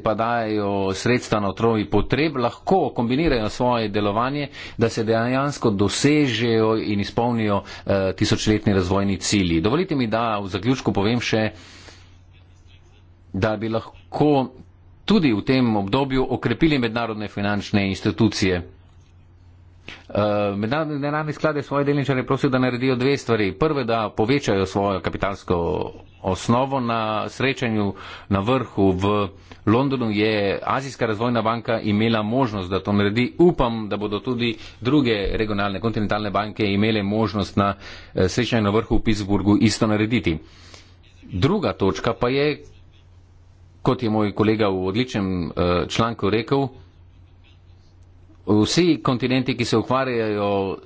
pa dajo sredstva na otrovi potreb, lahko kombinirajo svoje delovanje, da se dejansko dosežejo in izpolnijo eh, tisočletni razvojni cilji. Dovolite mi, da v zaključku povem še, da bi lahko tudi v tem obdobju okrepili mednarodne finančne institucije. Eh, Mednarodne denarne sklade svoje delničare prosijo, da naredijo dve stvari. Prve, da povečajo svojo kapitalsko osnovo. Na srečanju na vrhu v Londonu je Azijska razvojna banka imela možnost, da to naredi. Upam, da bodo tudi druge regionalne kontinentalne banke imele možnost na eh, srečanju na vrhu v Pittsburghu isto narediti. Druga točka pa je, kot je moj kolega v odličnem eh, članku rekel, vsi kontinenti, ki se ukvarjajo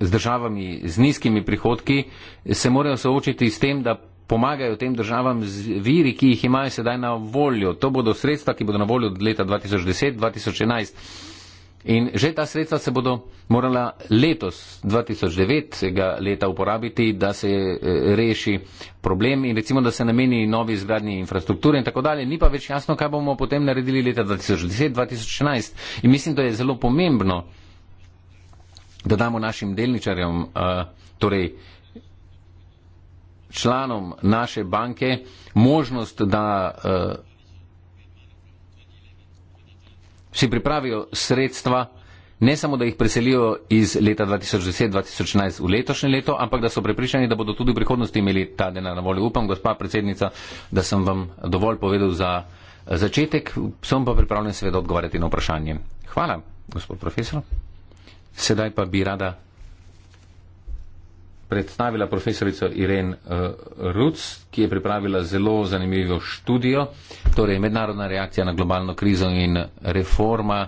z državami z nizkimi prihodki, se morajo soočiti s tem, da pomagajo tem državam z viri, ki jih imajo sedaj na voljo. To bodo sredstva, ki bodo na voljo od leta 2010-2011. In že ta sredstva se bodo morala letos, 2009, leta uporabiti, da se eh, reši problem in recimo, da se nameni novi zgradnji infrastrukture in tako dalje. Ni pa več jasno, kaj bomo potem naredili leta 2010, 2011. In mislim, da je zelo pomembno, da damo našim delničarjem, eh, torej članom naše banke, možnost, da eh, si pripravijo sredstva, ne samo, da jih preselijo iz leta 2010-2011 v letošnje leto, ampak da so prepričani, da bodo tudi v prihodnosti imeli ta denar na voljo. Upam, gospa predsednica, da sem vam dovolj povedal za začetek, sem pa pripravljen seveda odgovarjati na vprašanje. Hvala, gospod profesor. Sedaj pa bi rada predstavila profesorico Irene eh, Ruc, ki je pripravila zelo zanimivo študijo, torej mednarodna reakcija na globalno krizo in reforma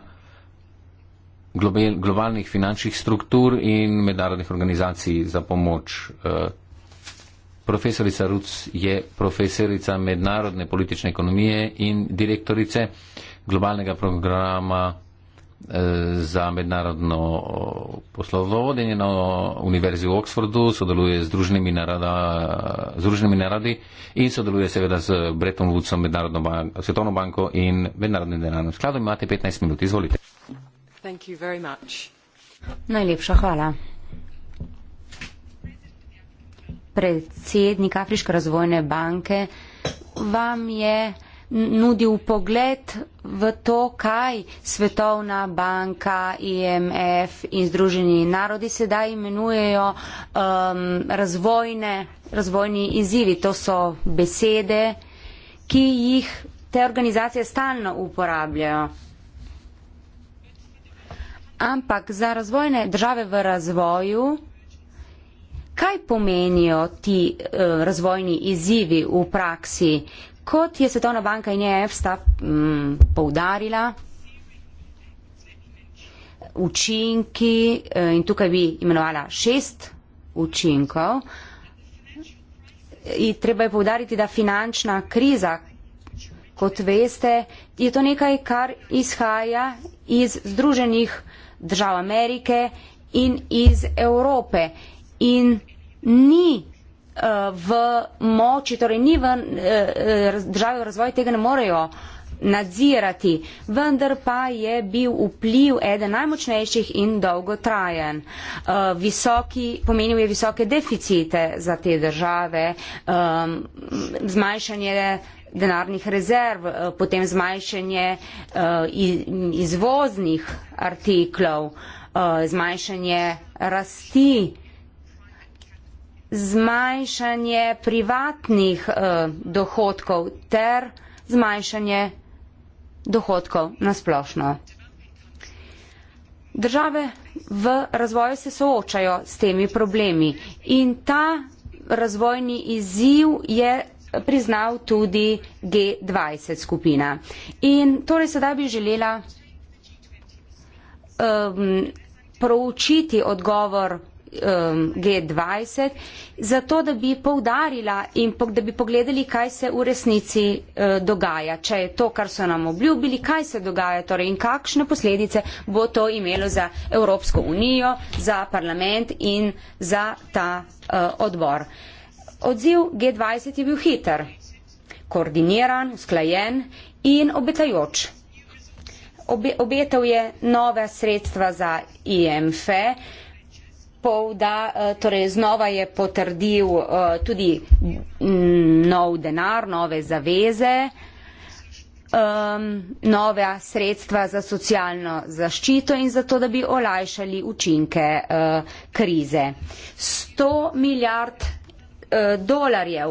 globalnih finančnih struktur in mednarodnih organizacij za pomoč. Eh. Profesorica Ruc je profesorica mednarodne politične ekonomije in direktorice globalnega programa za mednarodno poslovodenje na Univerzi v Oksfordu, sodeluje z družnimi, narada, z družnimi naradi in sodeluje seveda z Bretton Woodsom, Mednarodno bank, svetovno banko in Mednarodnim denarnim skladom. Imate 15 minut, izvolite. Najlepša hvala. Predsednik Afriške razvojne banke vam je nudil pogled v to, kaj Svetovna banka, IMF in Združeni narodi sedaj imenujejo um, razvojne, razvojni izzivi. To so besede, ki jih te organizacije stalno uporabljajo. Ampak za razvojne države v razvoju, kaj pomenijo ti uh, razvojni izzivi v praksi, Kot je Svetovna banka in EF sta mm, poudarila, učinki, e, in tukaj bi imenovala šest učinkov, in treba je poudariti, da finančna kriza, kot veste, je to nekaj, kar izhaja iz Združenih držav Amerike in iz Evrope in ni Eh, v moči, torej ni v eh, eh, državi v razvoju, tega ne morejo nadzirati, vendar pa je bil vpliv eden najmočnejših in dolgotrajen. Visoki, pomenil je visoke deficite za te države, ehm, zmanjšanje denarnih rezerv, potem zmanjšanje izvoznih artiklov, zmanjšanje rasti zmanjšanje privatnih eh, dohodkov ter zmanjšanje dohodkov nasplošno. Države v razvoju se soočajo s temi problemi in ta razvojni izziv je priznal tudi G20 skupina. In torej sedaj bi želela um, proučiti odgovor um, G20, zato da bi poudarila in da bi pogledali, kaj se v resnici uh, dogaja, če je to, kar so nam obljubili, kaj se dogaja torej, in kakšne posledice bo to imelo za Evropsko unijo, za parlament in za ta uh, odbor. Odziv G20 je bil hiter, koordiniran, usklajen in obetajoč. Obe, obetal je nove sredstva za IMF, Povda, eh, torej znova je potrdil eh, tudi mm, nov denar, nove zaveze, ehm, nove sredstva za socialno zaščito in zato, da bi olajšali učinke eh, krize. 100 milijard dolarjev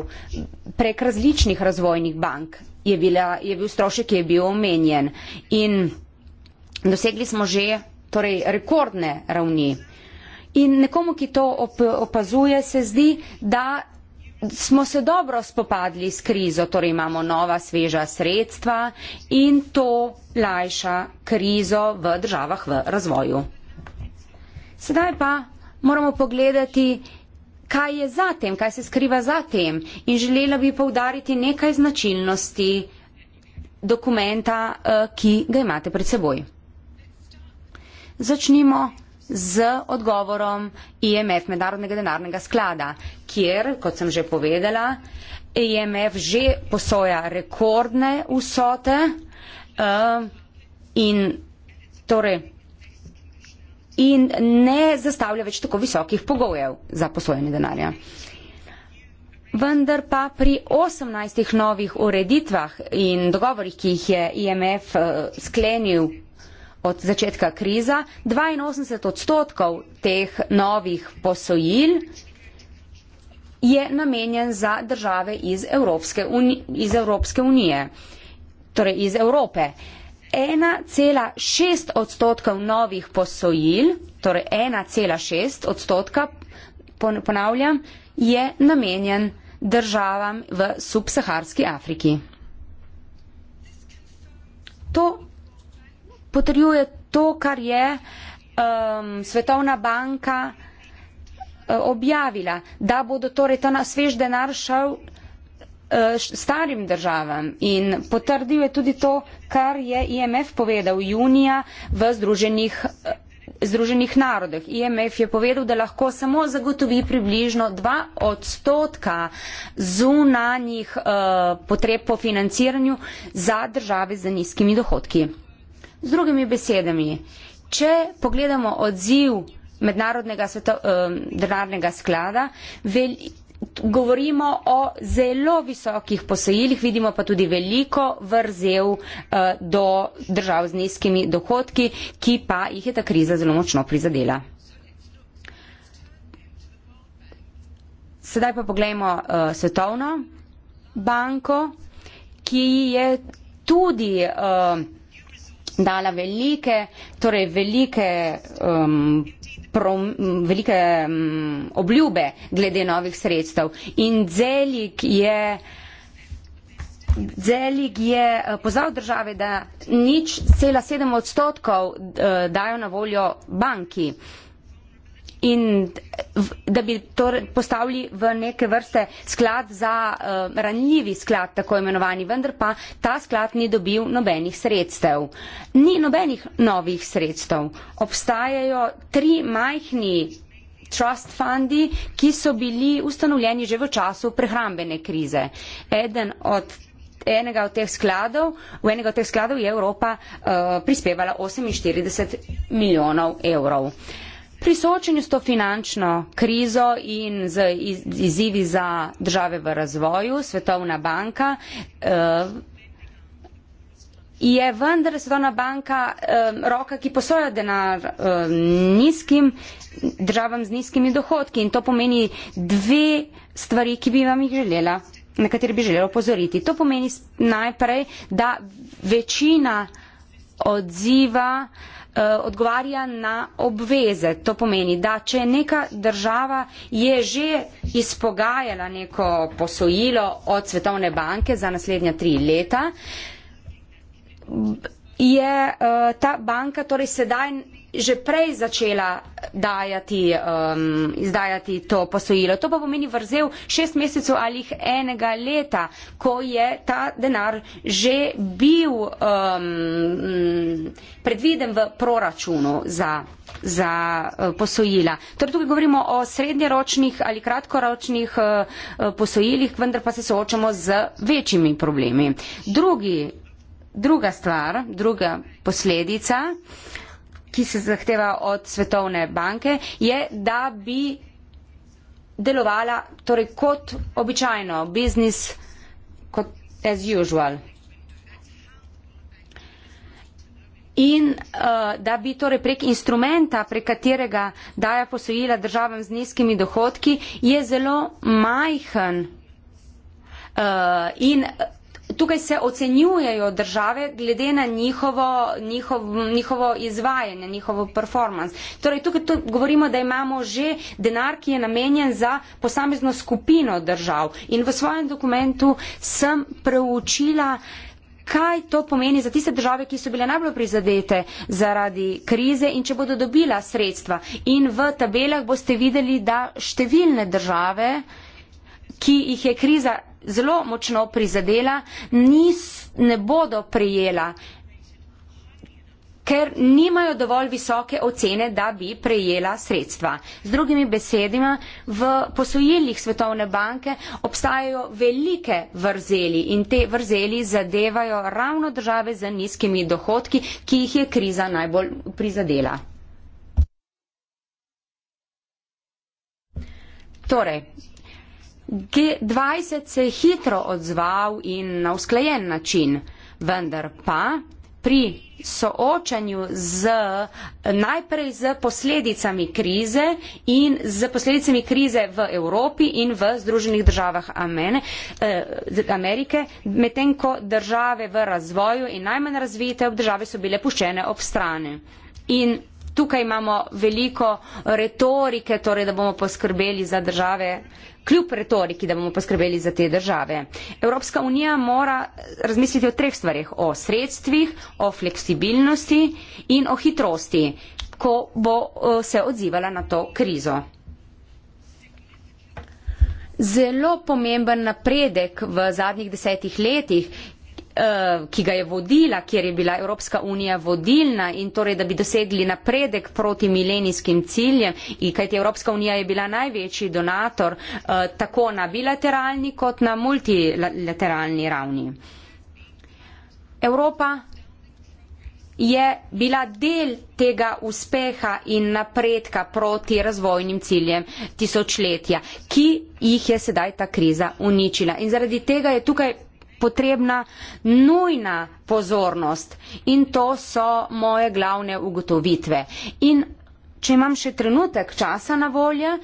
prek različnih razvojnih bank je, bila, je bil strošek, ki je bil omenjen in dosegli smo že torej, rekordne ravni. In nekomu, ki to op opazuje, se zdi, da smo se dobro spopadli s krizo, torej imamo nova sveža sredstva in to lajša krizo v državah v razvoju. Sedaj pa moramo pogledati, kaj je za tem, kaj se skriva za tem in želela bi povdariti nekaj značilnosti dokumenta, eh, ki ga imate pred seboj. Začnimo z odgovorom IMF, Mednarodnega denarnega sklada, kjer, kot sem že povedala, IMF že posoja rekordne vsote uh, in, torej, in ne zastavlja več tako visokih pogojev za posojanje denarja. Vendar pa pri 18 novih ureditvah in dogovorih, ki jih je IMF eh, sklenil od začetka kriza 82 odstotkov teh novih posojil je namenjen za države iz Evropske, uni, iz Evropske unije, torej iz Evrope. 1,6 odstotkov novih posojil, torej 1,6 odstotka, ponavljam, je namenjen državam v subsaharski Afriki. To potrjuje to, kar je um, Svetovna banka uh, objavila, da bodo torej ta svež denar šel uh, starim državam. In potrdil je tudi to, kar je IMF povedal junija v Združenih, uh, Združenih narodih. IMF je povedal, da lahko samo zagotovi približno 2 odstotka zunanjih uh, potreb po financiranju za države z nizkimi dohodki. Z drugimi besedami, če pogledamo odziv mednarodnega sveto, eh, denarnega sklada, vel, govorimo o zelo visokih posojilih, vidimo pa tudi veliko vrzel eh, do držav z nizkimi dohodki, ki pa jih je ta kriza zelo močno prizadela. Sedaj pa pogledajmo eh, svetovno banko, ki je tudi eh, dala velike, torej velike, um, pro, velike um, obljube glede novih sredstev. In Zelik je, Zelik je eh, pozval države, da nič cela sedem odstotkov eh, dajo na voljo banki in da bi to postavili v neke vrste sklad za uh, ranljivi sklad, tako imenovani, vendar pa ta sklad ni dobil nobenih sredstev. Ni nobenih novih sredstev. Obstajajo tri majhni trust fundi, ki so bili ustanovljeni že v času prehrambene krize. Eden od enega od teh skladov, v enega od teh skladov je Evropa uh, prispevala 48 milijonov evrov. Uh, Pri soočenju s to finančno krizo in z izzivi za države v razvoju, Svetovna banka eh, je vendar Svetovna banka eh, roka, ki posoja denar eh, nizkim, državam z nizkimi dohodki in to pomeni dve stvari, ki bi vam jih želela na kateri bi želela opozoriti. To pomeni najprej, da večina odziva uh, Eh, odgovarja na obveze. To pomeni, da če neka država je že izpogajala neko posojilo od Svetovne banke za naslednja tri leta, je uh, ta banka torej sedaj že prej začela dajati, um, izdajati to posojilo. To pa pomeni vrzel šest mesecev ali enega leta, ko je ta denar že bil um, predviden v proračunu za, za uh, posojila. Torej tukaj govorimo o srednjeročnih ali kratkoročnih uh, uh posojilih, vendar pa se soočamo z večjimi problemi. Drugi, druga stvar, druga posledica ki se zahteva od Svetovne banke, je, da bi delovala torej, kot običajno, biznis kot as usual. In uh, da bi torej prek instrumenta, prek katerega daja posojila državam z nizkimi dohodki, je zelo majhen uh, in tukaj se ocenjujejo države glede na njihovo, njihov, njihovo izvajanje, njihovo performance. Torej, tukaj tuk govorimo, da imamo že denar, ki je namenjen za posamezno skupino držav. In v svojem dokumentu sem preučila kaj to pomeni za tiste države, ki so bile najbolj prizadete zaradi krize in če bodo dobila sredstva. In v tabelah boste videli, da številne države, ki jih je kriza zelo močno prizadela, nis, ne bodo prijela, ker nimajo dovolj visoke ocene, da bi prejela sredstva. Z drugimi besedima, v posojilih Svetovne banke obstajajo velike vrzeli in te vrzeli zadevajo ravno države z nizkimi dohodki, ki jih je kriza najbolj prizadela. Torej, G20 se je hitro odzval in na usklajen način, vendar pa pri soočanju z, najprej z posledicami krize in z posledicami krize v Evropi in v Združenih državah Amene, eh, Amerike, medtem ko države v razvoju in najmanj razvite države so bile puščene ob strani. In tukaj imamo veliko retorike, torej da bomo poskrbeli za države, kljub retoriki, da bomo poskrbeli za te države. Evropska unija mora razmisliti o treh stvarih, o sredstvih, o fleksibilnosti in o hitrosti, ko bo eh, se odzivala na to krizo. Zelo pomemben napredek v zadnjih desetih letih Eh, ki ga je vodila, kjer je bila Evropska unija vodilna in torej, da bi dosegli napredek proti milenijskim ciljem, kajti Evropska unija je bila največji donator eh, tako na bilateralni kot na multilateralni ravni. Evropa je bila del tega uspeha in napredka proti razvojnim ciljem tisočletja, ki jih je sedaj ta kriza uničila. In zaradi tega je tukaj potrebna nujna pozornost in to so moje glavne ugotovitve. In če imam še trenutek časa na voljo,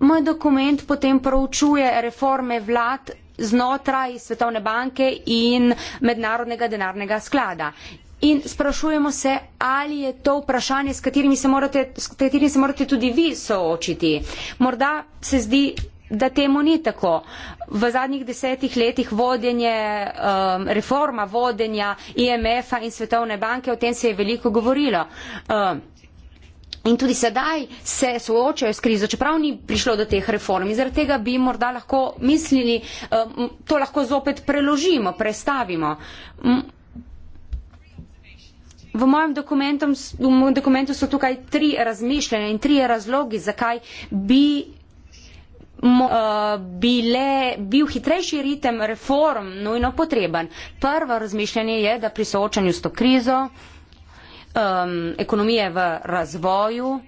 moj dokument potem proučuje reforme vlad znotraj Svetovne banke in Mednarodnega denarnega sklada. In sprašujemo se, ali je to vprašanje, s katerim se morate, s katerim se morate tudi vi soočiti. Morda se zdi, da temu ni tako v zadnjih desetih letih vodenje, um, reforma vodenja IMF-a in Svetovne banke, o tem se je veliko govorilo. Um, In tudi sedaj se soočajo s krizo, čeprav ni prišlo do teh reform. In zaradi tega bi morda lahko mislili, um, to lahko zopet preložimo, prestavimo. V mojem dokumentu so tukaj tri razmišljanja in tri razlogi, zakaj bi mo, uh, bile, bil hitrejši ritem reform nujno potreben. Prvo razmišljanje je, da pri soočanju s to krizo um, ekonomije v razvoju,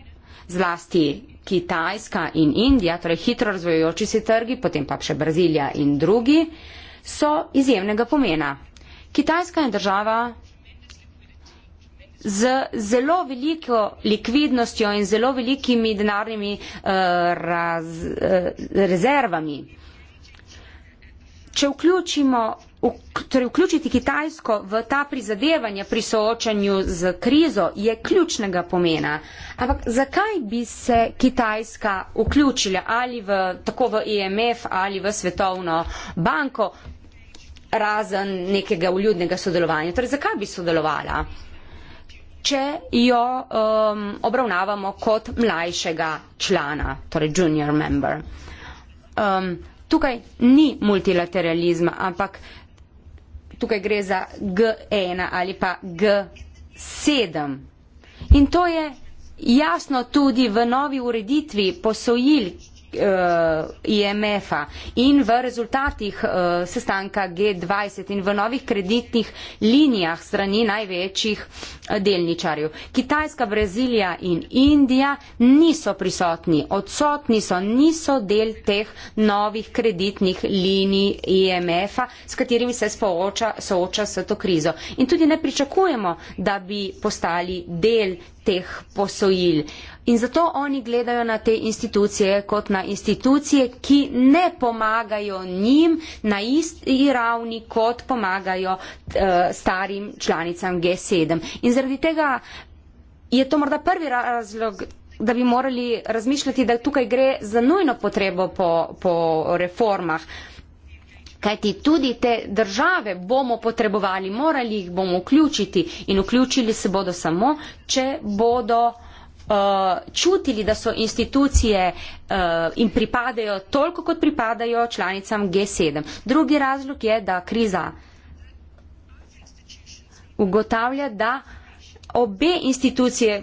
zlasti Kitajska in Indija, torej hitro razvojujoči se trgi, potem pa še Brazilija in drugi, so izjemnega pomena. Kitajska je država z zelo veliko likvidnostjo in zelo velikimi denarnimi uh, raz, uh, rezervami. Če vključimo, torej vključiti Kitajsko v ta prizadevanja pri soočanju z krizo je ključnega pomena. Ampak zakaj bi se Kitajska vključila ali v, tako v IMF e ali v Svetovno banko razen nekega uljudnega sodelovanja? Torej zakaj bi sodelovala? če jo um, obravnavamo kot mlajšega člana, torej junior member. Um, tukaj ni multilateralizma, ampak tukaj gre za G1 ali pa G7. In to je jasno tudi v novi ureditvi posojil, uh, eh, IMF-a in v rezultatih uh, sestanka G20 in v novih kreditnih linijah strani največjih eh, delničarjev. Kitajska, Brazilija in Indija niso prisotni, odsotni so, niso del teh novih kreditnih linij IMF-a, s katerimi se spooča, sooča s to krizo. In tudi ne pričakujemo, da bi postali del teh posojil. Uh, In zato oni gledajo na te institucije kot na institucije, ki ne pomagajo njim na isti ravni, kot pomagajo uh, starim članicam G7. In zaradi tega je to morda prvi razlog, da bi morali razmišljati, da tukaj gre za nujno potrebo po, po reformah. Kajti tudi te države bomo potrebovali, morali jih bomo vključiti in vključili se bodo samo, če bodo Eh, čutili, da so institucije eh, in pripadajo toliko, kot pripadajo članicam G7. Drugi razlog je, da kriza ugotavlja, da obe institucije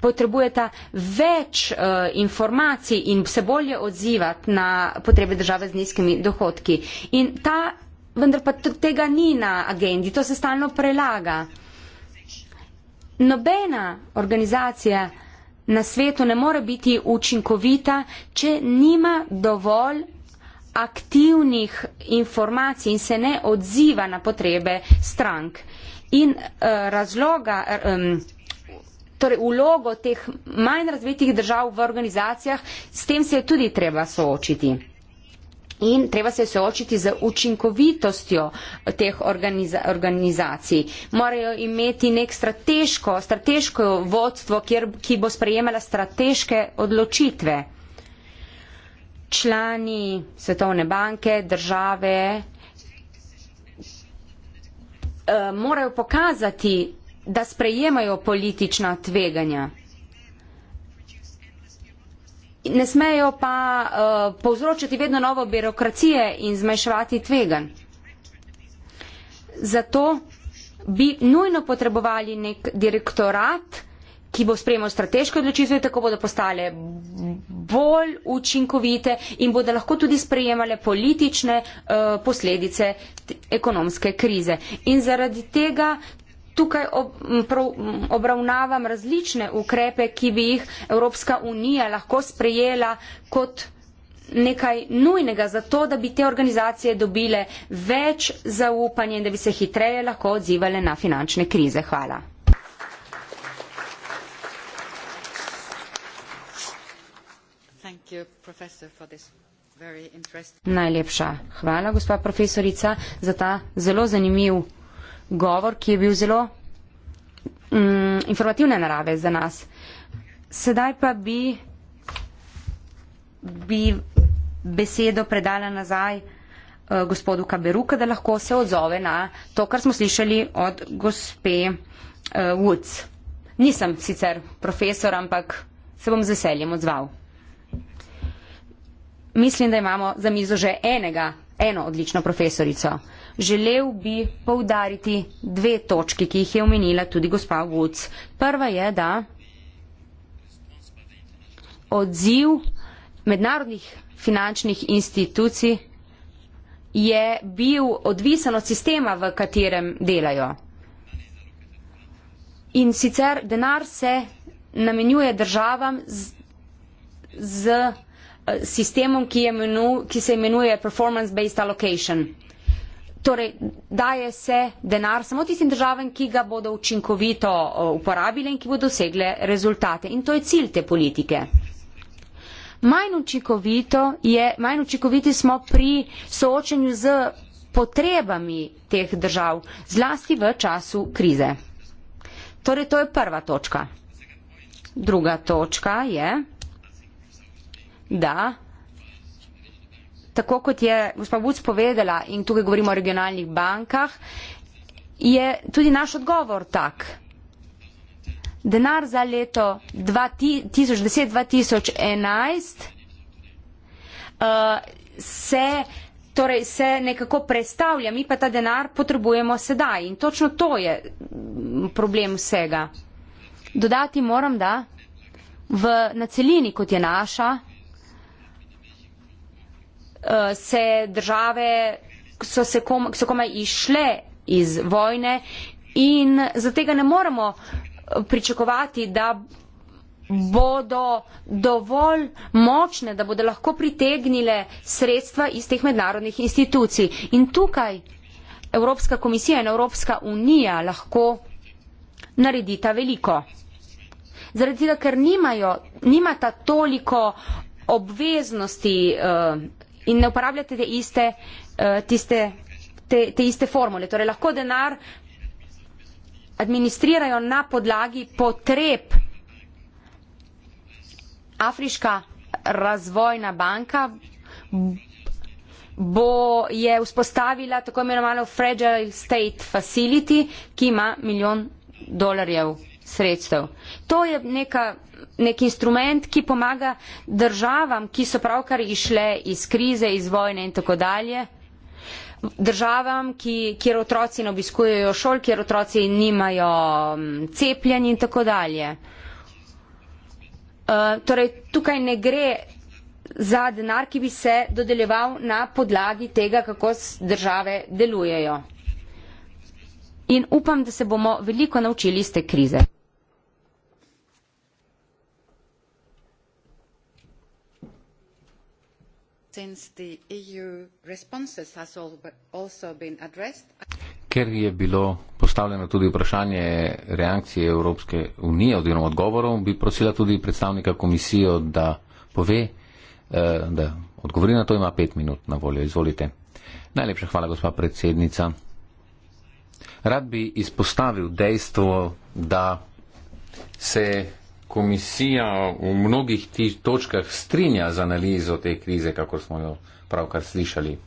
potrebujeta več eh, informacij in se bolje odzivati na potrebe države z nizkimi dohodki. In ta, vendar pa tega ni na agendi, to se stalno prelaga. Nobena organizacija, na svetu ne more biti učinkovita, če nima dovolj aktivnih informacij in se ne odziva na potrebe strank. In uh, razloga, um, torej ulogo teh manj razvitih držav v organizacijah, s tem se je tudi treba soočiti. In treba se soočiti z učinkovitostjo teh organiza organizacij. Morajo imeti nek strateško, strateško vodstvo, kjer, ki bo sprejemala strateške odločitve. Člani Svetovne banke, države uh, morajo pokazati, da sprejemajo politična tveganja ne smejo pa uh, eh, povzročiti vedno novo birokracije in zmanjševati tvegan. Zato bi nujno potrebovali nek direktorat, ki bo spremljal strateške odločitve, tako bodo postale bolj učinkovite in bodo lahko tudi sprejemale politične uh, posledice ekonomske krize. In zaradi tega tukaj ob, pro, obravnavam različne ukrepe, ki bi jih Evropska unija lahko sprejela kot nekaj nujnega za to, da bi te organizacije dobile več zaupanja in da bi se hitreje lahko odzivale na finančne krize. Hvala. Najlepša hvala, gospa profesorica, za ta zelo zanimiv govor, ki je bil zelo mm, informativne narave za nas. Sedaj pa bi, bi besedo predala nazaj eh, gospodu Kaberuka, da lahko se odzove na to, kar smo slišali od gospe eh, Woods. Nisem sicer profesor, ampak se bom z veseljem odzval. Mislim, da imamo za mizo že enega, eno odlično profesorico. Želel bi poudariti dve točki, ki jih je omenila tudi gospa Woods. Prva je, da odziv mednarodnih finančnih institucij je bil odvisen od sistema, v katerem delajo. In sicer denar se namenjuje državam z, z eh, sistemom, ki, je menu, ki se imenuje Performance Based Allocation. Torej, daje se denar samo tistim državam, ki ga bodo učinkovito eh, uporabile in ki bodo dosegle rezultate. In to je cilj te politike. Manj, je, manj učinkoviti smo pri soočanju z potrebami teh držav, zlasti v času krize. Torej, to je prva točka. Druga točka je, da tako kot je gospod Buc povedala in tukaj govorimo o regionalnih bankah, je tudi naš odgovor tak. Denar za leto 2010-2011 eh, Se, torej se nekako predstavlja, mi pa ta denar potrebujemo sedaj in točno to je mm, problem vsega. Dodati moram, da v, na celini, kot je naša, uh, se države, so se kom, so komaj išle iz vojne in zato tega ne moremo eh, pričakovati, da bodo dovolj močne, da bodo lahko pritegnile sredstva iz teh mednarodnih institucij. In tukaj Evropska komisija in Evropska unija lahko naredita veliko. Zaradi tega, ker nimajo, nimata toliko obveznosti eh, in ne uporabljate te iste, eh, tiste, te, te iste formule. Torej lahko denar administrirajo na podlagi potreb. Afriška razvojna banka bo je vzpostavila tako imenovano Fragile State Facility, ki ima milijon dolarjev sredstev. To je neka nek instrument, ki pomaga državam, ki so pravkar išle iz krize, iz vojne in tako dalje. Državam, ki, kjer otroci ne obiskujejo šol, kjer otroci nimajo cepljen in tako dalje. Uh, torej, tukaj ne gre za denar, ki bi se dodeljeval na podlagi tega, kako države delujejo. In upam, da se bomo veliko naučili iz te krize. since the EU responses has also been addressed. Ker je bilo postavljeno tudi vprašanje reakcije Evropske unije oziroma odgovorov, bi prosila tudi predstavnika komisijo, da pove, eh, da odgovori na to, ima pet minut na voljo. Izvolite. Najlepša hvala, gospa predsednica. Rad bi izpostavil dejstvo, da se komisija v mnogih tih točkah strinja z analizo te krize, kako smo jo pravkar slišali.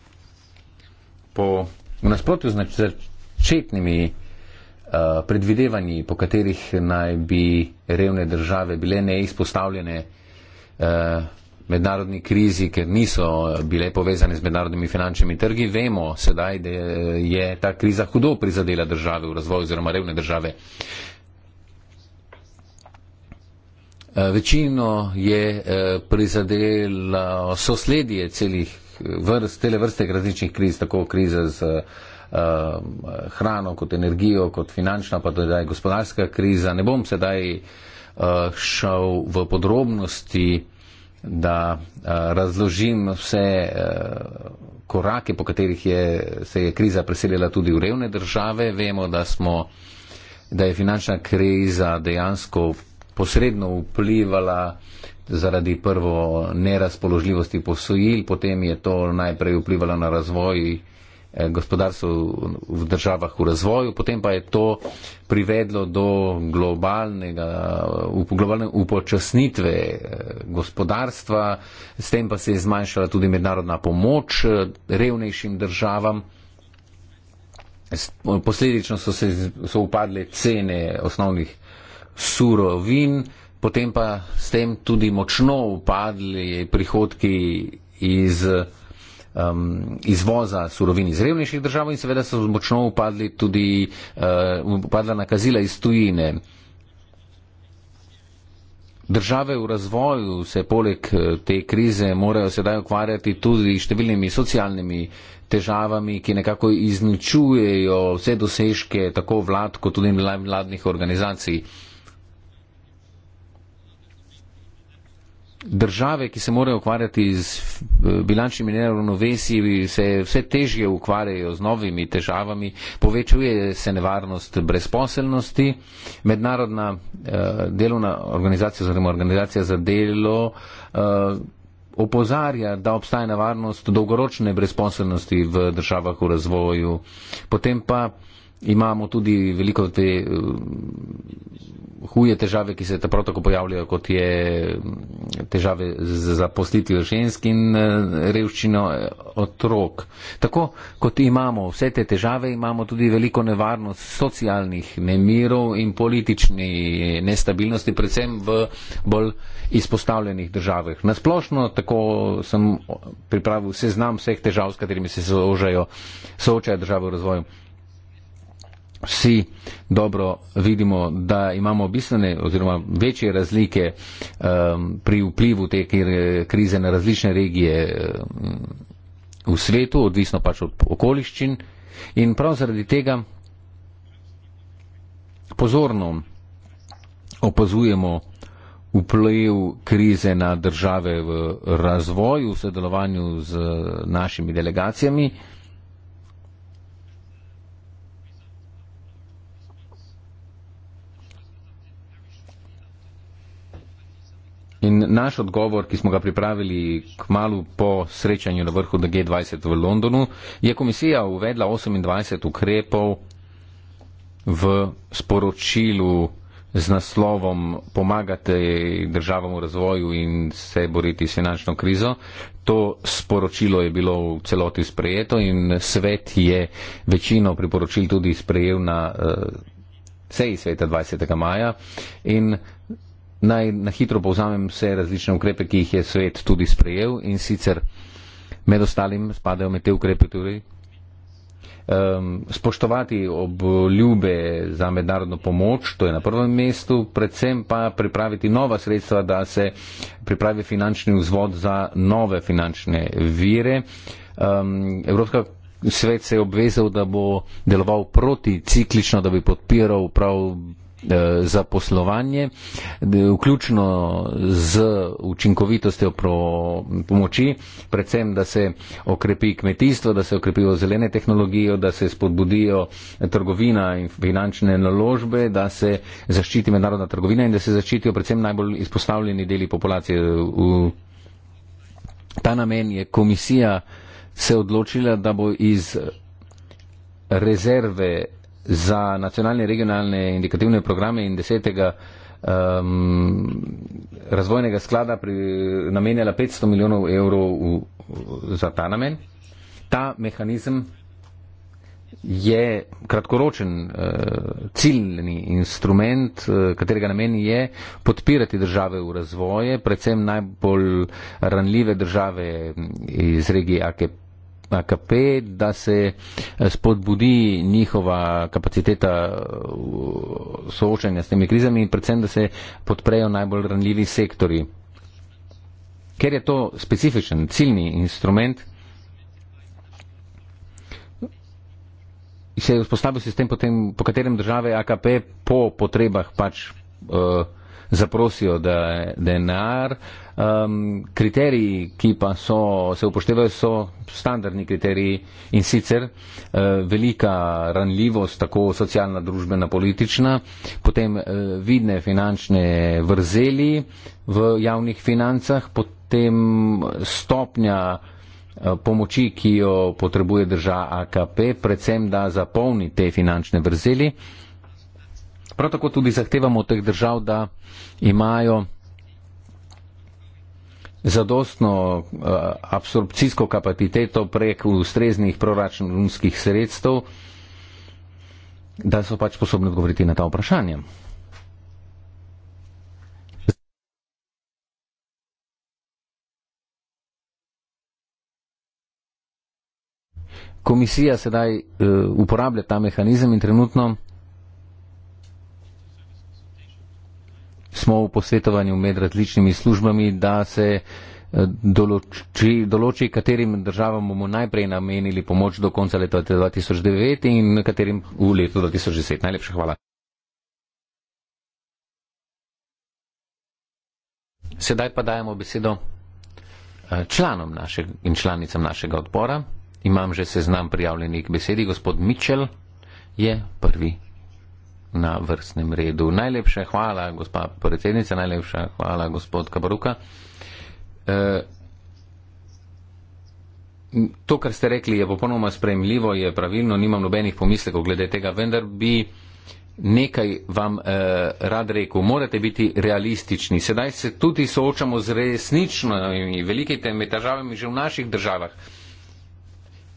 Po nasprotju z začetnimi uh, predvidevanji, po katerih naj bi revne države bile neizpostavljene uh, mednarodni krizi, ker niso eh, bile povezane z mednarodnimi finančnimi trgi, vemo sedaj, da je ta kriza hudo prizadela države v razvoju oziroma revne države. Eh, večino je eh, prizadela sosledje celih eh, vrst, tele vrste različnih kriz, tako krize z hrano kot energijo, kot finančna, pa tudi daj gospodarska kriza. Ne bom sedaj šel v podrobnosti, da razložim vse korake, po katerih je, se je kriza preselila tudi v revne države. Vemo, da, smo, da je finančna kriza dejansko posredno vplivala zaradi prvo nerazpoložljivosti posojil, potem je to najprej vplivalo na razvoj eh, gospodarstvo v državah v razvoju, potem pa je to privedlo do globalnega, upo, globalne upočasnitve eh, gospodarstva, s tem pa se je zmanjšala tudi mednarodna pomoč eh, revnejšim državam. Posledično so, se, so upadle cene osnovnih surovin, potem pa s tem tudi močno upadli prihodki iz um, izvoza surovin iz revnejših držav in seveda so močno upadli tudi uh, upadla nakazila iz tujine. Države v razvoju se poleg uh, te krize morajo sedaj ukvarjati tudi številnimi socialnimi težavami, ki nekako izničujejo vse dosežke tako vlad kot tudi vladnih organizacij. države, ki se morajo ukvarjati z eh, bilančnimi neravnovesji, se vse težje ukvarjajo z novimi težavami, povečuje se nevarnost brezposelnosti. Mednarodna eh, delovna organizacija oziroma organizacija za delo eh, opozarja, da obstaja nevarnost dolgoročne brezposelnosti v državah v razvoju. Potem pa imamo tudi veliko te eh, huje težave, ki se prav tako pojavljajo, kot je mm, težave z zaposlitvijo žensk in eh, revščino eh, otrok. Tako kot imamo vse te težave, imamo tudi veliko nevarnost socialnih nemirov in politični nestabilnosti, predvsem v bolj izpostavljenih državah. Nasplošno tako sem pripravil seznam vseh težav, s katerimi se soočajo, soočajo države v razvoju vsi dobro vidimo, da imamo bistvene oziroma večje razlike um, pri vplivu te krize na različne regije um, v svetu, odvisno pač od okoliščin. In prav zaradi tega pozorno opazujemo vpliv krize na države v razvoju, v sodelovanju z našimi delegacijami. In naš odgovor, ki smo ga pripravili k malu po srečanju na vrhu G20 v Londonu, je komisija uvedla 28 ukrepov v sporočilu z naslovom pomagate državam v razvoju in se boriti s finančno krizo. To sporočilo je bilo v celoti sprejeto in svet je večino priporočil tudi sprejel na uh, seji sveta 20. maja in Naj na hitro povzamem vse različne ukrepe, ki jih je svet tudi sprejel in sicer med ostalim spadajo med te ukrepe tudi. Um, spoštovati obljube za mednarodno pomoč, to je na prvem mestu, predvsem pa pripraviti nova sredstva, da se pripravi finančni vzvod za nove finančne vire. Um, Evropska svet se je obvezal, da bo deloval proticiklično, da bi podpiral prav Eh, za poslovanje, eh, vključno z učinkovitostjo pomoči, predvsem, da se okrepi kmetijstvo, da se okrepijo zelene tehnologijo, da se spodbudijo trgovina in finančne naložbe, da se zaščiti mednarodna trgovina in da se zaščitijo predvsem najbolj izpostavljeni deli populacije. V ta namen je komisija se odločila, da bo iz rezerve za nacionalne in regionalne indikativne programe in desetega um, razvojnega sklada pri, namenjala 500 milijonov evrov v, v, za ta namen. Ta mehanizem je kratkoročen uh, ciljni instrument, uh, katerega namen je podpirati države v razvoje, predvsem najbolj ranljive države iz regije AKP AKP, da se eh, spodbudi njihova kapaciteta eh, soočanja s temi krizami in predvsem, da se podprejo najbolj ranljivi sektori. Ker je to specifičen ciljni instrument, se je vzpostavil sistem, potem, po katerem države AKP po potrebah pač. Uh, zaprosijo de, denar. Um, kriteriji, ki pa so, se upoštevajo, so standardni kriteriji in sicer uh, velika ranljivost, tako socialna, družbena, politična, potem uh, vidne finančne vrzeli v javnih financah, potem stopnja uh, pomoči, ki jo potrebuje država AKP, predvsem da zapolni te finančne vrzeli, uh, Prav tako tudi zahtevamo od teh držav, da imajo zadostno eh, absorpcijsko kapaciteto prek ustreznih proračunskih sredstev, da so pač sposobni odgovoriti na ta vprašanja. Komisija sedaj uh, uporablja ta mehanizem in trenutno smo v posvetovanju med različnimi službami, da se eh, določi, določi katerim državam bomo najprej namenili pomoč do konca leta 2009 in katerim v letu 2010. Najlepša hvala. Sedaj pa dajemo besedo eh, članom našeg, in članicam našega odbora. Imam že seznam prijavljenih k besedi. Gospod Mitchell je prvi na vrstnem redu. Najlepša hvala, gospa predsednica, najlepša hvala, gospod Kabruka. E, to, kar ste rekli, je popolnoma sprejemljivo, je pravilno, nimam nobenih pomislekov glede tega, vendar bi nekaj vam e, rad rekel. Morate biti realistični. Sedaj se tudi soočamo z resničnimi velikimi težavami že v naših državah.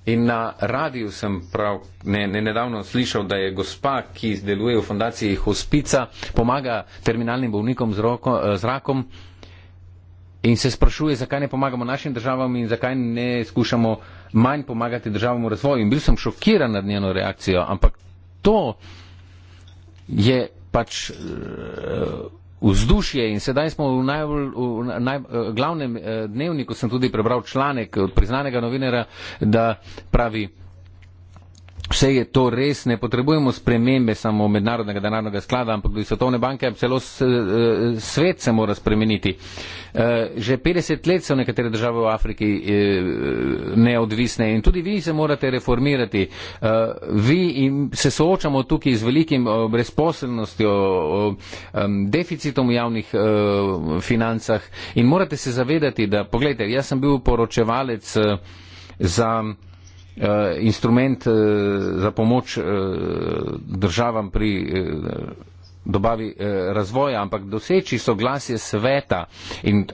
In na radiju sem prav ne, ne, nedavno slišal, da je gospa, ki deluje v fundaciji Hospica, pomaga terminalnim bolnikom z, roko, eh, z rakom in se sprašuje, zakaj ne pomagamo našim državam in zakaj ne skušamo manj pomagati državam v razvoju. In bil sem šokiran nad njeno reakcijo, ampak to je pač. Uh, vzdušje in sedaj smo v, najbolj, v naj, eh, glavnem eh, dnevniku, sem tudi prebral članek od priznanega novinara, da pravi, Vse je to res, ne potrebujemo spremembe samo mednarodnega denarnega sklada, ampak tudi svetovne banke, celo eh, svet se mora spremeniti. Eh, že 50 let so nekatere države v Afriki eh, neodvisne in tudi vi se morate reformirati. Vi se soočamo tukaj z velikim brezposelnostjo, deficitom v javnih financah in morate se zavedati, da, pogledajte, jaz sem bil poročevalec za Eh, instrument eh, za pomoč eh, državam pri dobavi razvoja, ampak doseči soglasje sveta in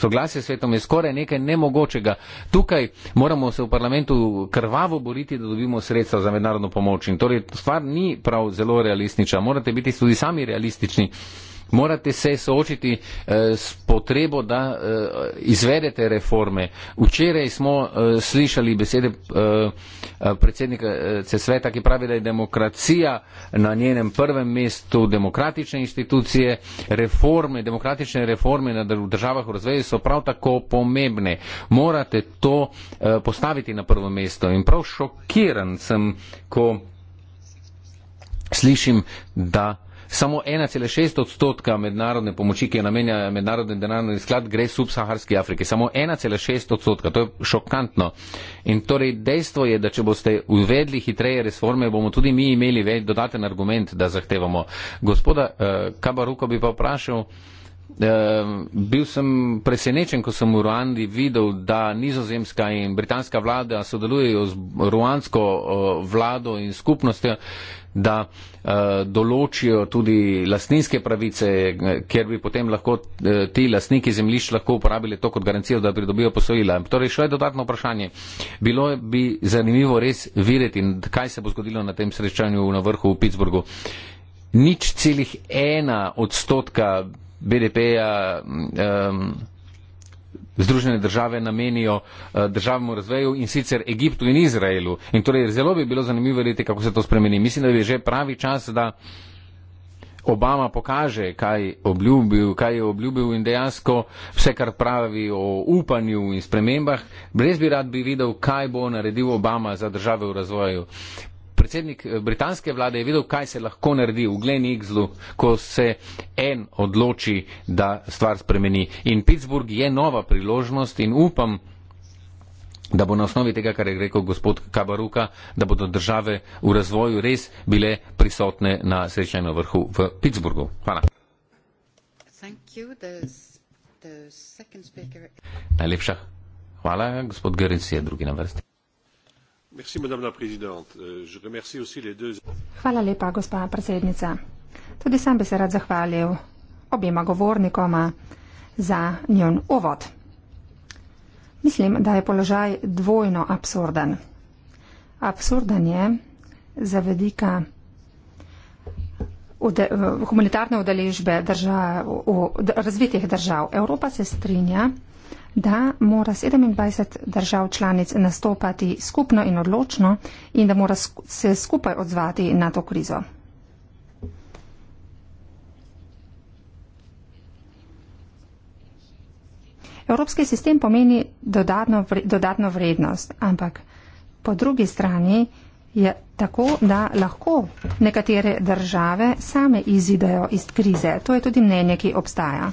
soglasje svetom je skoraj nekaj nemogočega. Tukaj moramo se v parlamentu krvavo boriti, da dobimo sredstva za mednarodno pomoč. In torej stvar ni prav zelo realistična, morate biti tudi sami realistični morate se soočiti eh, s potrebo, da eh, izvedete reforme. Včeraj smo eh, slišali besede eh, eh predsednika eh, sveta, ki pravi, da je demokracija na njenem prvem mestu, demokratične institucije, reforme, demokratične reforme na državah v razvoju so prav tako pomembne. Morate to eh, postaviti na prvo mesto. In prav šokiran sem, ko slišim, da samo 1,6 odstotka mednarodne pomoči, ki jo namenja mednarodni denarni sklad, gre subsaharski Afriki. Samo 1,6 odstotka. To je šokantno. In torej dejstvo je, da če boste uvedli hitreje reforme, bomo tudi mi imeli dodaten argument, da zahtevamo. Gospoda eh, Kabaruko bi pa vprašal, bil sem presenečen, ko sem v Ruandi videl, da nizozemska in britanska vlada sodelujejo z ruansko vlado in skupnostjo, da e, določijo tudi lastninske pravice, e, kjer bi potem lahko e, ti lastniki zemljišč lahko uporabili to kot garancijo, da pridobijo posojila. Torej, še je dodatno vprašanje. Bilo bi zanimivo res videti, kaj se bo zgodilo na tem srečanju na vrhu v Pittsburghu. Nič celih ena odstotka BDP-ja um, eh, Združene države namenijo uh, eh, državam v razvoju in sicer Egiptu in Izraelu. In torej zelo bi bilo zanimivo vedeti, kako se to spremeni. Mislim, da je že pravi čas, da Obama pokaže, kaj, obljubil, kaj je obljubil in dejansko vse, kar pravi o upanju in spremembah. Brez bi rad bi videl, kaj bo naredil Obama za države v razvoju predsednik eh, britanske vlade je vedel, kaj se lahko naredi v Glen Igzlu, ko se en odloči, da stvar spremeni. In Pittsburgh je nova priložnost in upam, da bo na osnovi tega, kar je rekel gospod Kabaruka, da bodo države v razvoju res bile prisotne na srečanju vrhu v Pittsburghu. Hvala. Najlepša hvala, gospod Görinc je drugi na vrsti. Euh, Hvala lepa, gospa predsednica. Tudi sam bi se rad zahvalil obima govornikoma za njen uvod. Mislim, da je položaj dvojno absurden. Absurden je za vedika ude, humanitarne udeležbe držav, u, u, razvitih držav. Evropa se strinja, da mora 27 držav članic nastopati skupno in odločno in da mora se skupaj odzvati na to krizo. Evropski sistem pomeni dodatno, vre, dodatno vrednost, ampak po drugi strani je tako, da lahko nekatere države same izidejo iz krize. To je tudi mnenje, ki obstaja.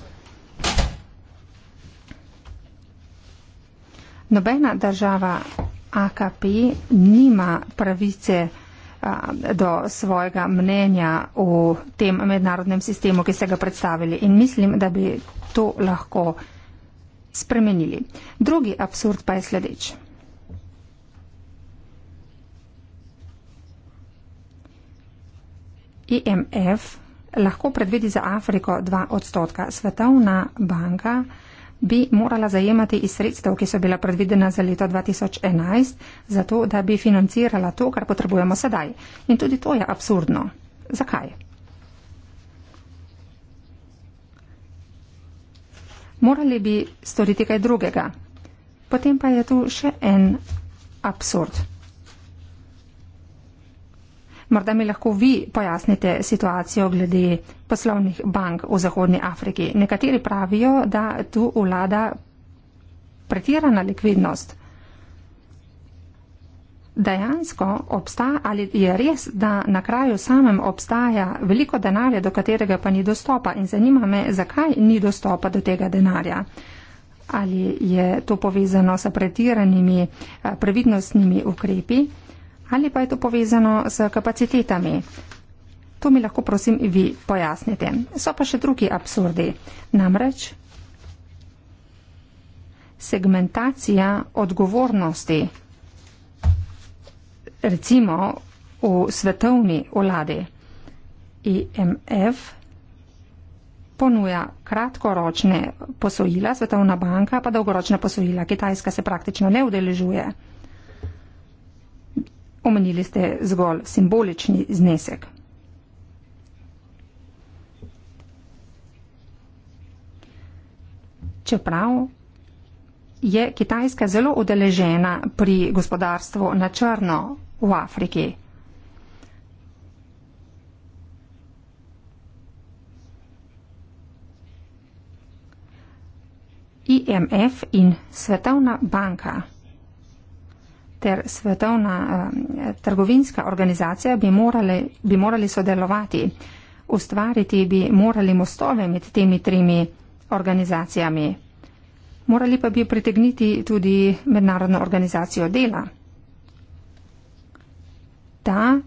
nobena država AKP nima pravice do svojega mnenja v tem mednarodnem sistemu, ki ste ga predstavili. In mislim, da bi to lahko spremenili. Drugi absurd pa je sledeč. IMF lahko predvidi za Afriko 2 odstotka. Svetovna banka bi morala zajemati iz sredstev, ki so bila predvidena za leto 2011, zato da bi financirala to, kar potrebujemo sedaj. In tudi to je absurdno. Zakaj? Morali bi storiti kaj drugega. Potem pa je tu še en absurd. Morda mi lahko vi pojasnite situacijo glede poslovnih bank v Zahodnji Afriki. Nekateri pravijo, da tu vlada pretirana likvidnost. Dejansko obstaja ali je res, da na kraju samem obstaja veliko denarja, do katerega pa ni dostopa in zanima me, zakaj ni dostopa do tega denarja. Ali je to povezano s pretiranimi eh, previdnostnimi ukrepi? ali pa je to povezano z kapacitetami? To mi lahko, prosim, vi pojasnite. So pa še drugi absurdi. Namreč segmentacija odgovornosti, recimo v svetovni vladi IMF, e ponuja kratkoročne posojila, Svetovna banka pa dolgoročna posojila, Kitajska se praktično ne udeležuje omenili ste zgolj simbolični znesek. Čeprav je Kitajska zelo odeležena pri gospodarstvu na črno v Afriki. IMF in Svetovna banka ter svetovna eh, trgovinska organizacija bi morali, bi morali sodelovati. Ustvariti bi morali mostove med temi tremi organizacijami. Morali pa bi pritegniti tudi mednarodno organizacijo dela. Ta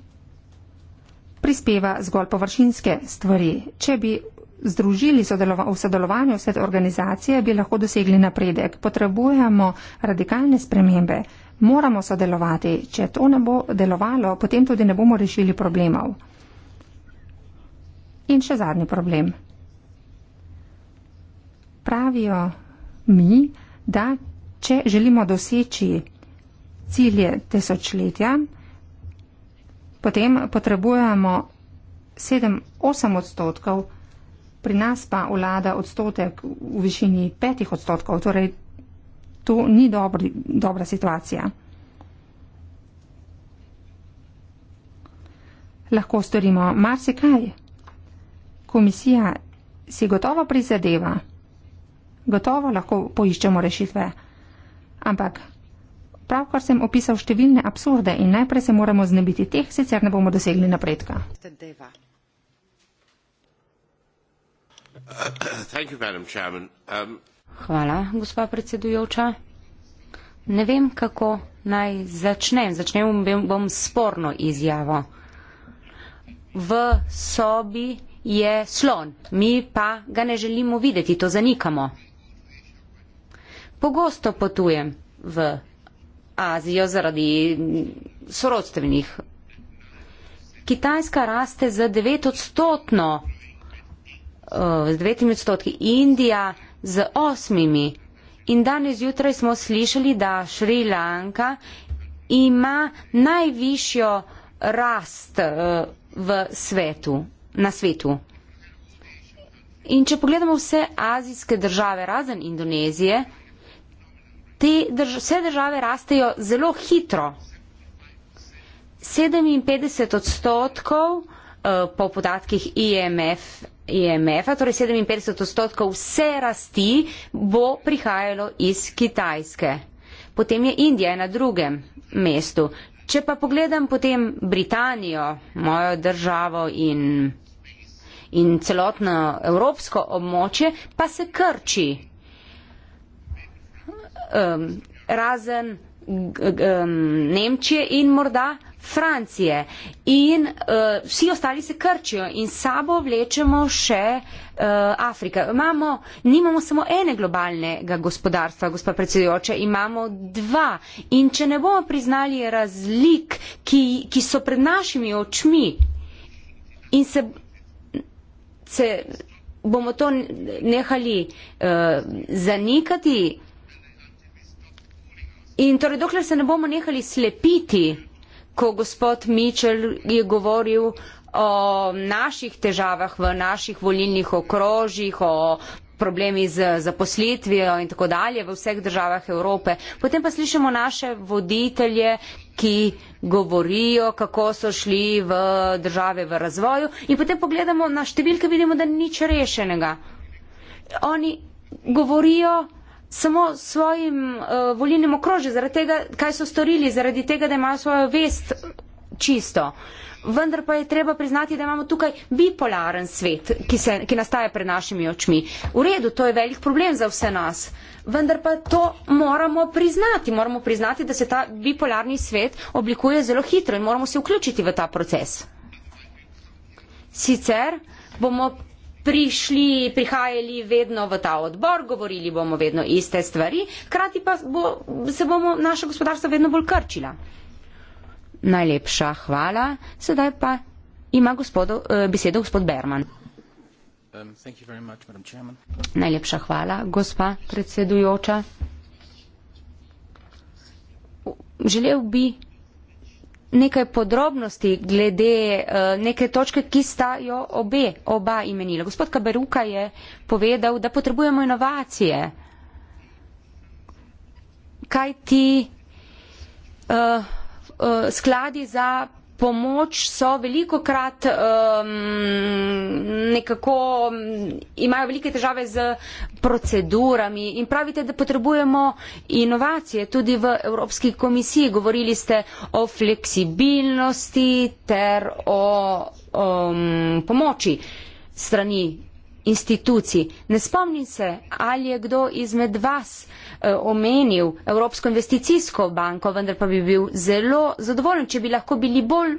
prispeva zgolj površinske stvari. Če bi združili sodelova, v sodelovanju vse te organizacije, bi lahko dosegli napredek. Potrebujemo radikalne spremembe, moramo sodelovati. Če to ne bo delovalo, potem tudi ne bomo rešili problemov. In še zadnji problem. Pravijo mi, da če želimo doseči cilje tisočletja, potem potrebujemo 7-8 odstotkov, pri nas pa vlada odstotek v višini 5 odstotkov, torej tu ni dobri, dobra situacija. Lahko storimo marsikaj. Komisija si gotovo prizadeva, gotovo lahko poiščemo rešitve. Ampak pravkar sem opisal številne absurde in najprej se moramo znebiti teh, sicer ne bomo dosegli napredka. Uh, uh, thank you, Madam Chairman. Um, Hvala, gospa predsedujoča. Ne vem, kako naj začnem. Začnem bom sporno izjavo. V sobi je slon, mi pa ga ne želimo videti, to zanikamo. Pogosto potujem v Azijo zaradi sorodstvenih. Kitajska raste za 9 odstotno, eh, z 9 odstotki. Indija z osmimi. In danes jutraj smo slišali, da Šrilanka ima najvišjo rast eh, v svetu, na svetu. In če pogledamo vse azijske države, razen Indonezije, te drž vse države rastejo zelo hitro. 57 odstotkov eh, po podatkih IMF IMF-a, e torej 57 odstotkov vse rasti bo prihajalo iz Kitajske. Potem je Indija na drugem mestu. Če pa pogledam potem Britanijo, mojo državo in, in celotno evropsko območje, pa se krči. Um, razen um, Nemčije in morda Francije in uh, vsi ostali se krčijo in sabo vlečemo še uh, eh, Afrika. Imamo, nimamo samo ene globalnega gospodarstva, gospod predsedujoča, imamo dva in če ne bomo priznali razlik, ki, ki so pred našimi očmi in se, se bomo to nehali uh, zanikati in torej dokler se ne bomo nehali slepiti, ko gospod Mitchell je govoril o naših težavah v naših volilnih okrožjih, o problemi z zaposlitvijo in tako dalje v vseh državah Evrope. Potem pa slišimo naše voditelje, ki govorijo, kako so šli v države v razvoju in potem pogledamo na številke, vidimo, da ni nič rešenega. Oni govorijo, samo svojim uh, volilnim okrožjem, zaradi tega, kaj so storili, zaradi tega, da imajo svojo vest čisto. Vendar pa je treba priznati, da imamo tukaj bipolaren svet, ki, se, ki nastaja pred našimi očmi. V redu, to je velik problem za vse nas, vendar pa to moramo priznati. Moramo priznati, da se ta bipolarni svet oblikuje zelo hitro in moramo se vključiti v ta proces. Sicer bomo prišli, prihajali vedno v ta odbor, govorili bomo vedno iste stvari, krati pa bo, se bomo naše gospodarstvo vedno bolj krčila. Najlepša hvala. Sedaj pa ima gospod, eh, besedo gospod Berman. Um, Najlepša hvala, gospa predsedujoča. Želel bi nekaj podrobnosti glede uh, neke točke, ki sta jo obe, oba imenila. Gospod Kaberuka je povedal, da potrebujemo inovacije. Kaj ti uh, uh, skladi za pomoč so veliko krat um, nekako um, imajo velike težave z procedurami in pravite, da potrebujemo inovacije tudi v Evropski komisiji. Govorili ste o fleksibilnosti ter o um, pomoči strani institucij. Ne spomnim se, ali je kdo izmed vas uh, Eh, omenil Evropsko investicijsko banko, vendar pa bi bil zelo zadovoljen, če bi lahko bili bolj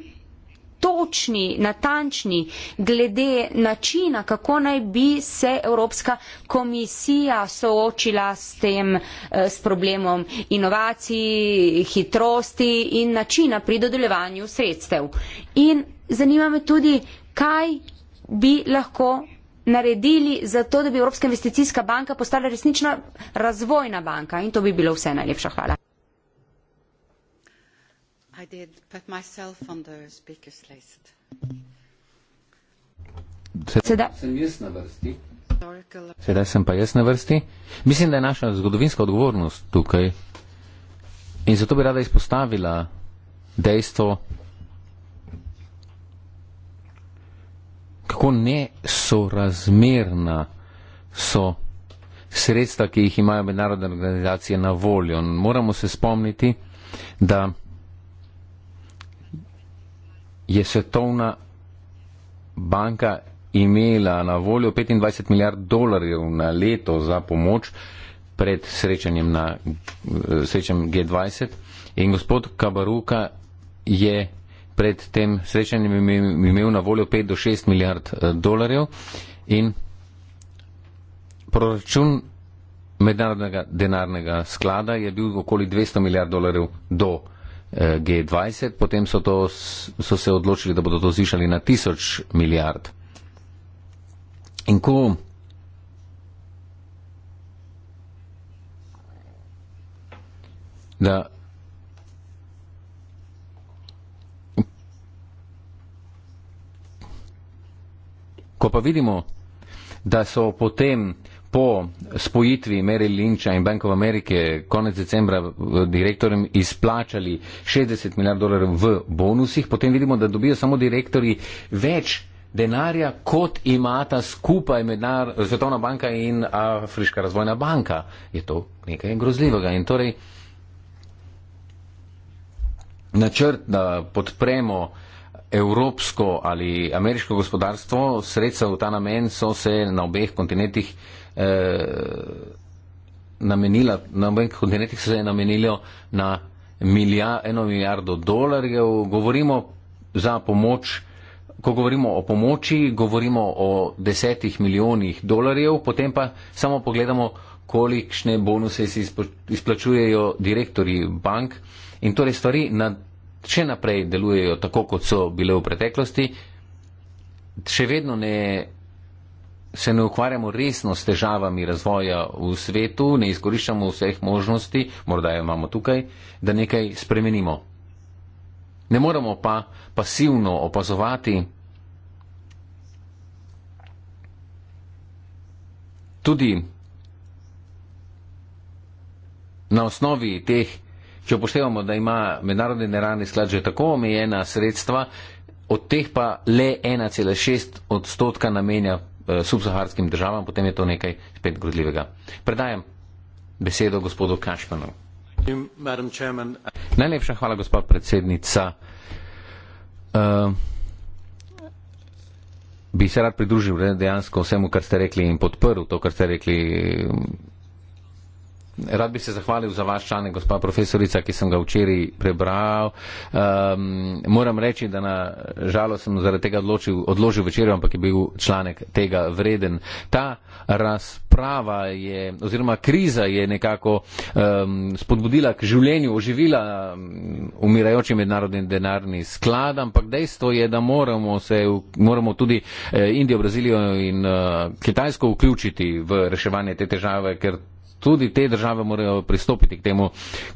točni, natančni glede načina, kako naj bi se Evropska komisija soočila s tem, eh, s problemom inovacij, hitrosti in načina pri dodeljevanju sredstev. In zanima me tudi, kaj bi lahko naredili za to, da bi Evropska investicijska banka postala resnično razvojna banka. In to bi bilo vse. Najlepša hvala. Sedaj sem pa jaz na vrsti. Mislim, da je naša zgodovinska odgovornost tukaj. In zato bi rada izpostavila dejstvo, kako nesorazmerna so sredstva, ki jih imajo mednarodne organizacije na voljo. Moramo se spomniti, da je svetovna banka imela na voljo 25 milijard dolarjev na leto za pomoč pred srečanjem na srečem G20 in gospod Kabaruka je pred tem srečanjem imel na voljo 5 do 6 milijard eh, dolarjev in proračun mednarodnega denarnega sklada je bil okoli 200 milijard dolarjev do eh, G20, potem so, to, so se odločili, da bodo to zvišali na 1000 milijard. In ko da Ko pa vidimo, da so potem po spojitvi Merrill Lyncha in Bank of America konec decembra eh, direktorjem izplačali 60 milijard dolarjev v bonusih, potem vidimo, da dobijo samo direktori več denarja, kot imata skupaj mednar, Svetovna banka in Afriška razvojna banka. Je to nekaj grozljivega. In torej, načrt, da podpremo uh, evropsko ali ameriško gospodarstvo, sredstva v ta namen so se na obeh kontinentih eh, namenila, na obeh kontinentih se je namenilo na milija, eno milijardo dolarjev. Govorimo za pomoč, ko govorimo o pomoči, govorimo o desetih milijonih dolarjev, potem pa samo pogledamo, kolikšne bonuse se izplačujejo direktori bank. In torej stvari na še naprej delujejo tako, kot so bile v preteklosti, še vedno ne, se ne ukvarjamo resno s težavami razvoja v svetu, ne izkoriščamo vseh možnosti, morda jo imamo tukaj, da nekaj spremenimo. Ne moramo pa pasivno opazovati tudi na osnovi teh Če upoštevamo, da ima mednarodni neravni sklad že tako omejena sredstva, od teh pa le 1,6 odstotka namenja eh, subsaharskim državam, potem je to nekaj spet grodljivega. Predajam besedo gospodu Kašmanu. Najlepša hvala, gospod predsednica. Uh, bi se rad pridružil dejansko vsemu, kar ste rekli in podprl to, kar ste rekli Rad bi se zahvalil za vaš članek, gospa profesorica, ki sem ga včeraj prebral. Um, moram reči, da na žalost sem zaradi tega odločil, odložil večerjo, ampak je bil članek tega vreden. Ta razprava je, oziroma kriza je nekako um, spodbudila k življenju, oživila umirajoči mednarodni denarni sklad, ampak dejstvo je, da moramo, se, moramo tudi eh, Indijo, Brazilijo in uh, Kitajsko vključiti v reševanje te težave, ker tudi te države morajo pristopiti k temu.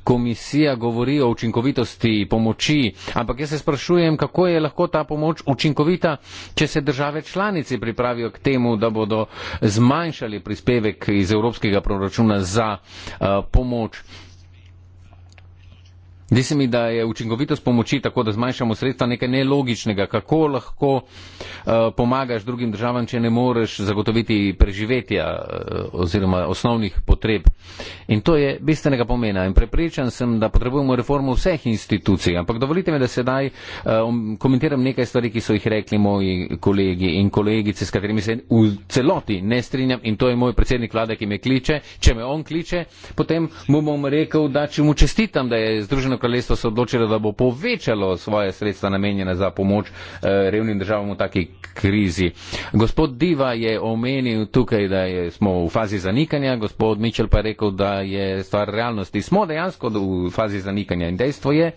Komisija govori o učinkovitosti pomoči, ampak jaz se sprašujem, kako je lahko ta pomoč učinkovita, če se države članici pripravijo k temu, da bodo zmanjšali prispevek iz evropskega proračuna za uh, pomoč. Zdi se mi, da je učinkovitost pomoči tako, da zmanjšamo sredstva nekaj nelogičnega. Kako lahko uh, pomagaš drugim državam, če ne moreš zagotoviti preživetja uh, oziroma osnovnih potreb? In to je bistvenega pomena. In prepričan sem, da potrebujemo reformo vseh institucij. Ampak dovolite mi, da sedaj uh, komentiram nekaj stvari, ki so jih rekli moji kolegi in kolegice, s katerimi se v celoti ne strinjam. In to je moj predsednik vlade, ki me kliče. Če me on kliče, potem mu bom rekel, da če mu čestitam, da je združeno kraljestvo se odločilo, da bo povečalo svoje sredstva namenjene za pomoč eh, revnim državam v taki krizi. Gospod Diva je omenil tukaj, da je, smo v fazi zanikanja, gospod Mičel pa je rekel, da je stvar realnosti. Smo dejansko v fazi zanikanja in dejstvo je,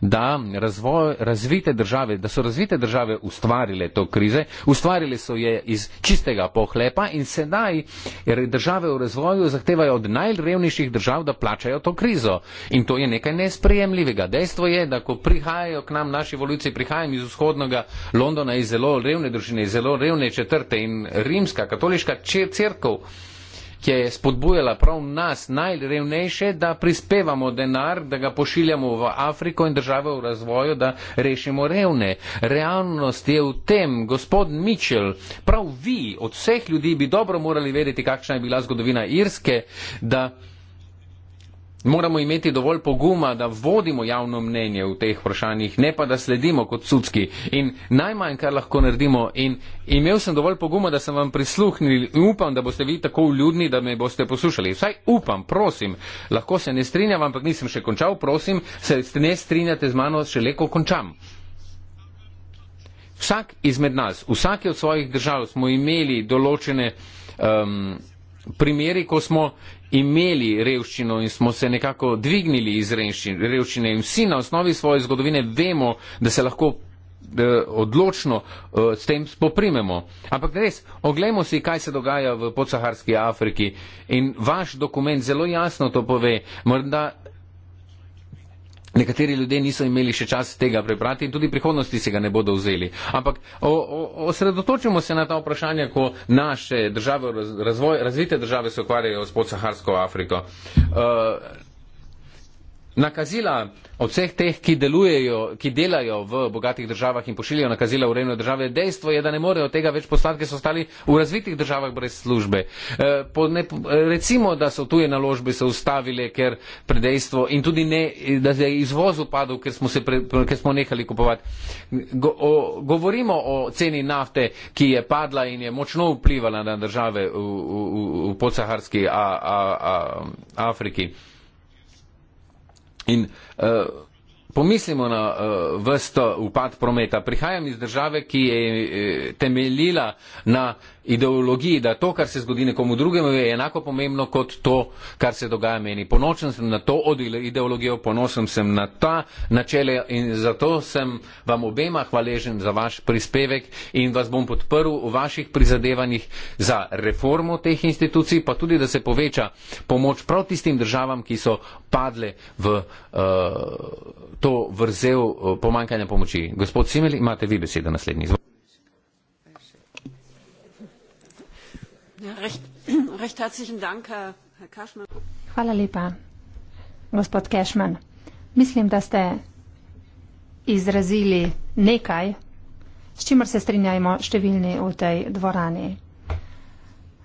da, razvoj, razvite države, da so razvite države ustvarile to krize, ustvarile so je iz čistega pohlepa in sedaj države v razvoju zahtevajo od najrevnejših držav, da plačajo to krizo. In to je nekaj nespremljivo nesprejemljivega. Dejstvo je, da ko prihajajo k nam naši volivci, prihajam iz vzhodnega Londona, iz zelo revne družine, iz zelo revne četrte in rimska katoliška crkva, ki je spodbujala prav nas najrevnejše, da prispevamo denar, da ga pošiljamo v Afriko in države v razvoju, da rešimo revne. Realnost je v tem, gospod Mitchell, prav vi od vseh ljudi bi dobro morali vedeti, kakšna je bila zgodovina Irske, da Moramo imeti dovolj poguma, da vodimo javno mnenje v teh vprašanjih, ne pa da sledimo kot sudski. In najmanj, kar lahko naredimo, in imel sem dovolj poguma, da sem vam prisluhnil in upam, da boste vi tako vljudni, da me boste poslušali. Vsaj upam, prosim, lahko se ne strinjam, ampak nisem še končal, prosim, se ne strinjate z mano, še leko končam. Vsak izmed nas, vsake od svojih držav smo imeli določene. Um, Primeri, ko smo imeli revščino in smo se nekako dvignili iz revščine in vsi na osnovi svoje zgodovine vemo, da se lahko eh, odločno eh, s tem spoprimemo. Ampak res, oglejmo si, kaj se dogaja v podsaharski Afriki in vaš dokument zelo jasno to pove. Morda Nekateri ljudje niso imeli še čas tega prebrati in tudi prihodnosti se ga ne bodo vzeli. Ampak o, o, osredotočimo se na ta vprašanja, ko naše države, razvoj, razvite države se ukvarjajo s podsaharsko Afriko. Uh, nakazila od vseh teh, ki delujejo, ki delajo v bogatih državah in pošiljajo nakazila v revne države, dejstvo je, da ne morejo tega več poslati, ker so ostali v razvitih državah brez službe. E, po, ne, recimo, da so tuje naložbe se ustavile, ker predejstvo in tudi ne, da je izvoz upadel, ker smo, se pre, ker smo nehali kupovati. Go, o, govorimo o ceni nafte, ki je padla in je močno vplivala na države v, v, v, v podsaharski a, a, a, Afriki. In uh, pomislimo na uh, eh, vrsto upad prometa. Prihajam iz države, ki je uh, temeljila na ideologiji, da to, kar se zgodi nekomu drugemu, je enako pomembno kot to, kar se dogaja meni. Ponosen sem na to ideologijo, ponosen sem na ta načele in zato sem vam obema hvaležen za vaš prispevek in vas bom podprl v vaših prizadevanjih za reformo teh institucij, pa tudi, da se poveča pomoč prav tistim državam, ki so padle v uh, to vrzel eh, pomankanja pomoči. Gospod Simeli, imate vi besedo naslednji izvod. Ja. Hvala lepa, gospod Kešman. Mislim, da ste izrazili nekaj, s čimer se strinjajmo številni v tej dvorani.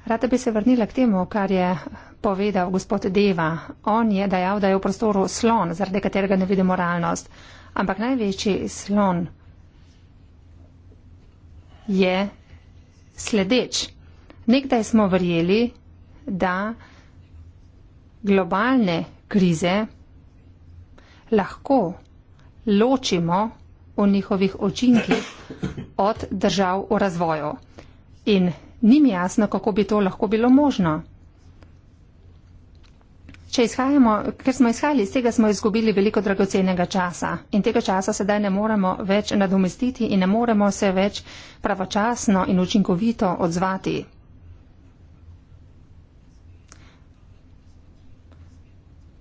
Rada bi se vrnila k temu, kar je povedal gospod Deva. On je dejal, da je v prostoru slon, zaradi katerega ne vidimo realnost. Ampak največji slon je sledeč. Nekdaj smo verjeli, da globalne krize lahko ločimo v njihovih očinkih od držav v razvoju. In ni mi jasno, kako bi to lahko bilo možno. Ker smo izhajali iz tega, smo izgubili veliko dragocenega časa in tega časa sedaj ne moremo več nadomestiti in ne moremo se več pravočasno in učinkovito odzvati.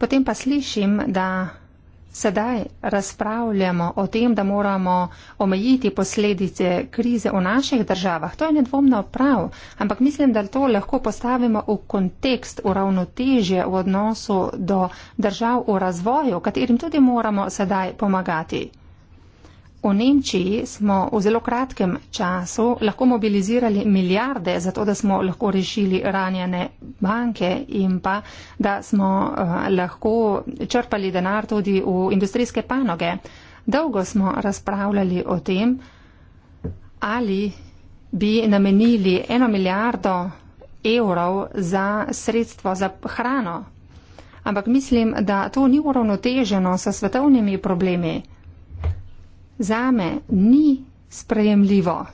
Potem pa slišim, da sedaj razpravljamo o tem, da moramo omejiti posledice krize v naših državah. To je nedvomno prav, ampak mislim, da to lahko postavimo v kontekst, v ravnotežje v odnosu do držav v razvoju, katerim tudi moramo sedaj pomagati. V Nemčiji smo v zelo kratkem času lahko mobilizirali milijarde, zato da smo lahko rešili ranjene banke in pa da smo eh, lahko črpali denar tudi v industrijske panoge. Dolgo smo razpravljali o tem, ali bi namenili eno milijardo evrov za sredstvo za hrano. Ampak mislim, da to ni uravnoteženo s svetovnimi problemi zame ni sprejemljivo,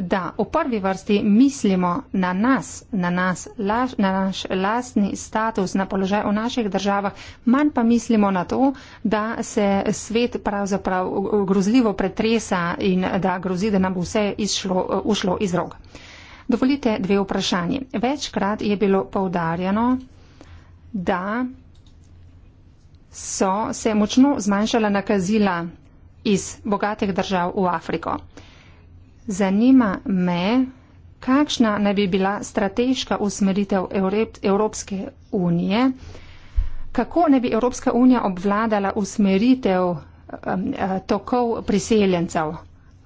da v prvi vrsti mislimo na nas, na, nas, laš, na naš lastni status, na položaj v naših državah, manj pa mislimo na to, da se svet pravzaprav grozljivo pretresa in da grozi, da nam bo vse izšlo, ušlo iz rok. Dovolite dve vprašanje. Večkrat je bilo povdarjeno, da so se močno zmanjšala nakazila iz bogatih držav v Afriko. Zanima me, kakšna naj bi bila strateška usmeritev Evropske unije, kako naj bi Evropska unija obvladala usmeritev eh, tokov priseljencev.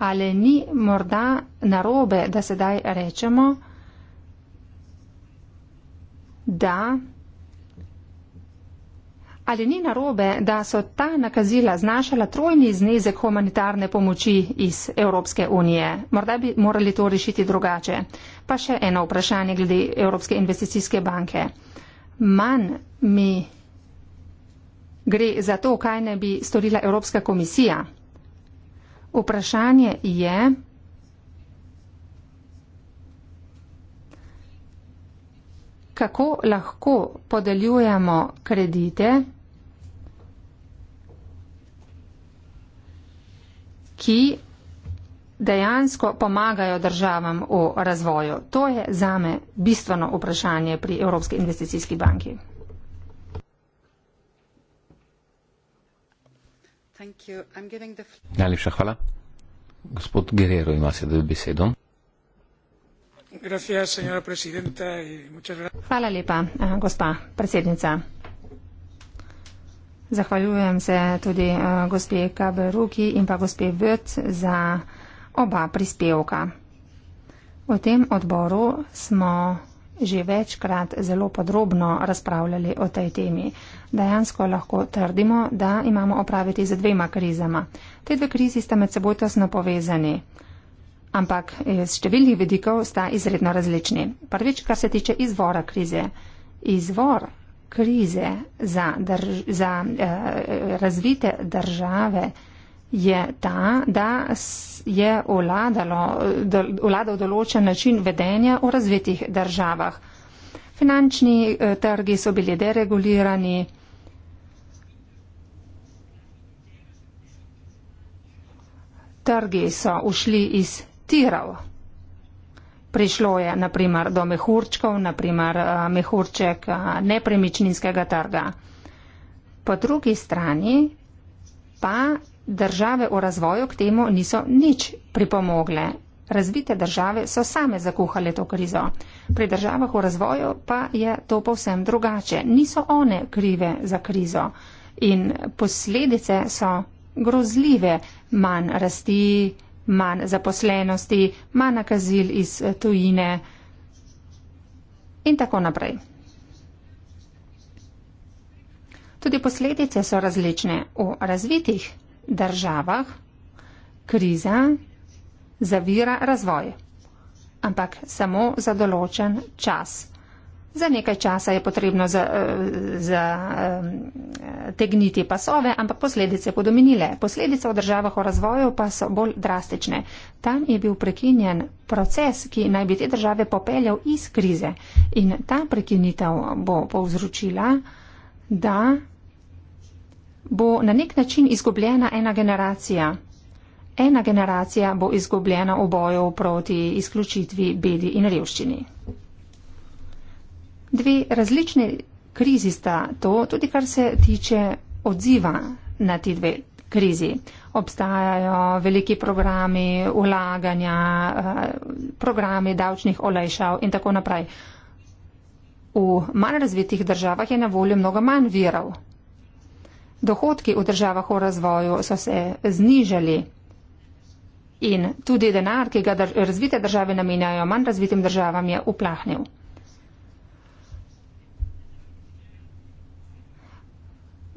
Ali ni morda narobe, da sedaj rečemo, da ali ni narobe, da so ta nakazila znašala trojni znezek humanitarne pomoči iz Evropske unije? Morda bi morali to rešiti drugače. Pa še eno vprašanje glede Evropske investicijske banke. Manj mi gre za to, kaj ne bi storila Evropska komisija. Vprašanje je. kako lahko podeljujemo kredite, ki dejansko pomagajo državam v razvoju. To je zame bistveno vprašanje pri Evropski investicijski banki. Najlepša hvala. Gospod Guerrero ima sedaj besedo. Hvala lepa, eh, gospa predsednica. Zahvaljujem se tudi uh, gospe Kaberuki in pa gospe Vrt za oba prispevka. V tem odboru smo že večkrat zelo podrobno razpravljali o tej temi. Dejansko lahko trdimo, da imamo opraviti z dvema krizama. Te dve krizi sta med seboj tesno povezani, ampak iz eh, številnih vidikov sta izredno različni. Prvič, kar se tiče izvora krize. Izvor krize za, drž, za eh, razvite države je ta, da je vladal vladal določen način vedenja v razvitih državah. Finančni eh, trgi so bili deregulirani. Trgi so ušli iz tirov. Prišlo je naprimer do mehurčkov, naprimer eh, mehurček eh, nepremičninskega trga. Po drugi strani pa države v razvoju k temu niso nič pripomogle. Razvite države so same zakuhale to krizo. Pri državah v razvoju pa je to povsem drugače. Niso one krive za krizo in posledice so grozljive, manj rasti, manj zaposlenosti, manj nakazil iz eh, tujine in tako naprej. Tudi posledice so različne. V razvitih državah kriza zavira razvoj, ampak samo za določen čas. Za nekaj časa je potrebno zategniti za, eh, eh, pasove, ampak posledice bodo minile. Posledice v državah v razvoju pa so bolj drastične. Tam je bil prekinjen proces, ki naj bi te države popeljal iz krize. In ta prekinitev bo povzročila, da bo na nek način izgubljena ena generacija. Ena generacija bo izgubljena v boju proti izključitvi bedi in revščini dve različni krizi sta to, tudi kar se tiče odziva na ti dve krizi. Obstajajo veliki programi ulaganja, eh, programi davčnih olajšav in tako naprej. V manj razvitih državah je na voljo mnogo manj virov. Dohodki v državah v razvoju so se znižali in tudi denar, ki ga razvite države namenjajo manj razvitim državam, je uplahnil.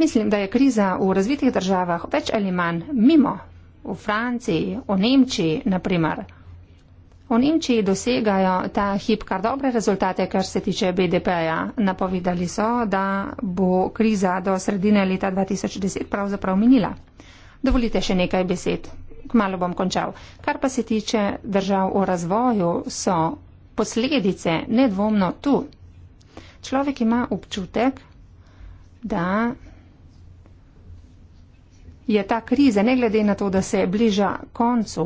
Mislim, da je kriza v razvitih državah več ali manj mimo, v Franciji, v Nemčiji, naprimer. V Nemčiji dosegajo ta hip kar dobre rezultate, kar se tiče BDP-ja. Napovedali so, da bo kriza do sredine leta 2010 pravzaprav minila. Dovolite še nekaj besed. Kmalo bom končal. Kar pa se tiče držav v razvoju, so posledice nedvomno tu. Človek ima občutek, da je ta kriza, ne glede na to, da se bliža koncu,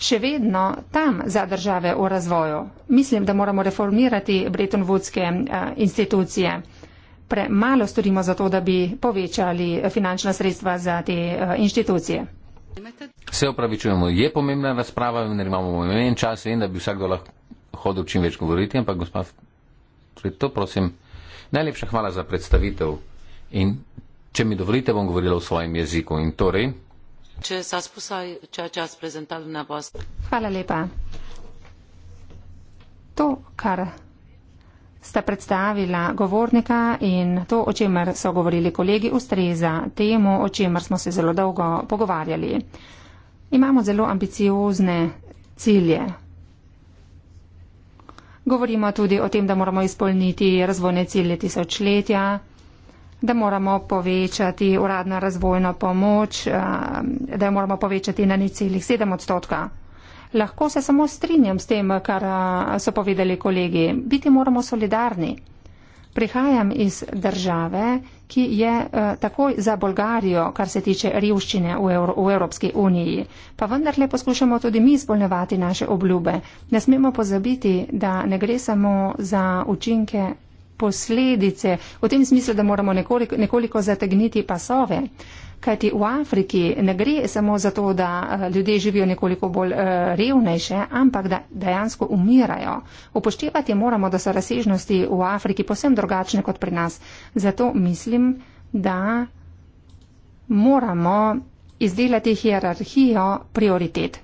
še vedno tam za države v razvoju. Mislim, da moramo reformirati bretonvudske eh, institucije. Premalo storimo za to, da bi povečali eh, finančna sredstva za te eh, inštitucije. Se opravičujemo, je pomembna razprava, vendar imamo omejen čas in da bi vsakdo lahko hodil čim več govoriti, ampak gospod, to prosim. Najlepša hvala za predstavitev. In če mi dovolite, bom govorila v svojem jeziku. In torej. Če se spusaj, če čas prezental na vas. Hvala lepa. To, kar sta predstavila govornika in to, o čemer so govorili kolegi, ustreza temu, o čemer smo se zelo dolgo pogovarjali. Imamo zelo ambiciozne cilje, Govorimo tudi o tem, da moramo izpolniti razvojne cilje tisočletja, da moramo povečati uradno razvojno pomoč, eh, da jo moramo povečati na niceljih 7 odstotka. Lahko se samo strinjam s tem, kar eh, so povedali kolegi. Biti moramo solidarni prihajam iz države, ki je eh, takoj za Bolgarijo, kar se tiče revščine v, Evro, v Evropski uniji. Pa vendarle poskušamo tudi mi izpolnevati naše obljube. Ne smemo pozabiti, da ne gre samo za učinke posledice, v tem smislu, da moramo nekoliko, nekoliko zategniti pasove. Kajti v Afriki ne gre samo za to, da eh, ljudje živijo nekoliko bolj eh, revnejše, ampak da dejansko umirajo. Upoštevati moramo, da so razsežnosti v Afriki posebno drugačne kot pri nas. Zato mislim, da moramo izdelati hierarhijo prioritet.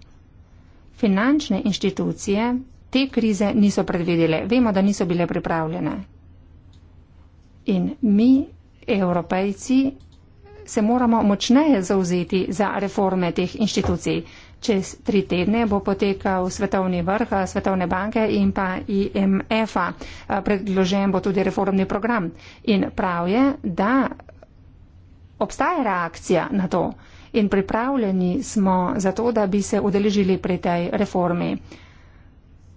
Finančne inštitucije te krize niso predvidele. Vemo, da niso bile pripravljene. In mi, evropejci, se moramo močneje zauzeti za reforme teh inštitucij. Čez tri tedne bo potekal svetovni vrh eh, Svetovne banke in pa IMF-a. Eh, predložen bo tudi reformni program. In prav je, da obstaja reakcija na to. In pripravljeni smo za to, da bi se udeležili pri tej reformi.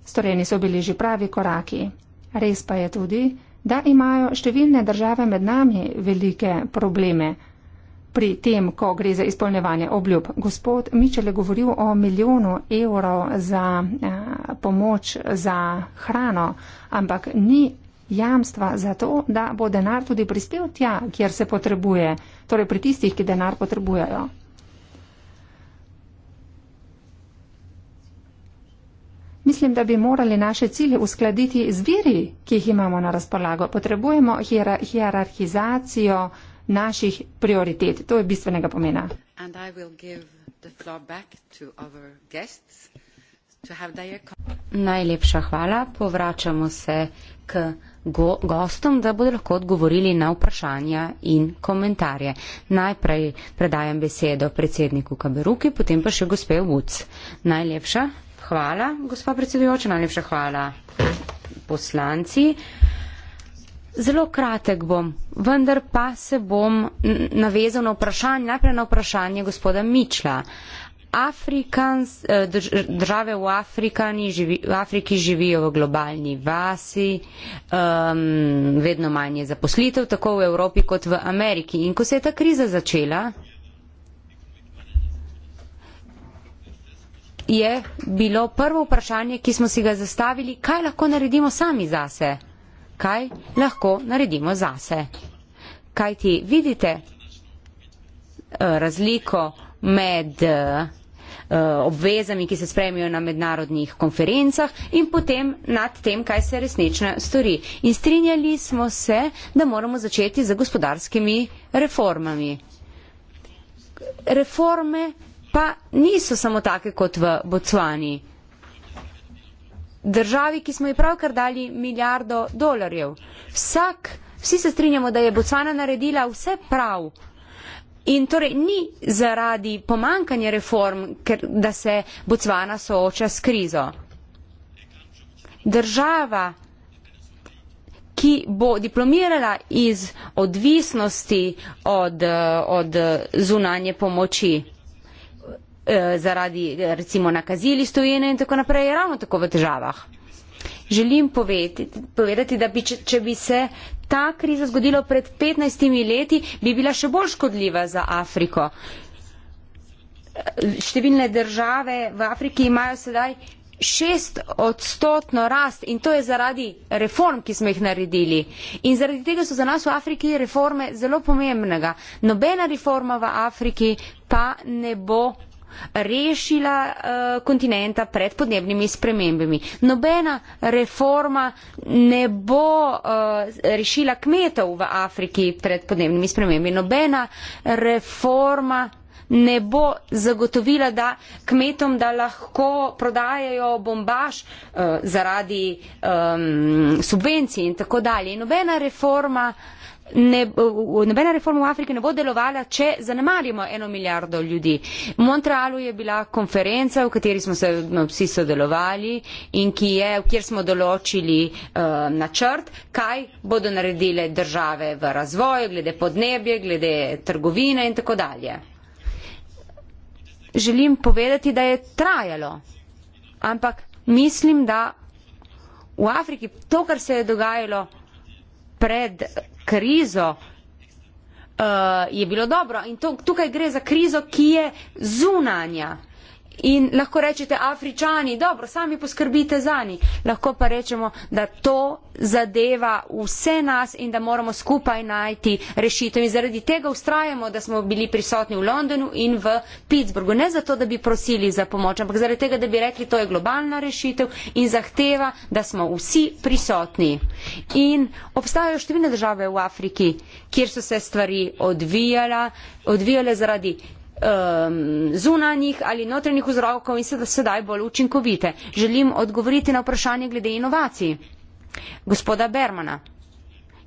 Storjeni so bili že pravi koraki. Res pa je tudi, da imajo številne države med nami velike probleme. Pri tem, ko gre za izpolnjevanje obljub, gospod Mičel je govoril o milijonu evrov za eh, pomoč za hrano, ampak ni jamstva za to, da bo denar tudi prispel tja, kjer se potrebuje, torej pri tistih, ki denar potrebujejo. Mislim, da bi morali naše cilje uskladiti z viri, ki jih imamo na razpolago. Potrebujemo hier hierarhizacijo naših prioritet. To je bistvenega pomena. Najlepša hvala. Povračamo se k go gostom, da bodo lahko odgovorili na vprašanja in komentarje. Najprej predajam besedo predsedniku Kaberuki, potem pa še gospe Vuc. Najlepša hvala, gospa predsedujoča, najlepša hvala poslanci. Zelo kratek bom, vendar pa se bom navezal na vprašanje, najprej na vprašanje gospoda Mičla. Afrikans, eh, države v, živi, v Afriki živijo v globalni vasi, um, vedno manje zaposlitev, tako v Evropi kot v Ameriki. In ko se je ta kriza začela, je bilo prvo vprašanje, ki smo si ga zastavili, kaj lahko naredimo sami zase. Kaj lahko naredimo zase? Kaj ti vidite eh, razliko med eh, obvezami, ki se sprejmijo na mednarodnih konferencah in potem nad tem, kaj se resnično stori. In strinjali smo se, da moramo začeti z gospodarskimi reformami. Reforme pa niso samo take kot v Bocvani. Državi, ki smo ji pravkar dali milijardo dolarjev. Vsak, vsi se strinjamo, da je Bocvana naredila vse prav. In torej ni zaradi pomankanja reform, ker, da se Bocvana sooča s krizo. Država, ki bo diplomirala iz odvisnosti od, od zunanje pomoči. Eh, zaradi recimo nakazili stojene in tako naprej, je ravno tako v težavah. Želim povedati, povedati da bi, če, če bi se ta kriza zgodila pred 15 leti, bi bila še bolj škodljiva za Afriko. Eh, številne države v Afriki imajo sedaj šest odstotno rast in to je zaradi reform, ki smo jih naredili. In zaradi tega so za nas v Afriki reforme zelo pomembnega. Nobena reforma v Afriki pa ne bo rešila uh, kontinenta pred podnebnimi spremembami. Nobena reforma ne bo uh, rešila kmetov v Afriki pred podnebnimi spremembami. Nobena reforma ne bo zagotovila da kmetom, da lahko prodajajo bombaž uh, zaradi um, subvencij in tako dalje. Nobena reforma uh, ne, nobena reforma v Afriki ne bo delovala, če zanemarimo eno milijardo ljudi. V Montrealu je bila konferenca, v kateri smo se no, vsi sodelovali in je, kjer smo določili uh, načrt, kaj bodo naredile države v razvoju, glede podnebje, glede trgovine in tako dalje. Želim povedati, da je trajalo, ampak mislim, da v Afriki to, kar se je dogajalo pred krizo, uh, je bilo dobro. In to, tukaj gre za krizo, ki je zunanja in lahko rečete Afričani, dobro, sami poskrbite za njih. Lahko pa rečemo, da to zadeva vse nas in da moramo skupaj najti rešitev. In zaradi tega ustrajamo, da smo bili prisotni v Londonu in v Pittsburghu. Ne zato, da bi prosili za pomoč, ampak zaradi tega, da bi rekli, to je globalna rešitev in zahteva, da smo vsi prisotni. In obstajajo številne države v Afriki, kjer so se stvari odvijala, odvijale zaradi Um, zunanjih ali notranjih vzrokov in sedaj bolj učinkovite. Želim odgovoriti na vprašanje glede inovacij gospoda Bermana.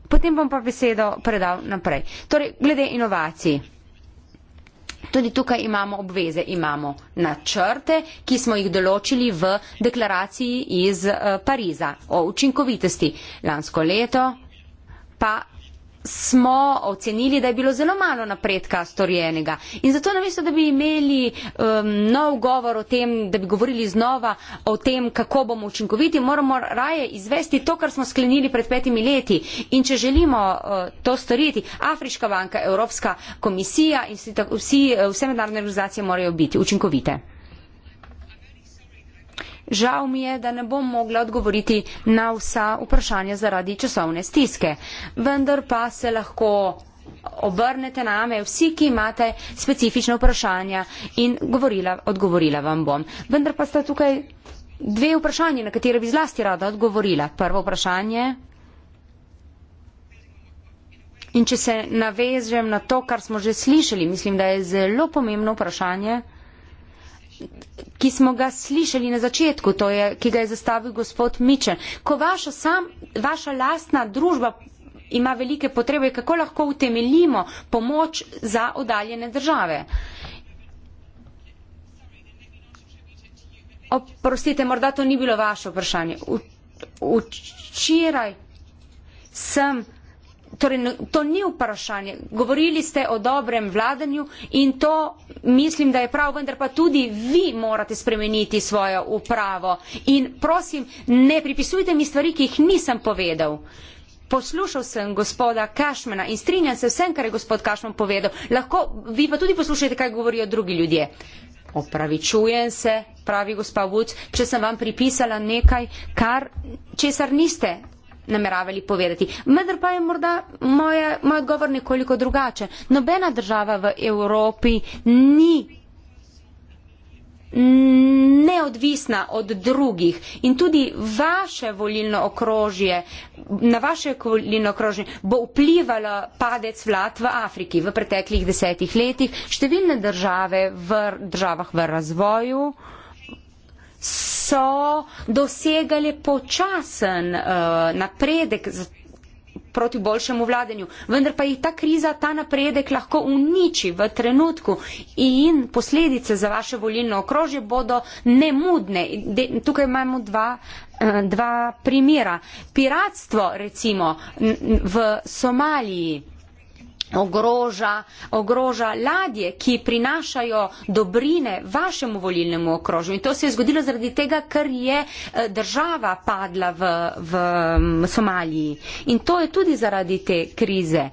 Potem bom pa besedo predal naprej. Torej, glede inovacij. Tudi tukaj imamo obveze, imamo načrte, ki smo jih določili v deklaraciji iz eh, Pariza o učinkovitosti. Lansko leto pa smo ocenili, da je bilo zelo malo napredka storjenega. In zato namesto, da bi imeli um, nov govor o tem, da bi govorili znova o tem, kako bomo učinkoviti, moramo raje izvesti to, kar smo sklenili pred petimi leti. In če želimo uh, to storiti, Afriška banka, Evropska komisija in vsi, uh, vse mednarodne organizacije morajo biti učinkovite. Žal mi je, da ne bom mogla odgovoriti na vsa vprašanja zaradi časovne stiske. Vendar pa se lahko obrnete name vsi, ki imate specifične vprašanja in govorila, odgovorila vam bom. Vendar pa sta tukaj dve vprašanje, na katere bi zlasti rada odgovorila. Prvo vprašanje. In če se navežem na to, kar smo že slišali, mislim, da je zelo pomembno vprašanje ki smo ga slišali na začetku, to je, ki ga je zastavil gospod Mičen. Ko vaša, sam, vaša lastna družba ima velike potrebe, kako lahko utemeljimo pomoč za oddaljene države? Oprostite, morda to ni bilo vaše vprašanje. Včeraj sem torej, to ni vprašanje. Govorili ste o dobrem vladanju in to mislim, da je prav, vendar pa tudi vi morate spremeniti svojo upravo. In prosim, ne pripisujte mi stvari, ki jih nisem povedal. Poslušal sem gospoda Kašmena in strinjam se vsem, kar je gospod Kašmen povedal. Lahko vi pa tudi poslušate, kaj govorijo drugi ljudje. Opravičujem se, pravi gospa Vuc, če sem vam pripisala nekaj, kar, česar niste nameravali povedati. Vendar pa je morda moje, moj odgovor nekoliko drugače. Nobena država v Evropi ni neodvisna od drugih in tudi vaše volilno okrožje, na vaše volilno okrožje bo vplivalo padec vlad v Afriki v preteklih desetih letih. Številne države v državah v razvoju so dosegali počasen uh, napredek proti boljšemu vladanju. Vendar pa jih ta kriza, ta napredek lahko uniči v trenutku in posledice za vaše volilno okrožje bodo nemudne. De, tukaj imamo dva, eh, dva primera. Piratstvo recimo v Somaliji ogroža, ogroža ladje, ki prinašajo dobrine vašemu volilnemu okrožju. In to se je zgodilo zaradi tega, ker je eh, država padla v, v Somaliji. In to je tudi zaradi te krize.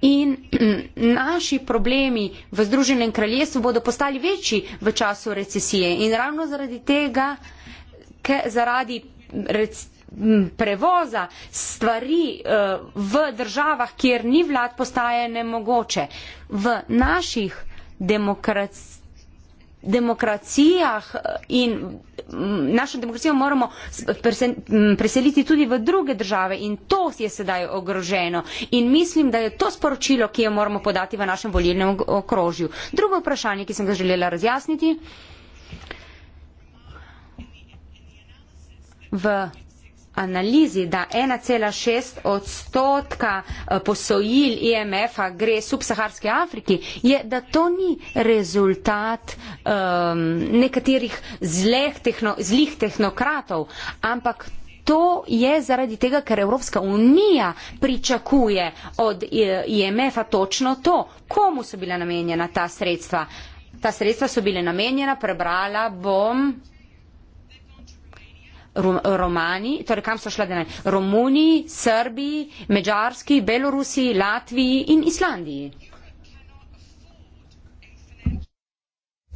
In naši problemi v Združenem kraljestvu bodo postali večji v času recesije. In ravno zaradi tega, ker zaradi. Rec, prevoza stvari eh, v državah, kjer ni vlad, postaje nemogoče. V naših demokracijah demokracijah in našo demokracijo moramo preseliti tudi v druge države in to je sedaj ogroženo in mislim, da je to sporočilo, ki jo moramo podati v našem volilnem okrožju. Drugo vprašanje, ki sem ga želela razjasniti, v analizi, da 1,6 odstotka eh, posojil IMF-a e gre subsaharski Afriki, je, da to ni rezultat um, nekaterih tehno, zlih tehnokratov, ampak to je zaradi tega, ker Evropska unija pričakuje od IMF-a eh, e točno to, komu so bila namenjena ta sredstva. Ta sredstva so bile namenjena, prebrala bom Rom, Romaniji, torej kam so šle denar? Romuniji, Srbiji, Mačarski, Belorusiji, Latviji in Islandiji.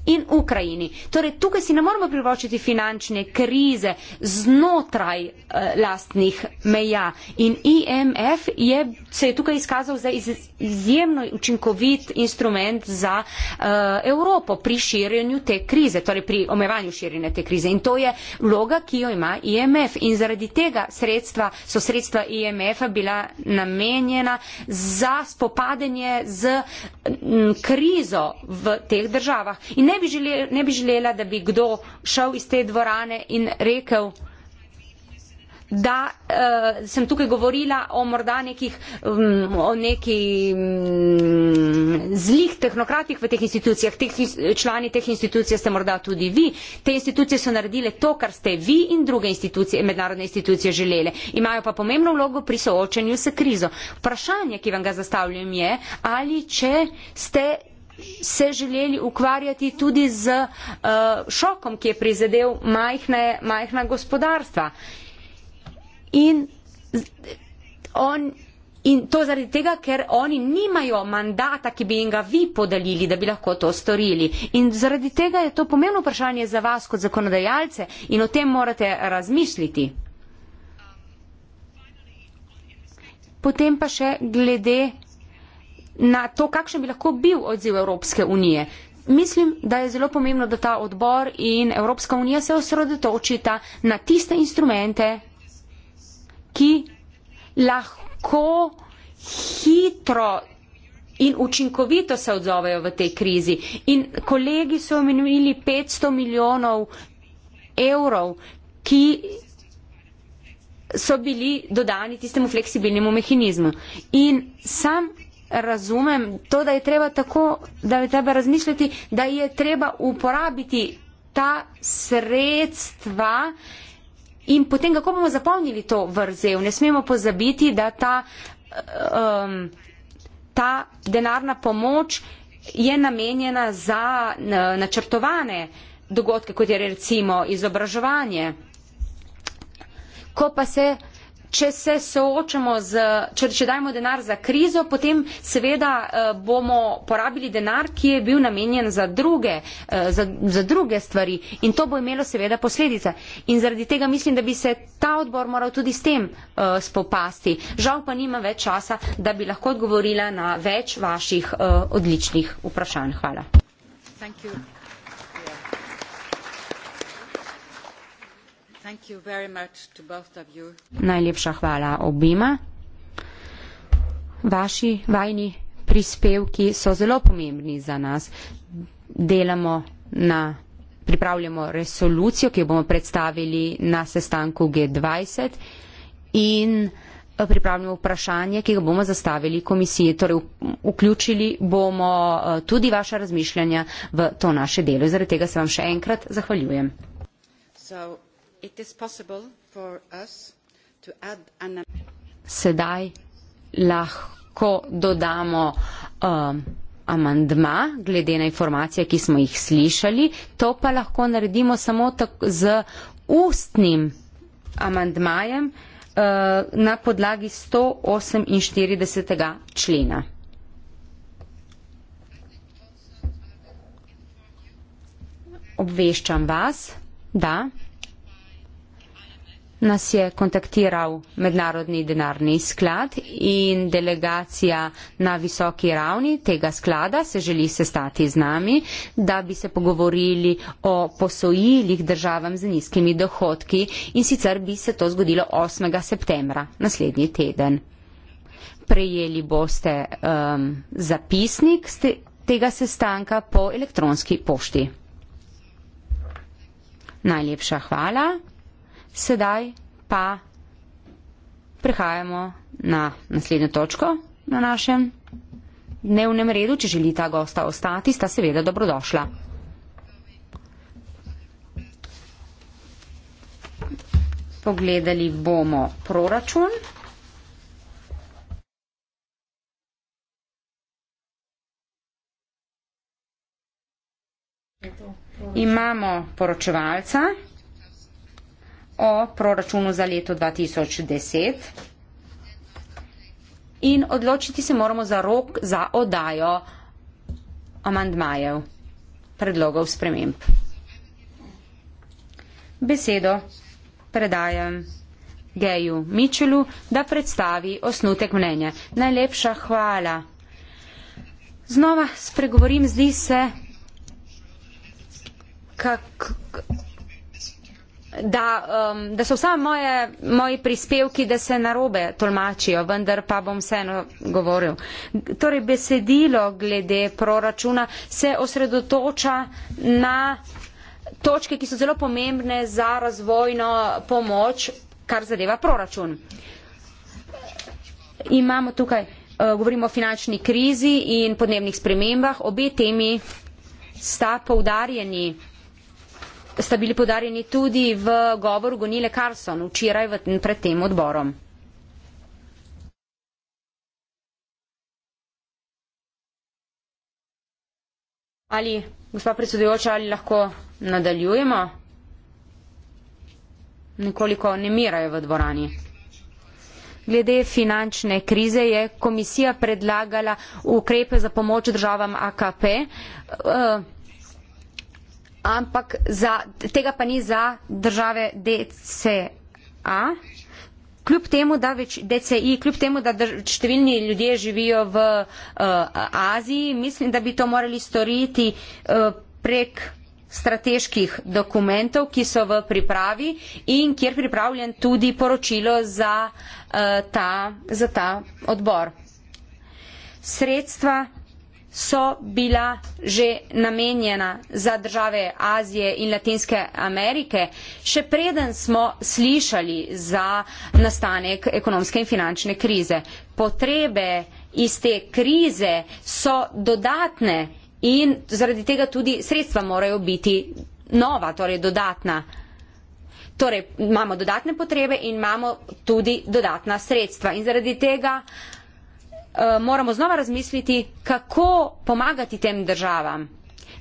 in Ukrajini. Torej, tukaj si ne moramo privoščiti finančne krize znotraj eh, lastnih meja. In IMF je, se je tukaj izkazal za iz, izjemno učinkovit instrument za eh, Evropo pri širjenju te krize, torej pri omevanju širjenja te krize. In to je vloga, ki jo ima IMF. In zaradi tega sredstva, so sredstva IMF-a bila namenjena za spopadanje z m, mm, krizo v teh državah. In ne bi, žele, ne bi želela, da bi kdo šel iz te dvorane in rekel, da uh, sem tukaj govorila o morda nekih um, o neki, um, zlih tehnokratih v teh institucijah. Teh, člani teh institucij ste morda tudi vi. Te institucije so naredile to, kar ste vi in druge institucije, mednarodne institucije želele. Imajo pa pomembno vlogo pri soočanju s krizo. Vprašanje, ki vam ga zastavljam, je, ali če ste se želeli ukvarjati tudi z uh, šokom, ki je prizadel majhne, majhna gospodarstva. In, on, in to zaradi tega, ker oni nimajo mandata, ki bi jim ga vi podelili, da bi lahko to storili. In zaradi tega je to pomembno vprašanje za vas kot zakonodajalce in o tem morate razmisliti. Potem pa še glede na to, kakšen bi lahko bil odziv Evropske unije. Mislim, da je zelo pomembno, da ta odbor in Evropska unija se osredotočita na tiste instrumente, ki lahko hitro in učinkovito se odzovejo v tej krizi. In kolegi so omenili 500 milijonov evrov, ki so bili dodani tistemu fleksibilnemu mehanizmu. In sam razumem to, da je treba tako, da je treba razmišljati, da je treba uporabiti ta sredstva in potem, kako bomo zapolnili to vrzel. Ne smemo pozabiti, da ta, um, ta denarna pomoč je namenjena za načrtovane dogodke, kot je recimo izobraževanje. Ko pa se če se soočamo z, če, če dajemo denar za krizo, potem seveda uh, bomo porabili denar, ki je bil namenjen za druge, uh, za, za druge stvari in to bo imelo seveda posledice. In zaradi tega mislim, da bi se ta odbor moral tudi s tem uh, spopasti. Žal pa nima več časa, da bi lahko odgovorila na več vaših uh, odličnih vprašanj. Hvala. Thank you. Najlepša hvala obima. Vaši vajni prispevki so zelo pomembni za nas. Delamo na. Pripravljamo resolucijo, ki jo bomo predstavili na sestanku G20 in eh, pripravljamo vprašanje, ki ga bomo zastavili komisiji. Torej, vključili bomo eh, tudi vaša razmišljanja v to naše delo. Zaradi tega se vam še enkrat zahvaljujem. So Sedaj lahko dodamo um, amandma glede na informacije, ki smo jih slišali. To pa lahko naredimo samo z ustnim amandmajem uh, na podlagi 148. člena. Obveščam vas, da nas je kontaktiral Mednarodni denarni sklad in delegacija na visoki ravni tega sklada se želi sestati z nami, da bi se pogovorili o posojilih državam z nizkimi dohodki in sicer bi se to zgodilo 8. septembra naslednji teden. Prejeli boste um, zapisnik tega sestanka po elektronski pošti. Najlepša hvala. Sedaj pa prehajamo na naslednjo točko na našem dnevnem redu. Če želi ta gosta ostati, sta seveda dobrodošla. Pogledali bomo proračun. Imamo poročevalca o proračunu za leto 2010 in odločiti se moramo za rok za odajo amandmajev, predlogov sprememb. Besedo predajam Geju Mičelu, da predstavi osnutek mnenja. Najlepša hvala. Znova spregovorim, zdi se, kako da, um, da so samo moje, moji prispevki, da se narobe tolmačijo, vendar pa bom vseeno govoril. Torej, besedilo glede proračuna se osredotoča na točke, ki so zelo pomembne za razvojno pomoč, kar zadeva proračun. Imamo tukaj, uh, govorimo o finančni krizi in podnebnih spremembah, obe temi sta poudarjeni sta bili podarjeni tudi v govoru Gonile Carson včeraj v, pred tem odborom. Ali, gospa predsedujoča, ali lahko nadaljujemo? Nekoliko nemirajo v dvorani. Glede finančne krize je komisija predlagala ukrepe za pomoč državam AKP. Uh, eh, ampak za, tega pa ni za države DCA. Kljub temu, da več DCI, kljub temu, da drž, številni ljudje živijo v uh, Aziji, mislim, da bi to morali storiti uh, prek strateških dokumentov, ki so v pripravi in kjer pripravljen tudi poročilo za, uh, ta, za ta odbor. Sredstva so bila že namenjena za države Azije in Latinske Amerike, še preden smo slišali za nastanek ekonomske in finančne krize. Potrebe iz te krize so dodatne in zaradi tega tudi sredstva morajo biti nova, torej dodatna. Torej, imamo dodatne potrebe in imamo tudi dodatna sredstva. In zaradi tega uh, Eh, moramo znova razmisliti, kako pomagati tem državam.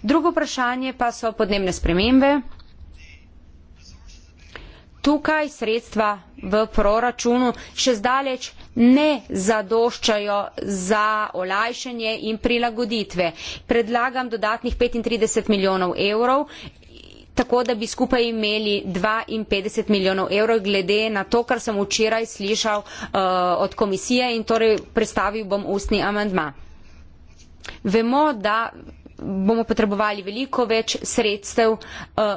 Drugo vprašanje pa so podnebne spremembe. Tukaj sredstva v proračunu še zdaleč ne zadoščajo za olajšanje in prilagoditve. Predlagam dodatnih 35 milijonov evrov tako da bi skupaj imeli 52 milijonov evrov glede na to, kar sem včeraj slišal uh, od komisije in torej predstavil bom ustni amandma. Vemo, da bomo potrebovali veliko več sredstev uh,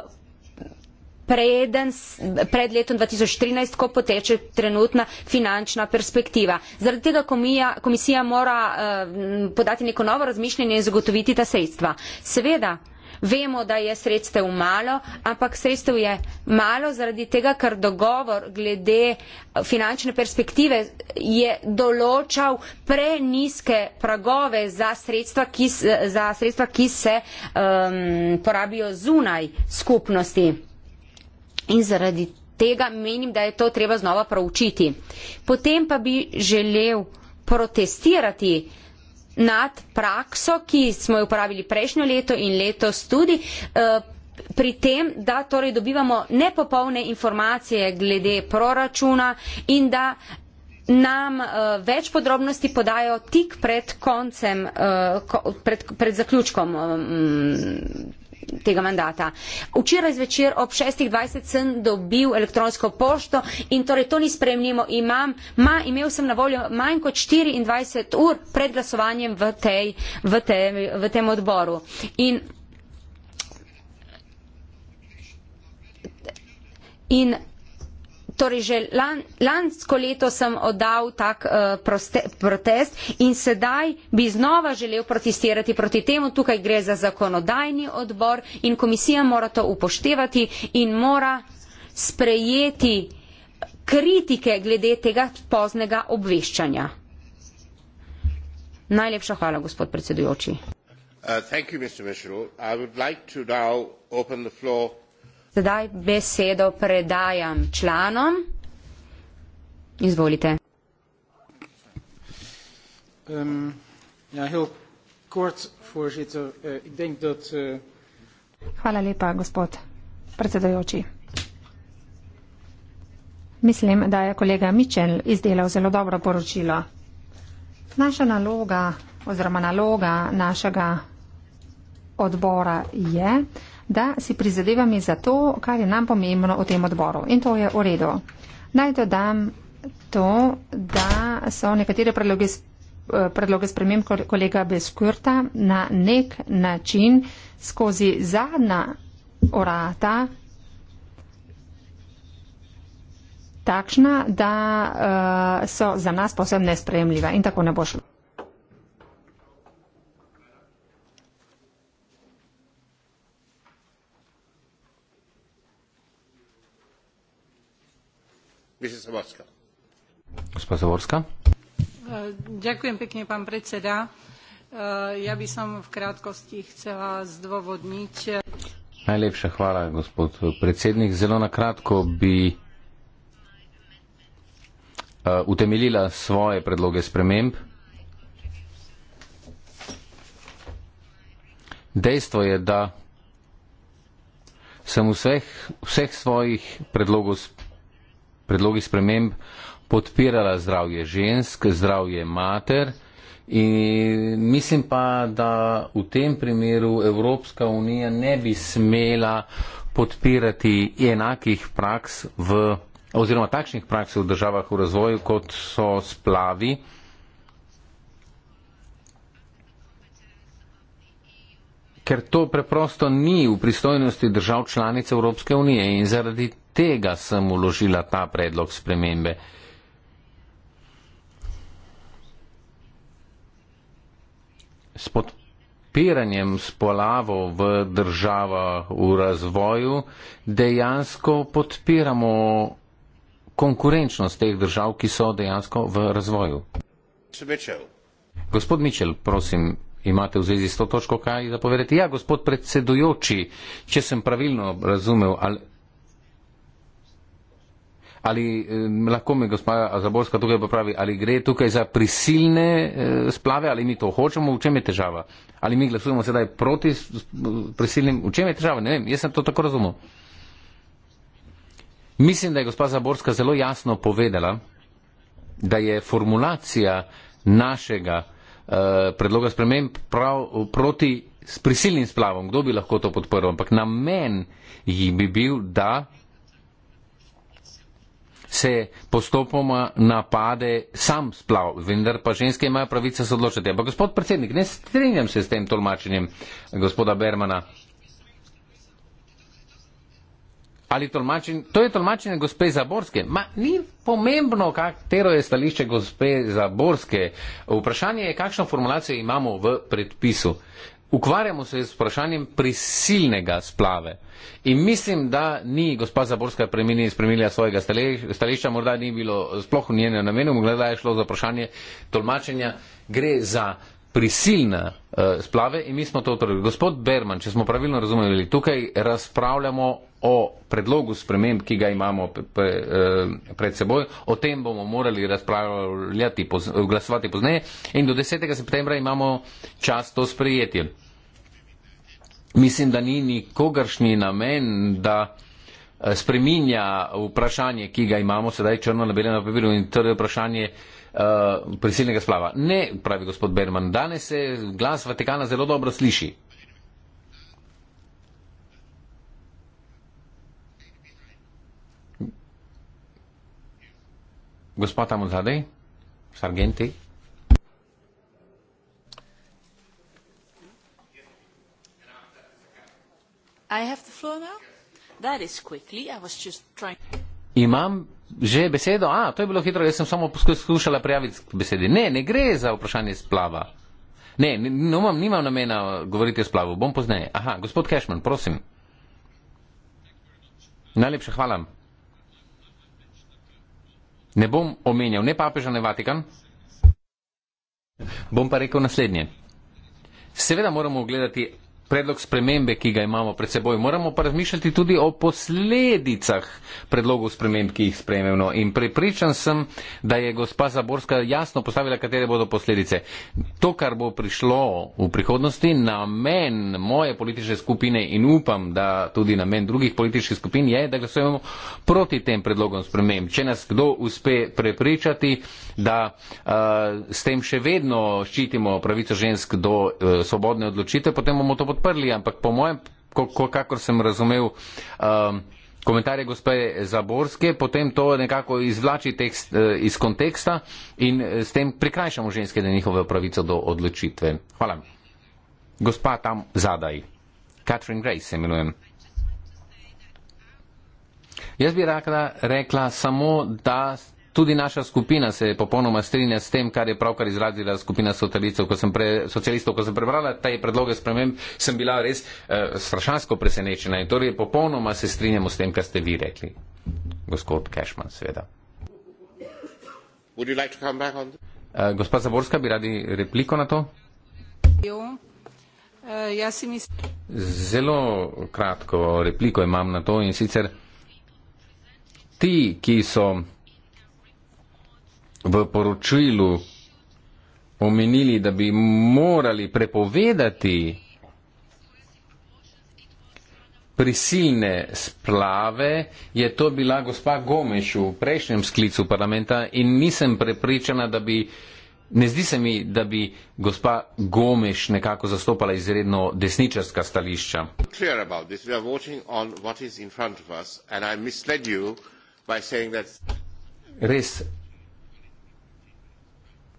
preden, pred letom 2013, ko poteče trenutna finančna perspektiva. Zaradi tega komija, komisija mora uh, podati neko novo razmišljanje in zagotoviti ta sredstva. Seveda, Vemo, da je sredstev malo, ampak sredstev je malo zaradi tega, ker dogovor glede eh, finančne perspektive je določal preniske pragove za sredstva, ki, eh, za sredstva, ki se um, porabijo zunaj skupnosti. In zaradi tega menim, da je to treba znova proučiti. Potem pa bi želel protestirati nad prakso, ki smo jo uporabili prejšnjo leto in letos tudi. Eh, pri tem, da torej dobivamo nepopolne informacije glede proračuna in da nam uh, več podrobnosti podajo tik pred koncem, uh, ko, pred, pred zaključkom um, tega mandata. Včeraj zvečer ob 6.20 sem dobil elektronsko pošto in torej to ni spremljivo. Imam, ma, imel sem na voljo manj kot 24 ur pred glasovanjem v, tej, v, tej, v tem odboru. In In torej že lan, lansko leto sem oddal tak uh, proste, protest in sedaj bi znova želel protestirati proti temu. Tukaj gre za zakonodajni odbor in komisija mora to upoštevati in mora sprejeti kritike glede tega poznega obveščanja. Najlepša hvala, gospod predsedujoči. Uh, thank you, Mr. Mitchell. I would like to now open the floor Sedaj besedo predajam članom. Izvolite. Um, ja, heel kort, voorzitter. Uh, ik denk dat, uh... Hvala lepa, gospod predsedajoči. Mislim, da je kolega Mičel izdelal zelo dobro poročilo. Naša naloga oziroma naloga našega odbora je, da si prizadevami za to, kar je nam pomembno v tem odboru. In to je v redu. Naj dodam to, da so nekatere predloge, eh, predloge sprememb kolega Beskurta na nek način skozi zadnja orata takšna, da eh, so za nas posebno nespremljiva in tako ne bo šlo. E, e, ja by som v krátkosti chcela zdôvodniť e, Najlepša hvala, gospod predsednik. Zelo na kratko bi utemeljila svoje predloge sprememb. Dejstvo je, da sem vseh, vseh svojih predlogov predlogi sprememb podpirala zdravje žensk, zdravje mater. In mislim pa, da v tem primeru Evropska unija ne bi smela podpirati enakih praks v, oziroma takšnih praks v državah v razvoju, kot so splavi. Ker to preprosto ni v pristojnosti držav članic Evropske unije in zaradi tega sem uložila ta predlog spremembe. S podpiranjem spolavo v država v razvoju dejansko podpiramo konkurenčnost teh držav, ki so dejansko v razvoju. Mitchell. Gospod Mičel, prosim, imate v zvezi s to točko kaj zapovedati? Ja, gospod predsedujoči, če sem pravilno razumel, ali Ali eh, lahko mi gospa Zaborska tukaj popravi, ali gre tukaj za prisilne eh, splave, ali mi to hočemo, v čem je težava? Ali mi glasujemo sedaj proti prisilnim, v čem je težava? Ne vem, jaz sem to tako razumel. Mislim, da je gospa Zaborska zelo jasno povedala, da je formulacija našega eh, predloga sprememb prav proti s prisilnim splavom. Kdo bi lahko to podprl? Ampak namen ji bi bil, da se postopoma napade sam splav, vendar pa ženske imajo pravico se odločiti. Ampak gospod predsednik, ne strinjam se s tem tolmačenjem gospoda Bermana. Ali tolmačen, to je tolmačenje gospe Zaborske. Ma ni pomembno, katero je stališče gospe Zaborske. Vprašanje je, kakšno formulacijo imamo v predpisu. Ukvarjamo se z vprašanjem prisilnega splave. In mislim, da ni gospa Zaborska spremenila svojega stališča, morda ni bilo sploh v njenem namenu, morda je šlo za vprašanje tolmačenja. Gre za prisilne uh, splave in mi smo to odprli. Gospod Berman, če smo pravilno razumeli, tukaj razpravljamo o predlogu sprememb, ki ga imamo pre, pre, uh, eh, pred seboj. O tem bomo morali razpravljati, poz, glasovati pozneje in do 10. septembra imamo čas to sprejeti. Mislim, da ni nikogaršnji namen, da eh, spreminja vprašanje, ki ga imamo sedaj črno na belem papirju in to je vprašanje uh, Eh, prisilnega splava. Ne, pravi gospod Berman, danes se glas Vatikana zelo dobro sliši. Gospod tam zadaj, sargenti. Imam Že besedo? A, to je bilo hitro, jaz sem samo poskušala prijaviti k besedi. Ne, ne gre za vprašanje splava. Ne, nimam, nimam namena govoriti o splavu, bom pozneje. Aha, gospod Kešman, prosim. Najlepše hvala. Ne bom omenjal ne papeža, ne Vatikan. Bom pa rekel naslednje. Seveda moramo gledati predlog spremembe, ki ga imamo pred seboj. Moramo pa razmišljati tudi o posledicah predlogov sprememb, ki jih sprememo. No, in prepričan sem, da je gospa Zaborska jasno postavila, katere bodo posledice. To, kar bo prišlo v prihodnosti, na men moje politične skupine in upam, da tudi na men drugih političnih skupin, je, da glasujemo proti tem predlogom sprememb. Če nas kdo uspe prepričati, da uh, s tem še vedno ščitimo pravico žensk do uh, svobodne odločitve, potem bomo to podprli. Ampak po mojem, ko, ko, kakor sem razumel um, komentarje gospe Zaborske, potem to nekako izvlači tekst uh, iz konteksta in s tem prikrajšamo ženske na njihovo pravico do odločitve. Hvala. Gospa tam zadaj. Catherine Grace se imenujem. Jaz bi rekla, rekla samo, da Tudi naša skupina se popolnoma strinja s tem, kar je pravkar izrazila skupina socialistov. Ko pre, socialistov. Ko sem prebrala te predloge sprememb, sem bila res eh, strašansko presenečena. In torej popolnoma se strinjamo s tem, kar ste vi rekli, gospod Kešman, seveda. Like eh, gospa Zaborska, bi radi repliko na to? Eh, jo. Zelo kratko repliko imam na to in sicer ti, ki so v poročilu omenili, da bi morali prepovedati prisilne splave, je to bila gospa Gomeš v prejšnjem sklicu parlamenta in nisem prepričana, da bi, ne zdi se mi, da bi gospa Gomeš nekako zastopala izredno desničarska stališča. Res,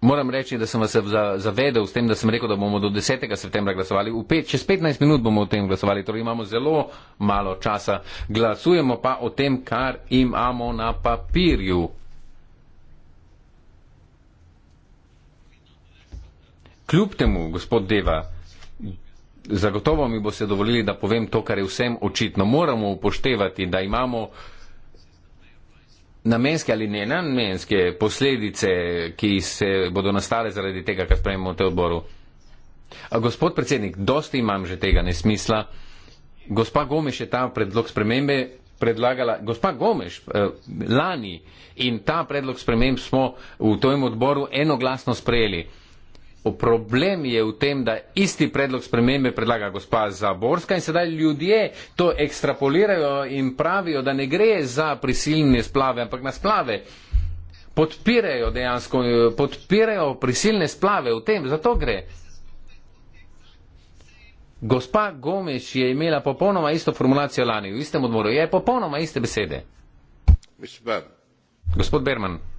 Moram reči, da sem vas zavedel s tem, da sem rekel, da bomo do 10. septembra glasovali. Pet, čez 15 minut bomo o tem glasovali, torej imamo zelo malo časa. Glasujemo pa o tem, kar imamo na papirju. Kljub temu, gospod Deva, zagotovo mi boste dovolili, da povem to, kar je vsem očitno. Moramo upoštevati, da imamo namenske ali ne namenske posledice, ki se bodo nastale zaradi tega, kar sprejemo v te odboru. A gospod predsednik, dosti imam že tega nesmisla. Gospa Gomeš je ta predlog spremembe predlagala, gospa Gomeš, eh, lani in ta predlog sprememb smo v tem odboru enoglasno sprejeli. Problem je v tem, da isti predlog spremembe predlaga gospa Zaborska in sedaj ljudje to ekstrapolirajo in pravijo, da ne gre za prisilne splave, ampak na splave. Podpirajo dejansko, eh, podpirajo prisilne splave v tem, zato gre. Gospa Gomeš je imela popolnoma isto formulacijo lani, v istem odmoru, je popolnoma iste besede. Gospod Berman.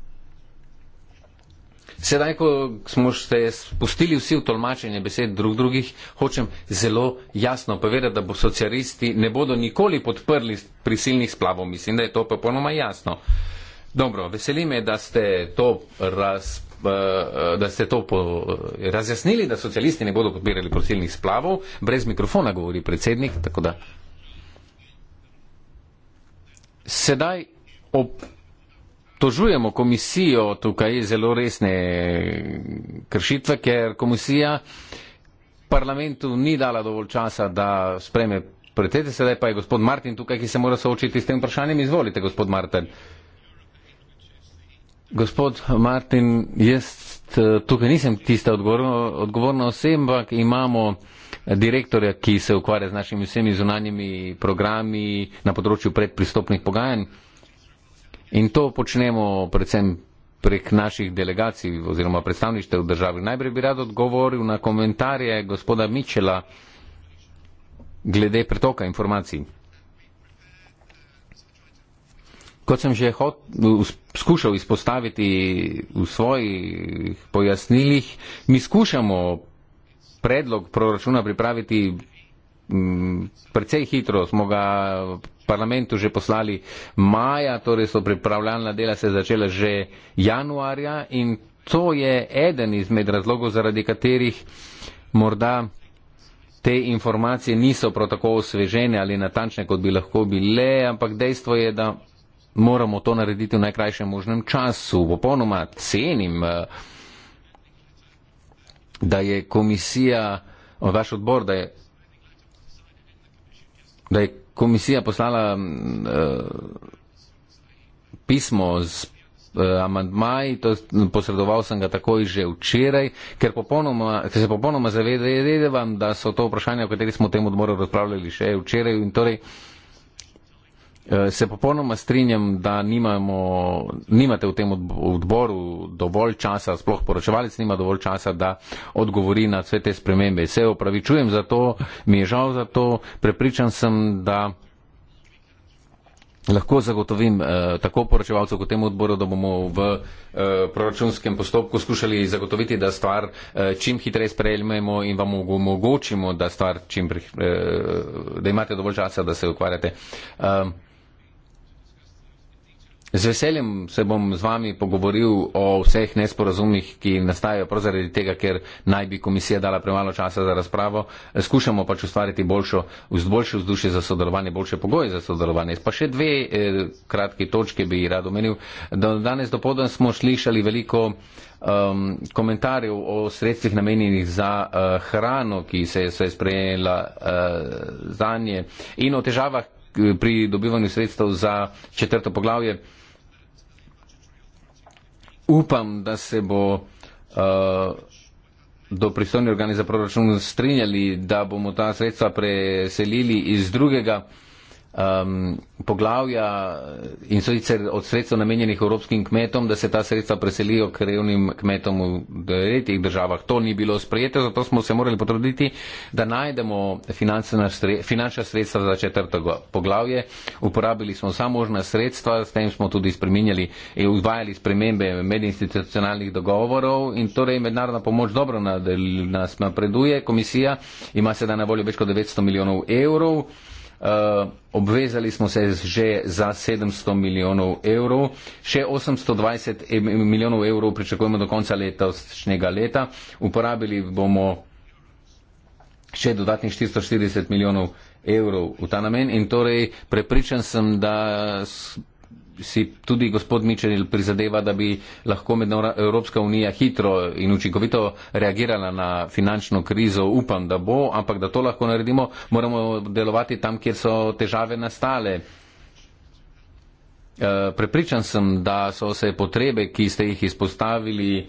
Sedaj, ko smo se spustili vsi v tolmačenje besed drug drugih, hočem zelo jasno povedati, da bo socialisti ne bodo nikoli podprli prisilnih splavov. Mislim, da je to popolnoma jasno. Dobro, veseli me, da ste to, raz, eh, eh, da ste to po, eh, razjasnili, da socialisti ne bodo podpirali prisilnih splavov. Brez mikrofona govori predsednik. Sedaj ob obtožujemo komisijo tukaj zelo resne kršitve, ker komisija parlamentu ni dala dovolj časa, da spreme predsednice, sedaj pa je gospod Martin tukaj, ki se mora soočiti s tem vprašanjem. Izvolite, gospod Martin. Gospod Martin, jaz eh, tukaj nisem tista odgovorna oseba, ki imamo direktorja, ki se ukvarja z našimi vsemi zunanjimi programi na področju predpristopnih pogajanj. In to počnemo predvsem prek naših delegacij oziroma predstavništev države. Najprej bi rad odgovoril na komentarje gospoda Mičela glede pretoka informacij. Kot sem že hot, skušal izpostaviti v svojih pojasnilih, mi skušamo predlog proračuna pripraviti m, mm, precej hitro. Smo ga parlamentu že poslali maja, torej so pripravljalna dela se začela že januarja in to je eden izmed razlogov, zaradi katerih morda te informacije niso prav tako osvežene ali natančne, kot bi lahko bile, ampak dejstvo je, da moramo to narediti v najkrajšem možnem času. Popolnoma cenim, eh, da je komisija, vaš odbor, da je, da je komisija poslala uh, pismo z eh, amandmaj, to mm, posredoval sem ga takoj že včeraj, ker, ker se popolnoma zavedevam, da so to vprašanja, o kateri smo v tem odmoru razpravljali še včeraj in torej uh, Eh, se popolnoma strinjam, da nimamo, nimate v tem odboru dovolj časa, sploh poročevalec nima dovolj časa, da odgovori na vse te spremembe. Se opravičujem za to, mi je žal za to, prepričan sem, da lahko zagotovim eh, tako poročevalcu kot temu odboru, da bomo v eh, proračunskem postopku skušali zagotoviti, da stvar eh, čim hitreje sprejmemo in vam omogočimo, da, stvar čim, eh, da imate dovolj časa, da se ukvarjate. Eh, Z veseljem se bom z vami pogovoril o vseh nesporazumih, ki nastajajo prav zaradi tega, ker naj bi komisija dala premalo časa za razpravo. Skušamo pač ustvariti boljšo, boljšo vzdušje za sodelovanje, boljše pogoje za sodelovanje. Pa še dve eh, kratke točke bi rad omenil. Do danes do podan smo slišali veliko um, komentarjev o sredstvih namenjenih za uh, hrano, ki se, se je sprejela uh, eh, za nje in o težavah eh, pri dobivanju sredstev za četrto poglavje upam, da se bo uh, do pristojni organi za proračun strinjali, da bomo ta sredstva preselili iz drugega um, poglavja in sicer od sredstva namenjenih evropskim kmetom, da se ta sredstva preselijo k revnim kmetom v devetih državah. To ni bilo sprejeto, zato smo se morali potruditi, da najdemo finančna sredstva za četrto poglavje. Uporabili smo vsa možna sredstva, s tem smo tudi spreminjali in eh, uvajali spremembe medinstitucionalnih dogovorov in torej mednarodna pomoč dobro nas napreduje. Komisija ima sedaj na voljo več kot 900 milijonov evrov. Eh, obvezali smo se že za 700 milijonov evrov, še 820 milijonov evrov pričakujemo do konca letošnjega leta, uporabili bomo še dodatnih 440 milijonov evrov v ta namen in torej prepričan sem, da si tudi gospod Mičenil prizadeva, da bi lahko mednora, Evropska unija hitro in učinkovito reagirala na finančno krizo. Upam, da bo, ampak da to lahko naredimo, moramo delovati tam, kjer so težave nastale. E, prepričan sem, da so se potrebe, ki ste jih izpostavili eh,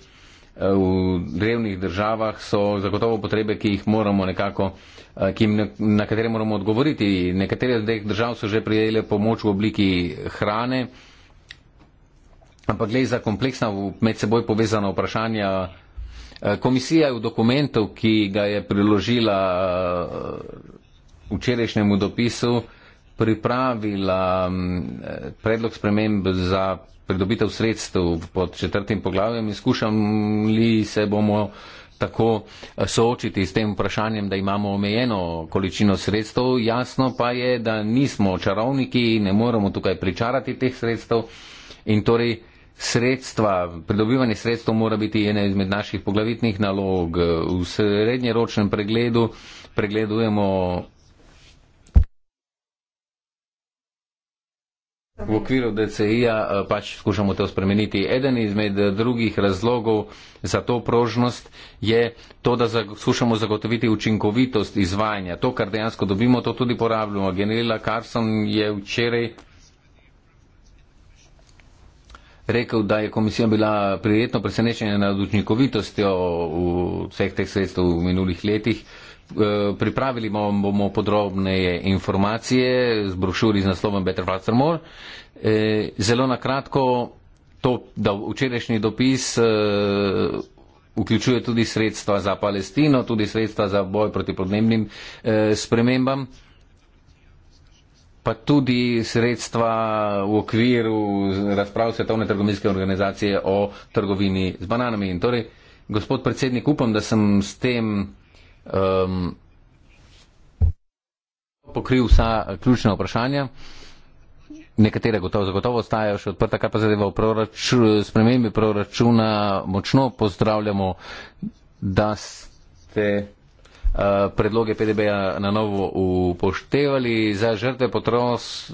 v drevnih državah, so zagotovo potrebe, ki jih moramo nekako Eh, ki, na katere moramo odgovoriti. Nekatere od teh držav so že prijele pomoč v obliki hrane, ampak glede za kompleksna med seboj povezana vprašanja. Eh, komisija je v dokumentu, ki ga je priložila eh, včerajšnjemu dopisu, pripravila mm, predlog sprememb za pridobitev sredstev pod četrtim poglavjem in skušali se bomo uh, tako eh, soočiti s tem vprašanjem, da imamo omejeno količino sredstev. Jasno pa je, da nismo čarovniki, ne moremo tukaj pričarati teh sredstev in torej sredstva, pridobivanje sredstev mora biti ena izmed naših poglavitnih nalog. V srednjeročnem pregledu pregledujemo V okviru DCI-ja eh, pač skušamo to spremeniti. Eden izmed eh, drugih razlogov za to prožnost je to, da skušamo zagotoviti učinkovitost izvajanja. To, kar dejansko dobimo, to tudi porabljamo. Generila Carson je včeraj rekel, da je komisija bila prijetno presenečena nad učinkovitostjo vseh teh sredstev v minulih letih. Uh, Eh, pripravili bomo podrobneje informacije z brošuri z naslovom Better Faster More. Eh, zelo na kratko, to, da včerajšnji dopis eh, vključuje tudi sredstva za Palestino, tudi sredstva za boj proti podnebnim spremembam, pa tudi sredstva v okviru razprav Svetovne trgovinske organizacije o trgovini z bananami. In torej, gospod predsednik, upam, da sem s tem um, pokril vsa ključna vprašanja. Nekatere gotovo, zagotovo ostajajo še odprta, kar pa zadeva v proraču, spremembi proračuna. Močno pozdravljamo, da ste uh, predloge PDB-ja na novo upoštevali. Za žrtve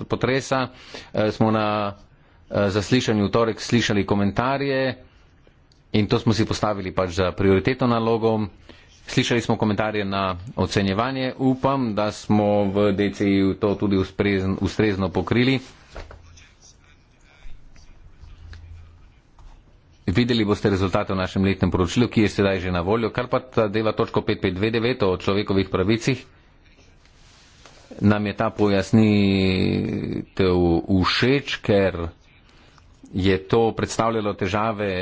potresa uh, smo na uh, zaslišanju v torek slišali komentarje in to smo si postavili pač za prioritetno nalogo. Slišali smo komentarje na ocenjevanje. Upam, da smo v DCI-ju to tudi ustrezno, ustrezno pokrili. Videli boste rezultate v našem letnem poročilu, ki je sedaj že na voljo. Kar pa ta deva točko 5529 o človekovih pravicih, nam je ta pojasnitev všeč, ker je to predstavljalo težave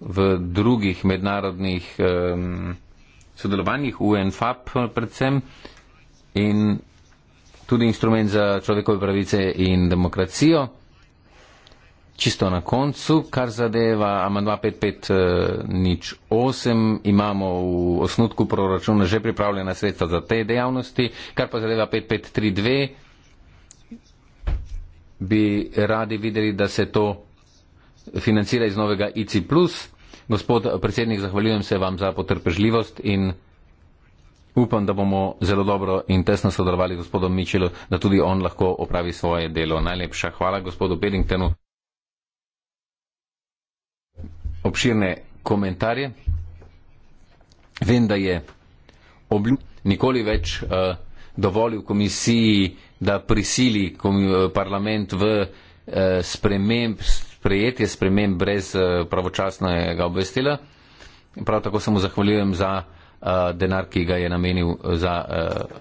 v drugih mednarodnih. Um, sodelovanjih, UNFAP predvsem in tudi instrument za človekove pravice in demokracijo. Čisto na koncu, kar zadeva amandma 5508, eh, imamo v osnutku proračuna že pripravljena sredstva za te dejavnosti, kar pa zadeva 5532, bi radi videli, da se to financira iz novega IC. Gospod predsednik, zahvaljujem se vam za potrpežljivost in upam, da bomo zelo dobro in tesno sodelovali gospodom Mičelu, da tudi on lahko opravi svoje delo. Najlepša hvala gospodu Bedingtonu. Obširne komentarje. Vem, da je obljub nikoli več uh, dovolil komisiji, da prisili komi, uh, eh, parlament v uh, sprememb, sprejetje sprememb brez eh, pravočasnega obvestila. Prav tako se mu zahvaljujem za uh, denar, ki ga je namenil eh, za uh,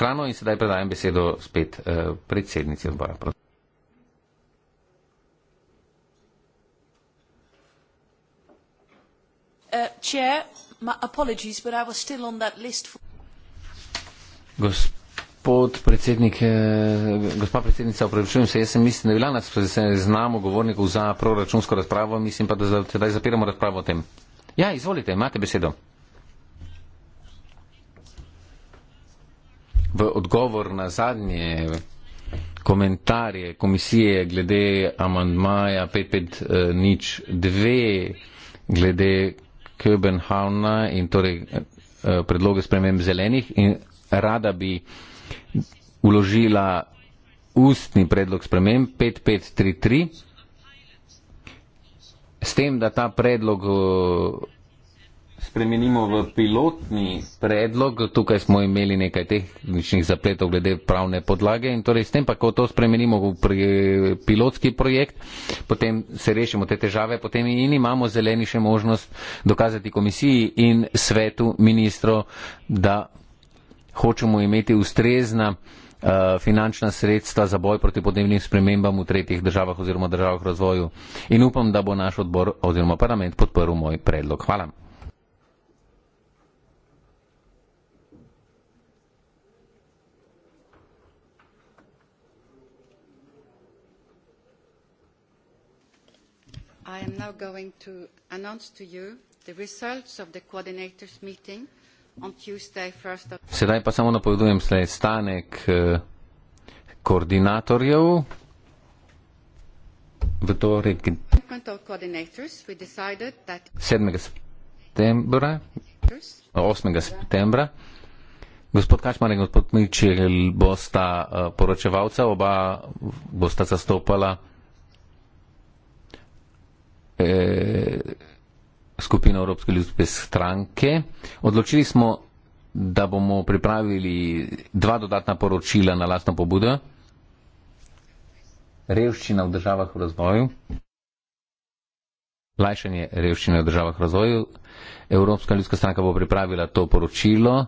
hrano in sedaj predajem besedo spet uh, predsednici odbora. Uh, chair, my apologies, but I was still on that list. For... Gosp gospod predsednik, eh, gospod predsednica, opravičujem se, jaz sem mislim, da je bila nas, da se znamo govornikov za proračunsko razpravo, mislim pa, da sedaj zapiramo razpravo o tem. Ja, izvolite, imate besedo. V odgovor na zadnje komentarje komisije glede amandmaja 5502 eh, glede Köbenhavna in torej eh, predloge spremem zelenih in rada bi uložila ustni predlog spremem 5533, s tem, da ta predlog eh, spremenimo v pilotni predlog. Tukaj smo imeli nekaj tehničnih zapletov glede pravne podlage in torej s tem, pa ko to spremenimo v pri, pilotski projekt, potem se rešimo te težave, potem in imamo zeleni še možnost dokazati komisiji in svetu ministro, da hočemo imeti ustrezna eh, finančna sredstva za boj proti podnebnim spremembam v tretjih državah oziroma državah v razvoju. In upam, da bo naš odbor oziroma parlament podprl moj predlog. Hvala. I am now going to announce to you the results of the coordinators meeting. Sedaj pa samo napovedujem stanek eh, koordinatorjev. V torek 7. septembra, 8. septembra, gospod Kačmar in gospod Mičel bosta eh, poročevalca, oba bosta zastopala. Eh, skupina Evropske ljudske stranke. Odločili smo, da bomo pripravili dva dodatna poročila na lastno pobudo. Revščina v državah v razvoju. Lajšanje revščine v državah v razvoju. Evropska ljudska stranka bo pripravila to poročilo.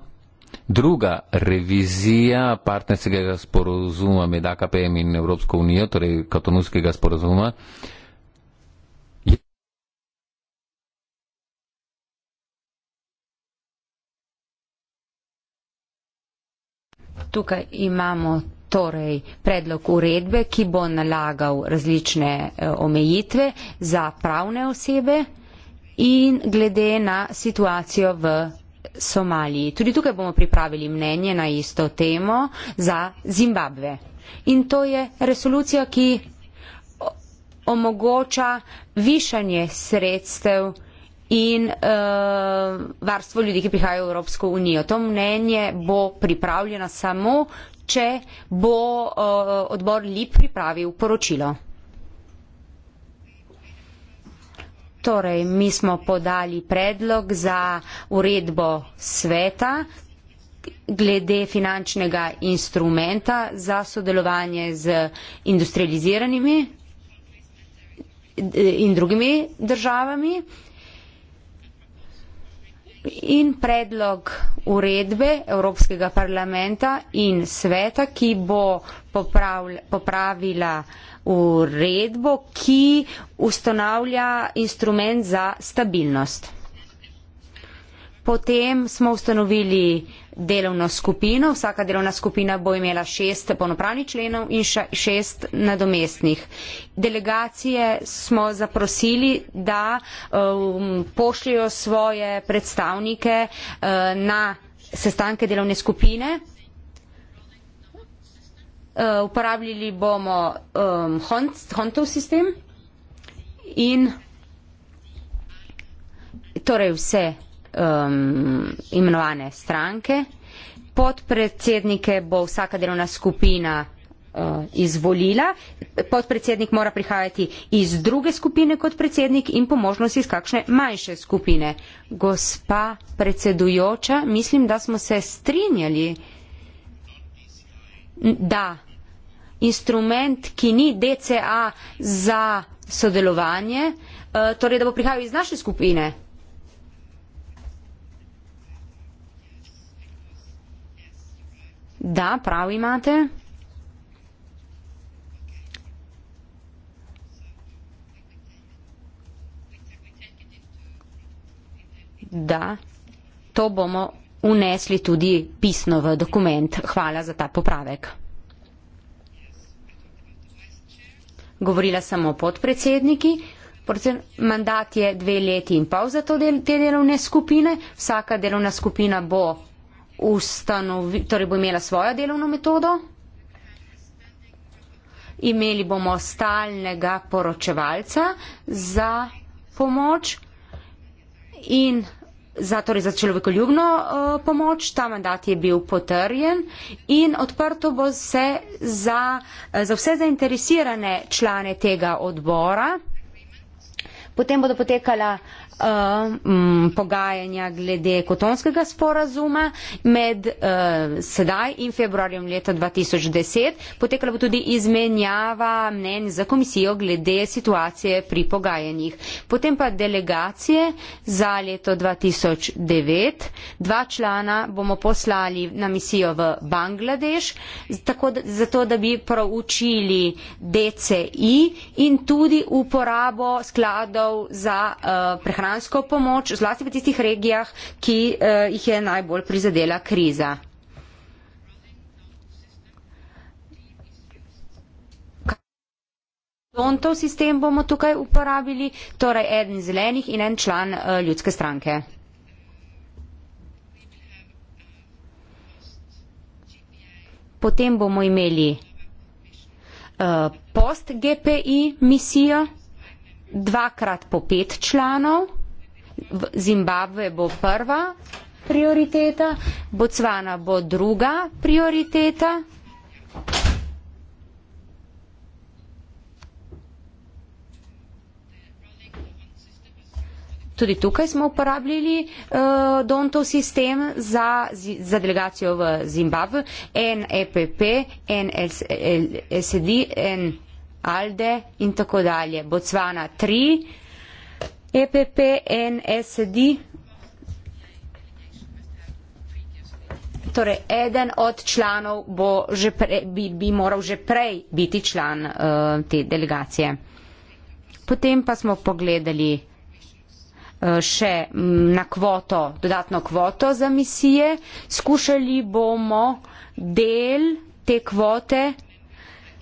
Druga revizija partnerskega sporozuma med AKP-em in Evropsko unijo, torej katonovskega sporozuma, tukaj imamo torej predlog uredbe, ki bo nalagal različne eh, omejitve za pravne osebe in glede na situacijo v Somaliji. Tudi tukaj bomo pripravili mnenje na isto temo za Zimbabve. In to je resolucija, ki omogoča višanje sredstev in uh, varstvo ljudi, ki prihajajo v Evropsko unijo. To mnenje bo pripravljeno samo, če bo uh, odbor LIP pripravil poročilo. Torej, mi smo podali predlog za uredbo sveta glede finančnega instrumenta za sodelovanje z industrializiranimi eh, in drugimi državami. Uh, in predlog uredbe Evropskega parlamenta in sveta, ki bo popravila uredbo, ki ustanavlja instrument za stabilnost. Potem smo ustanovili delovno skupino, vsaka delovna skupina bo imela šest polnopravnih členov in šest nadomestnih. Delegacije smo zaprosili, da um, pošljajo svoje predstavnike uh, na sestanke delovne skupine. Uh, uporabljali bomo um, Hontov sistem in torej vse um, imenovane stranke. Podpredsednike bo vsaka delovna skupina uh, izvolila. Podpredsednik mora prihajati iz druge skupine kot predsednik in po možnosti iz kakšne manjše skupine. Gospa predsedujoča, mislim, da smo se strinjali, da instrument, ki ni DCA za sodelovanje, uh, torej da bo prihajal iz naše skupine. Da, prav imate. Da, to bomo unesli tudi pisno v dokument. Hvala za ta popravek. Govorila sem o podpredsedniki. Mandat je dve leti in pol za del, te delovne skupine. Vsaka delovna skupina bo ustanovi, torej bo imela svojo delovno metodo. Imeli bomo stalnega poročevalca za pomoč in za, torej za človekoljubno uh, pomoč. Ta mandat je bil potrjen in odprto bo se za, eh, za vse zainteresirane člane tega odbora. Potem bodo potekala uh, Eh, pogajanja glede kotonskega sporazuma med uh, sedaj in februarjem leta 2010. Potekala bo tudi izmenjava mnenj za komisijo glede situacije pri pogajanjih. Potem pa delegacije za leto 2009. Dva člana bomo poslali na misijo v Bangladeš, tako da, zato da bi proučili DCI in tudi uporabo skladov za uh, eh, prehranjevanje prehransko pomoč, zlasti v tistih regijah, ki eh, jih je najbolj prizadela kriza. Tontov sistem bomo tukaj uporabili, torej eden zelenih in en član eh, ljudske stranke. Potem bomo imeli uh, eh, post-GPI misijo dvakrat po pet članov, Zimbabve bo prva prioriteta, Bocvana bo druga prioriteta. Tudi tukaj smo uporabljali uh, Dontov sistem za, za delegacijo v Zimbabve, en EPP, en SED, e en. SD, en Alde in tako dalje. Bocvana 3, EPP, NSD. Torej, eden od članov pre, bi, bi moral že prej biti član uh, te delegacije. Potem pa smo pogledali eh, še mm, na kvoto, dodatno kvoto za misije. Skušali bomo del te kvote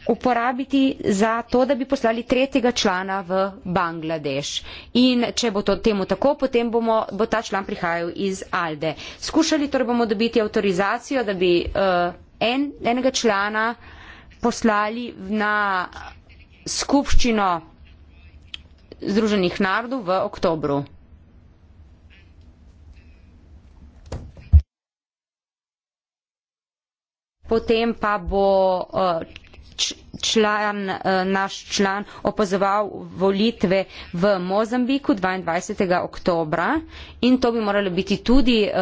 uporabiti za to, da bi poslali tretjega člana v Bangladeš. In če bo to temu tako, potem bomo, bo ta član prihajal iz Alde. Skušali torej bomo dobiti avtorizacijo, da bi uh, en, enega člana poslali na skupščino Združenih narodov v oktobru. Potem pa bo uh, član, eh, naš član opazoval volitve v Mozambiku 22. oktobra in to bi moralo biti tudi eh,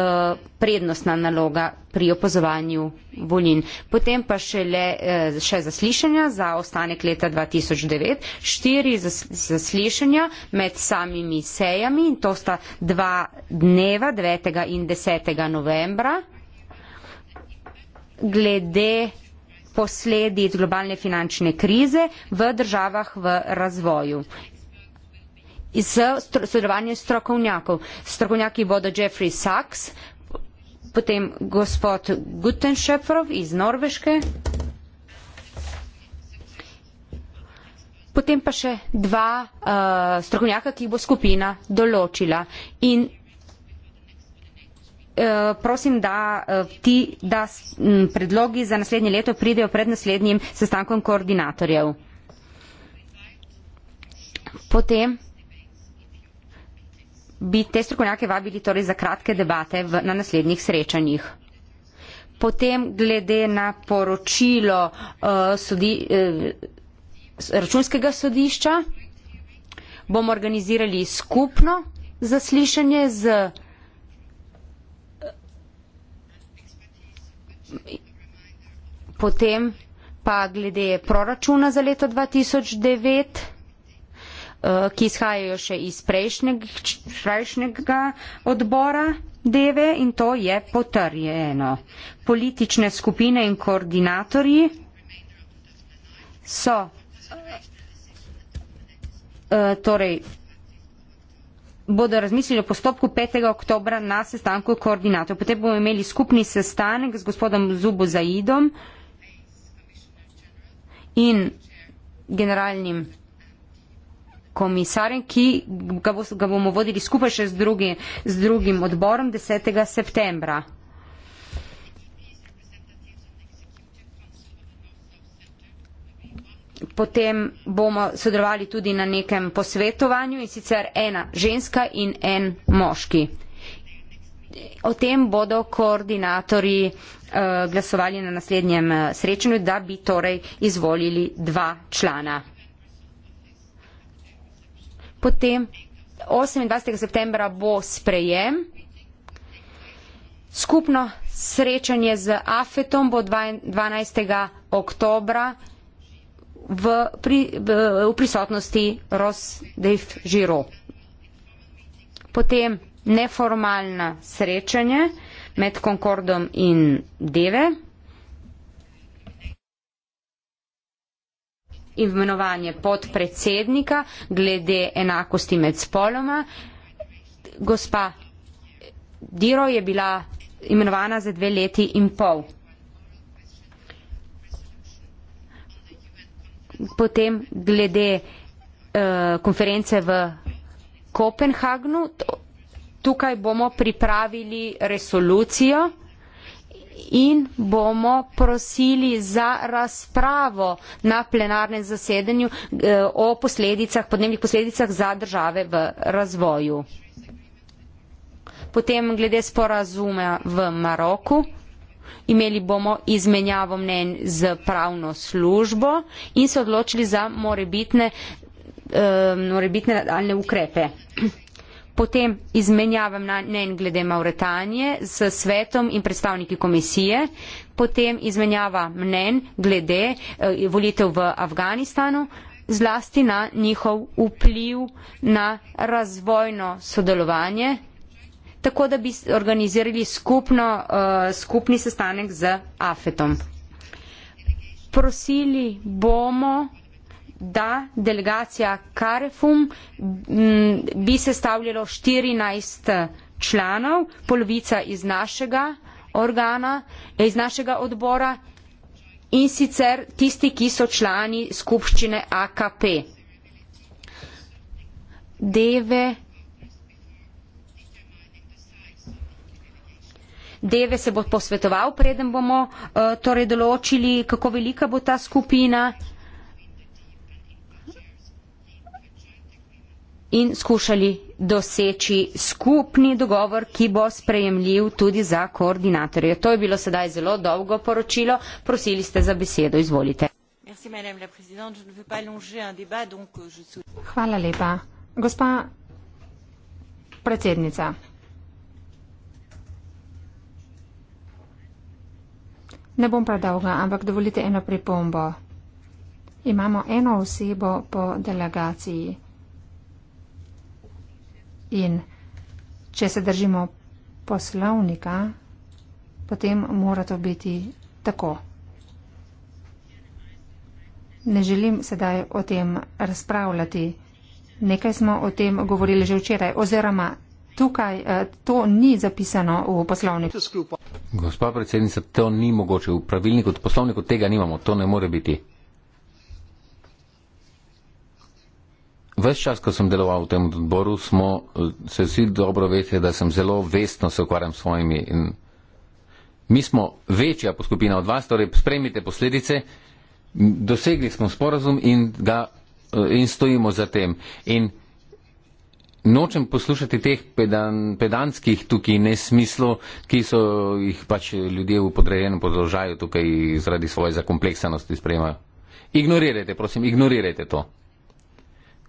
prednostna naloga pri opazovanju volin. Potem pa še, le, eh, še zaslišanja za ostanek leta 2009, štiri zaslišanja med samimi sejami in to sta dva dneva, 9. in 10. novembra. Glede posledic globalne finančne krize v državah v razvoju s sodelovanjem strokovnjakov. Strokovnjaki bodo Jeffrey Sachs, potem gospod Guttenšefrov iz Norveške, potem pa še dva uh, strokovnjaka, ki jih bo skupina določila. In Eh, prosim, da eh, ti, da mm, predlogi za naslednje leto pridejo pred naslednjim sestankom koordinatorjev. Potem bi te strokovnjake vabili torej za kratke debate v, na naslednjih srečanjih. Potem glede na poročilo uh, sodi, uh, računskega sodišča bomo organizirali skupno zaslišanje z potem pa glede proračuna za leto 2009, eh, ki izhajajo še iz prejšnjega odbora DEVE in to je potrjeno. Politične skupine in koordinatorji so eh, torej bodo razmislili o postopku 5. oktobra na sestanku koordinatov. Potem bomo imeli skupni sestanek z gospodom Zubo Zaidom in generalnim komisarjem, ki ga, bo, ga bomo vodili skupaj še z, drugi, z drugim odborom 10. septembra. potem bomo sodelovali tudi na nekem posvetovanju in sicer ena ženska in en moški. O tem bodo koordinatori uh, eh, glasovali na naslednjem eh, srečanju, da bi torej izvolili dva člana. Potem 28. septembra bo sprejem. Skupno srečanje z AFETom bo 12. oktobra v, pri, v prisotnosti Ross Dave Giro. Potem neformalna srečanje med Concordom in Deve. Imenovanje podpredsednika glede enakosti med spoloma. Gospa Diro je bila imenovana za dve leti in pol. potem glede uh, konference v Kopenhagnu. Tukaj bomo pripravili resolucijo in bomo prosili za razpravo na plenarnem zasedanju uh, o posledicah, podnebnih posledicah za države v razvoju. Potem glede sporazuma v Maroku imeli bomo izmenjavo mnen z pravno službo in se odločili za morebitne, uh, morebitne nadaljne ukrepe. Potem izmenjava mnen glede Mauretanije s svetom in predstavniki komisije, potem izmenjava mnen glede uh, volitev v Afganistanu, zlasti na njihov vpliv na razvojno sodelovanje tako da bi organizirali skupno, uh, skupni sestanek z AFET-om. Prosili bomo, da delegacija Karefum bi sestavljalo 14 članov, polovica iz našega organa, eh, iz našega odbora in sicer tisti, ki so člani skupščine AKP. Deve deve se bo posvetoval, preden bomo eh, torej določili, kako velika bo ta skupina in skušali doseči skupni dogovor, ki bo sprejemljiv tudi za koordinatorje. To je bilo sedaj zelo dolgo poročilo. Prosili ste za besedo. Izvolite. Euh, Hvala lepa. Gospa predsednica, Ne bom predolga, ampak dovolite eno pripombo. Imamo eno osebo po delegaciji. In če se držimo poslovnika, potem mora to biti tako. Ne želim sedaj o tem razpravljati. Nekaj smo o tem govorili že včeraj, oziroma tukaj eh, to ni zapisano v poslovniku. Gospa predsednica, to ni mogoče. V pravilniku, v poslovniku tega nimamo. To ne more biti. Ves čas, ko sem deloval v tem odboru, smo, eh, se vsi dobro veste, da sem zelo vestno se ukvarjam s svojimi. In mi smo večja poskupina od vas, torej spremite posledice. Dosegli smo sporazum in, ga, eh, in stojimo za tem. In nočem poslušati teh pedan, pedanskih tukaj nesmislov, ki so jih pač ljudje v podrejenem podložaju tukaj zaradi svoje zakompleksanosti sprejemajo. Ignorirajte, prosim, ignorirajte to.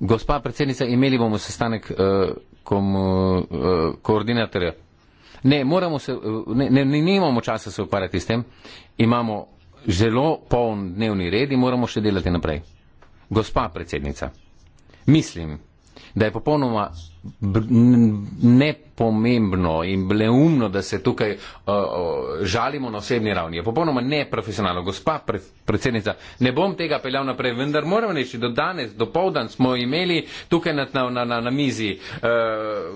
Gospa predsednica, imeli bomo sestanek uh, kom, uh, koordinatorja. Ne, moramo se, eh, ne, ne, ne imamo časa se ukvarjati s tem, imamo zelo poln dnevni red in moramo še delati naprej. Gospa predsednica, mislim, da je popolnoma nepomembno in bleumno, da se tukaj uh, žalimo na osebni ravni. Je popolnoma neprofesionalno. Gospa predsednica, ne bom tega peljal naprej, vendar moram reči, da danes, do povdan smo imeli tukaj na, na, na, na, na mizi uh,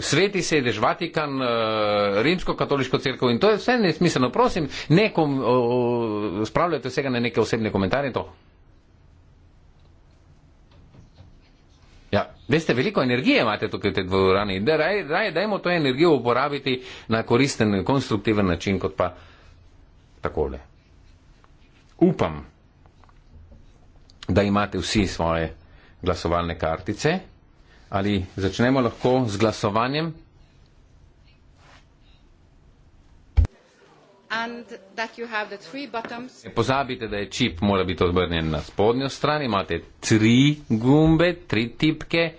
Sveti sedež Vatikan, uh, e, Rimsko-katoliško crkvo in to je vse nesmiselno. Prosim, nekom uh, spravljajte vsega na neke osebne komentarje. To. Ja, veste, veliko energije imate tukaj v tej dvorani, da raj, raj, dajmo to energijo uporabiti na koristen, konstruktiven način, kot pa takole. Upam, da imate vsi svoje glasovalne kartice ali začnemo lahko z glasovanjem. Pozabite, da je čip mora biti odbrnjen na spodnjo stran. Imate tri gumbe, tri tipke.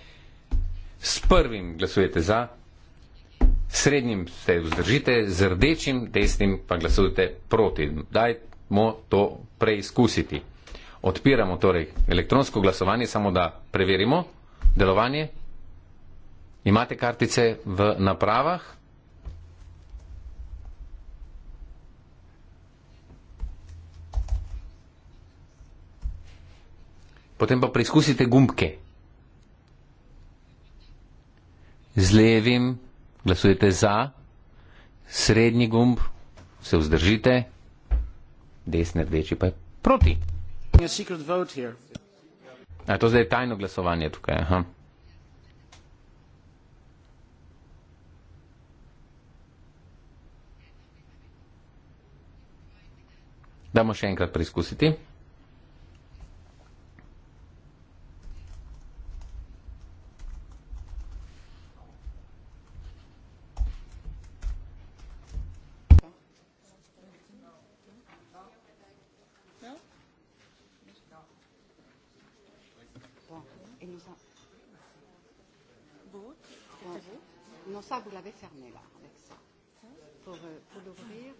S prvim glasujete za, s srednjim se vzdržite, z rdečim desnim pa glasujete proti. Dajmo to preizkusiti. Odpiramo torej elektronsko glasovanje, samo da preverimo delovanje. Imate kartice v napravah? potem pa preizkusite gumbke. Z levim glasujete za, srednji gumb se vzdržite, desni rdeči pa je proti. A to zdaj je tajno glasovanje tukaj. Aha. Damo še enkrat preizkusiti. pour, euh, pour l'ouvrir.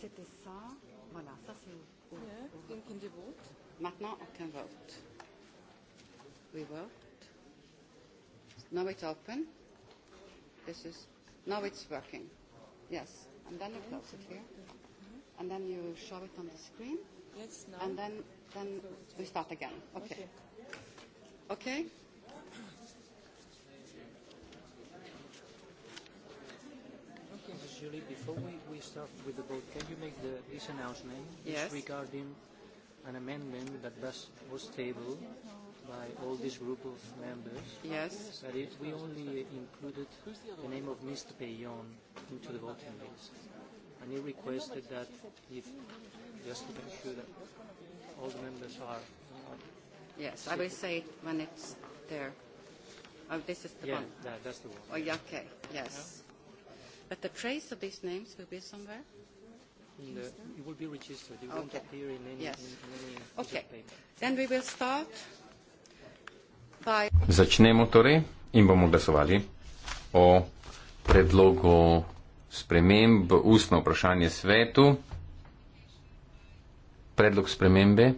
C'était ça. Voilà, ça c'est vote. Maintenant, aucun vote. We vote. Now it's open. This is now it's working. Yes. And then you close it here. And then you show it on the screen. Yes, now. And then then we start again. Okay. Okay. okay. Julie, before we, we start with the vote, can you make the, this announcement yes. this regarding an amendment that was, was tabled by all this group of members? Yes. That it, we only included the name of Mr. Payon into the voting list. And he requested that if, just to make sure that all the members are. Uh, yes, I will say it when it's there. Oh, this is the yeah, one. Yeah, that, that's the one. Oh, yeah, okay, yes. Yeah but the trace of these names will be somewhere? And, uh, it will be registered. It okay. won't appear in any, yes. in, in any okay. paper. Then we will start by... Začnemo torej in bomo glasovali o predlogu sprememb, ustno vprašanje svetu, predlog spremembe,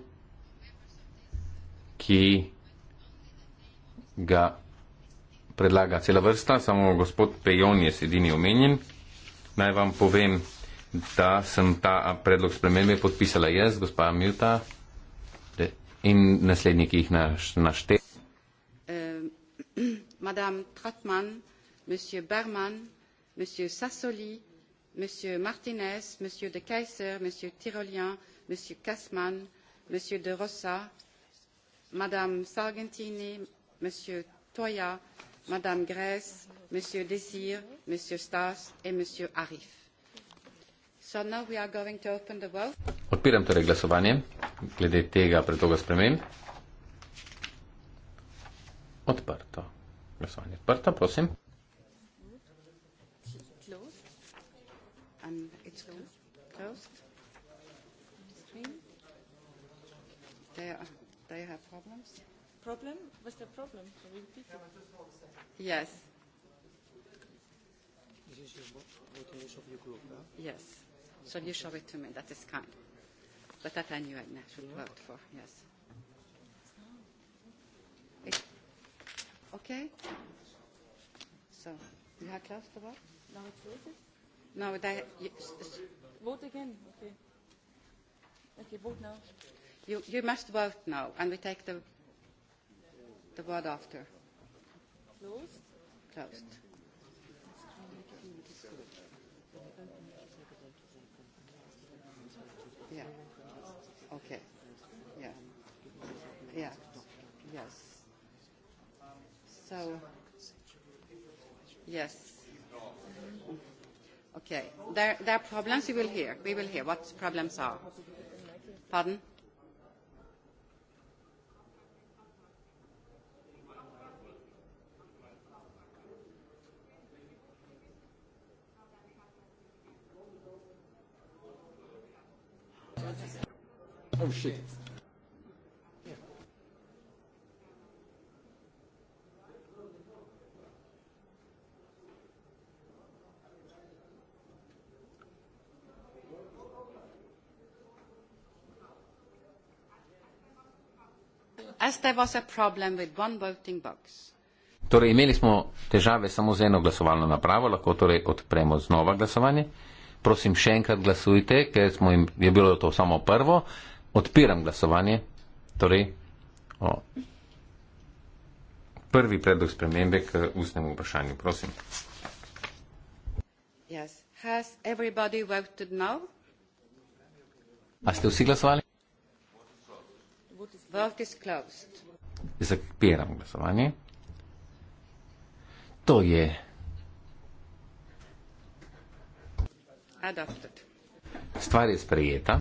ki ga predlaga cela vrsta, samo gospod Pejon je sedini omenjen. Naj vam povem, da sem ta predlog spremembe podpisala jaz, gospa Milta in naslednji, ki jih naš, našte. Uh, eh, Madame Tratman, monsieur Berman, monsieur Sassoli, monsieur Martinez, monsieur de Kaiser, monsieur Tirolien, monsieur Kassman, monsieur de Rossa, madame Sargentini, monsieur Toya, madame grass monsieur désir monsieur staes et monsieur arif. so now we are going to open the vote. odpiram torej glasovanje glede tega predloga sprememb. odprto. glasovanje odprto, prosim. They, are, they have problems problem? Was the problem? Can we repeat it? Yes. This is your news of your group, huh? Yes. So you show it to me. That is kind. But that I knew I should yeah. vote for. Yes. It, eh, okay. So you have closed the vote? Now it closes? No, that... You, vote again. Okay. Okay, vote now. You, you must vote now, and we take the the word after. Closed. Closed. Yeah. Okay. Yeah. Yeah. Yes. So. Yes. Okay. There, there are problems. We will hear. We will hear what problems are. Pardon? some shit. shit. As there was a problem with one voting box. Torej, imeli smo težave samo z eno glasovalno napravo, lahko torej odpremo znova glasovanje. Prosim, še enkrat glasujte, ker smo jim, je bilo to samo prvo odpiram glasovanje, torej o prvi predlog spremembe k ustnemu vprašanju, prosim. Yes. Has everybody voted now? A ste vsi glasovali? Vote is closed. Zapiram glasovanje. To je. Adopted. Stvar je sprejeta.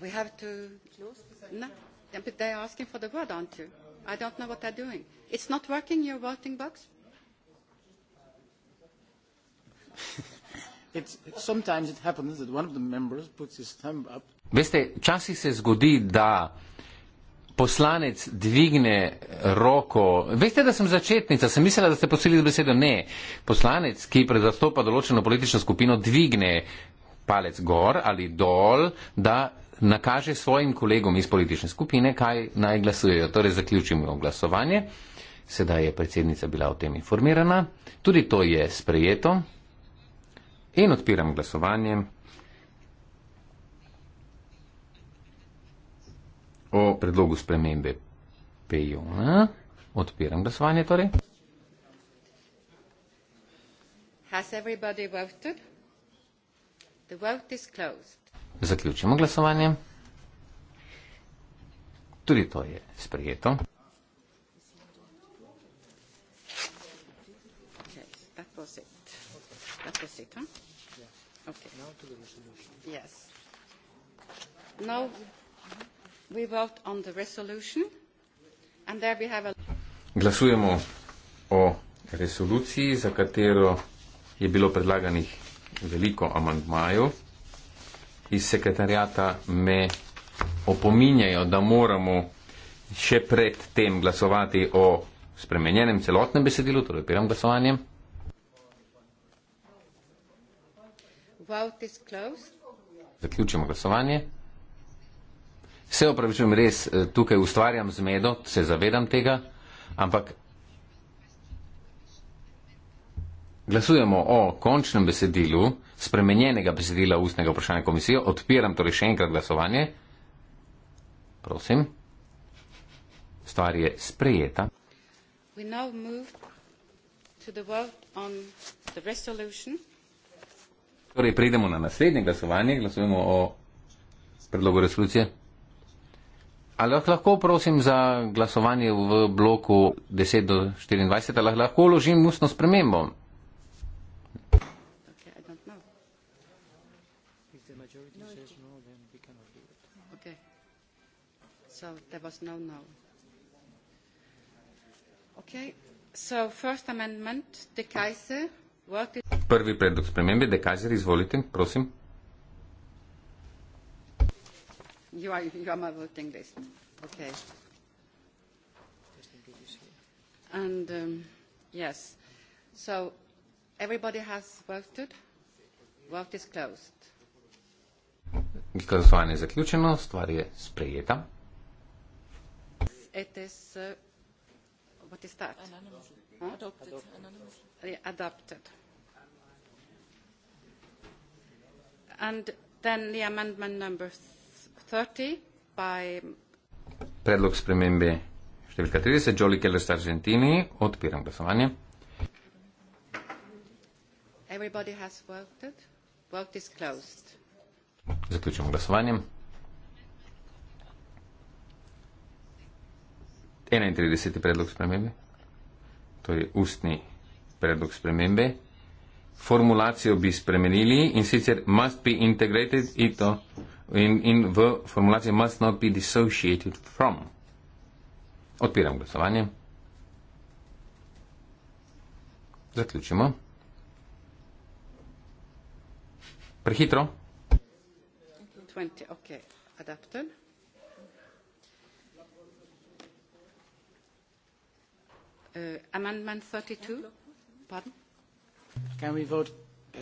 We have to close? No. They're asking for the word, aren't you? I don't know what they're doing. It's not working, your voting box? Veste, včasih se zgodi, da poslanec dvigne roko. Veste, da sem začetnica, sem mislila, da ste posili z besedo. Ne. Poslanec, ki predstopa določeno politično skupino, dvigne palec gor ali dol, da nakaže svojim kolegom iz politične skupine, kaj naj glasujejo. Torej zaključimo glasovanje. Sedaj je predsednica bila o tem informirana. Tudi to je sprejeto. In odpiram glasovanje o predlogu spremembe PJU. Odpiram glasovanje torej. Has everybody voted? The vote is closed. Zaključimo glasovanje. Tudi to je sprejeto. Glasujemo o resoluciji, za katero je bilo predlaganih veliko amantmajev iz sekretarjata me opominjajo, da moramo še pred tem glasovati o spremenjenem celotnem besedilu, torej prvem glasovanjem. Zaključimo glasovanje. Se opravičujem, res eh, tukaj ustvarjam zmedo, se zavedam tega, ampak glasujemo o končnem besedilu spremenjenega besedila ustnega vprašanja komisije. Odpiram torej še enkrat glasovanje. Prosim. Stvar je sprejeta. Torej, prejdemo na naslednje glasovanje. Glasujemo o predlogu resolucije. Ali lahko prosim za glasovanje v bloku 10 do 24, ali lahko ložim ustno spremembo? that was no no. Okay. So first amendment, the Kaiser worked it Prvi predlog spremembe, de Kaiser, izvolite, prosim. You are, you are my voting list. Okay. And um, yes, so everybody has voted. Vote is closed. Glasovanje je zaključeno, stvar je sprejeta it is uh, what is that huh? adopted. Uh, yeah, adopted and then the amendment number 30 by predlog spremembe številka 30 Jolly Keller star Argentini odpiram glasovanje everybody has voted vote is closed Zaključujemo glasovanje. 31. predlog spremembe, torej ustni predlog spremembe, formulacijo bi spremenili in sicer must be integrated into in, in v formulaciji must not be dissociated from. Odpiram glasovanje. Zaključimo. Prehitro. 20, okay. Adapted. Uh, amendment thirty two pardon can we vote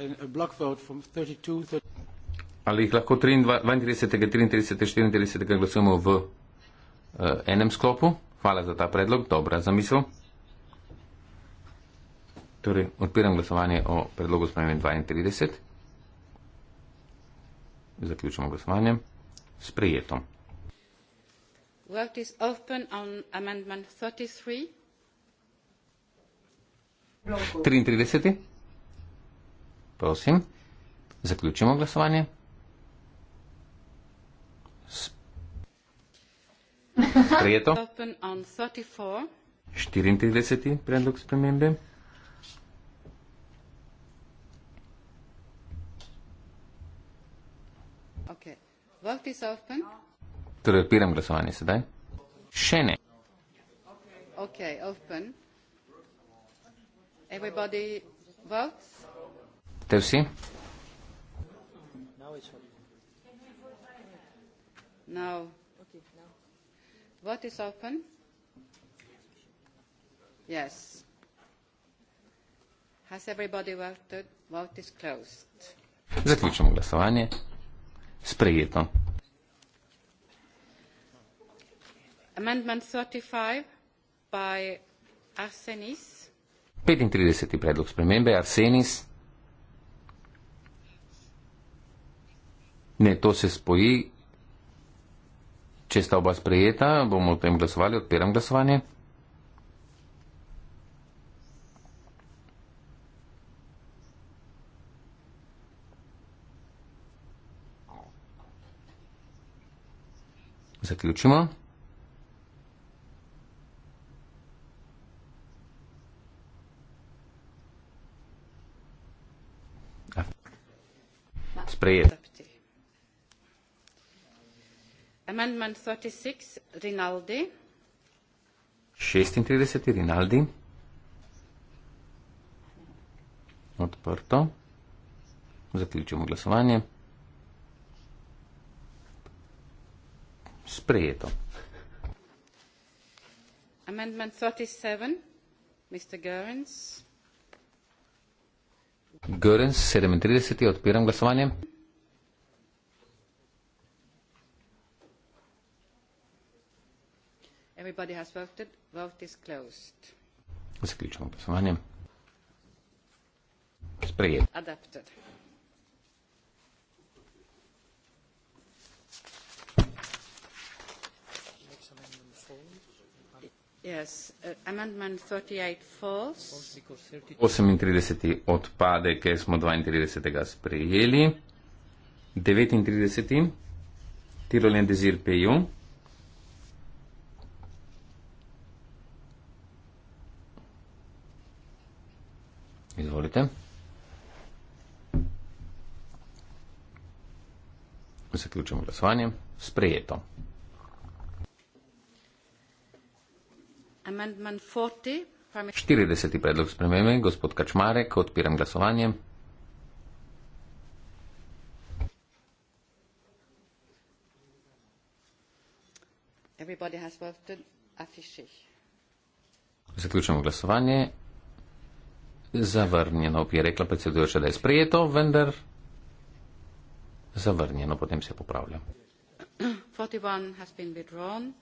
uh, a block vote from thirty two Ali jih lahko 32, 33, 34 glasujemo v uh, enem sklopu? Hvala za ta predlog, dobra zamisel. Torej, odpiram glasovanje o predlogu spremembe 32. Zaključimo glasovanje. Sprejeto. Vote is open on amendment 33. 33. Prosim, zaključimo glasovanje. Prijeto. 34. predlog spremembe. Torej, odpiram glasovanje sedaj. Še ne. Okay, open. Everybody votes? Te vsi? Now. No. Vote is open. Yes. Has everybody voted? Vote is closed. Zaključujem glasovanje. Sprejeto. Amendment 35 by Arsenis. 35. predlog spremembe, Arsenis. Ne, to se spoji. Če sta oba sprejeta, bomo o tem glasovali, odpiram glasovanje. Zaključimo. sprejet. šestintrideseti Rinaldi odprto zaključimo glasovanje sprejeto amendment 37 mr Gorens Gorens sedemintrideseti odpiram glasovanje Everybody has voted. Vote is closed. Zaključujem glasovanje. Sprejet. Adapted. Yes, uh, amendment 38 falls. 38 odpade, ker smo 32. sprejeli. 39. Tirolien Desir Peyon. zaključujem glasovanje. Sprejeto. Štirideseti predlog spremembe, gospod Kačmarek, odpiram glasovanje. Zaključujemo glasovanje. Zavrnjeno je rekla predsedujoča, da je sprejeto, vendar zavrnjeno. Potem se popravljam. 41.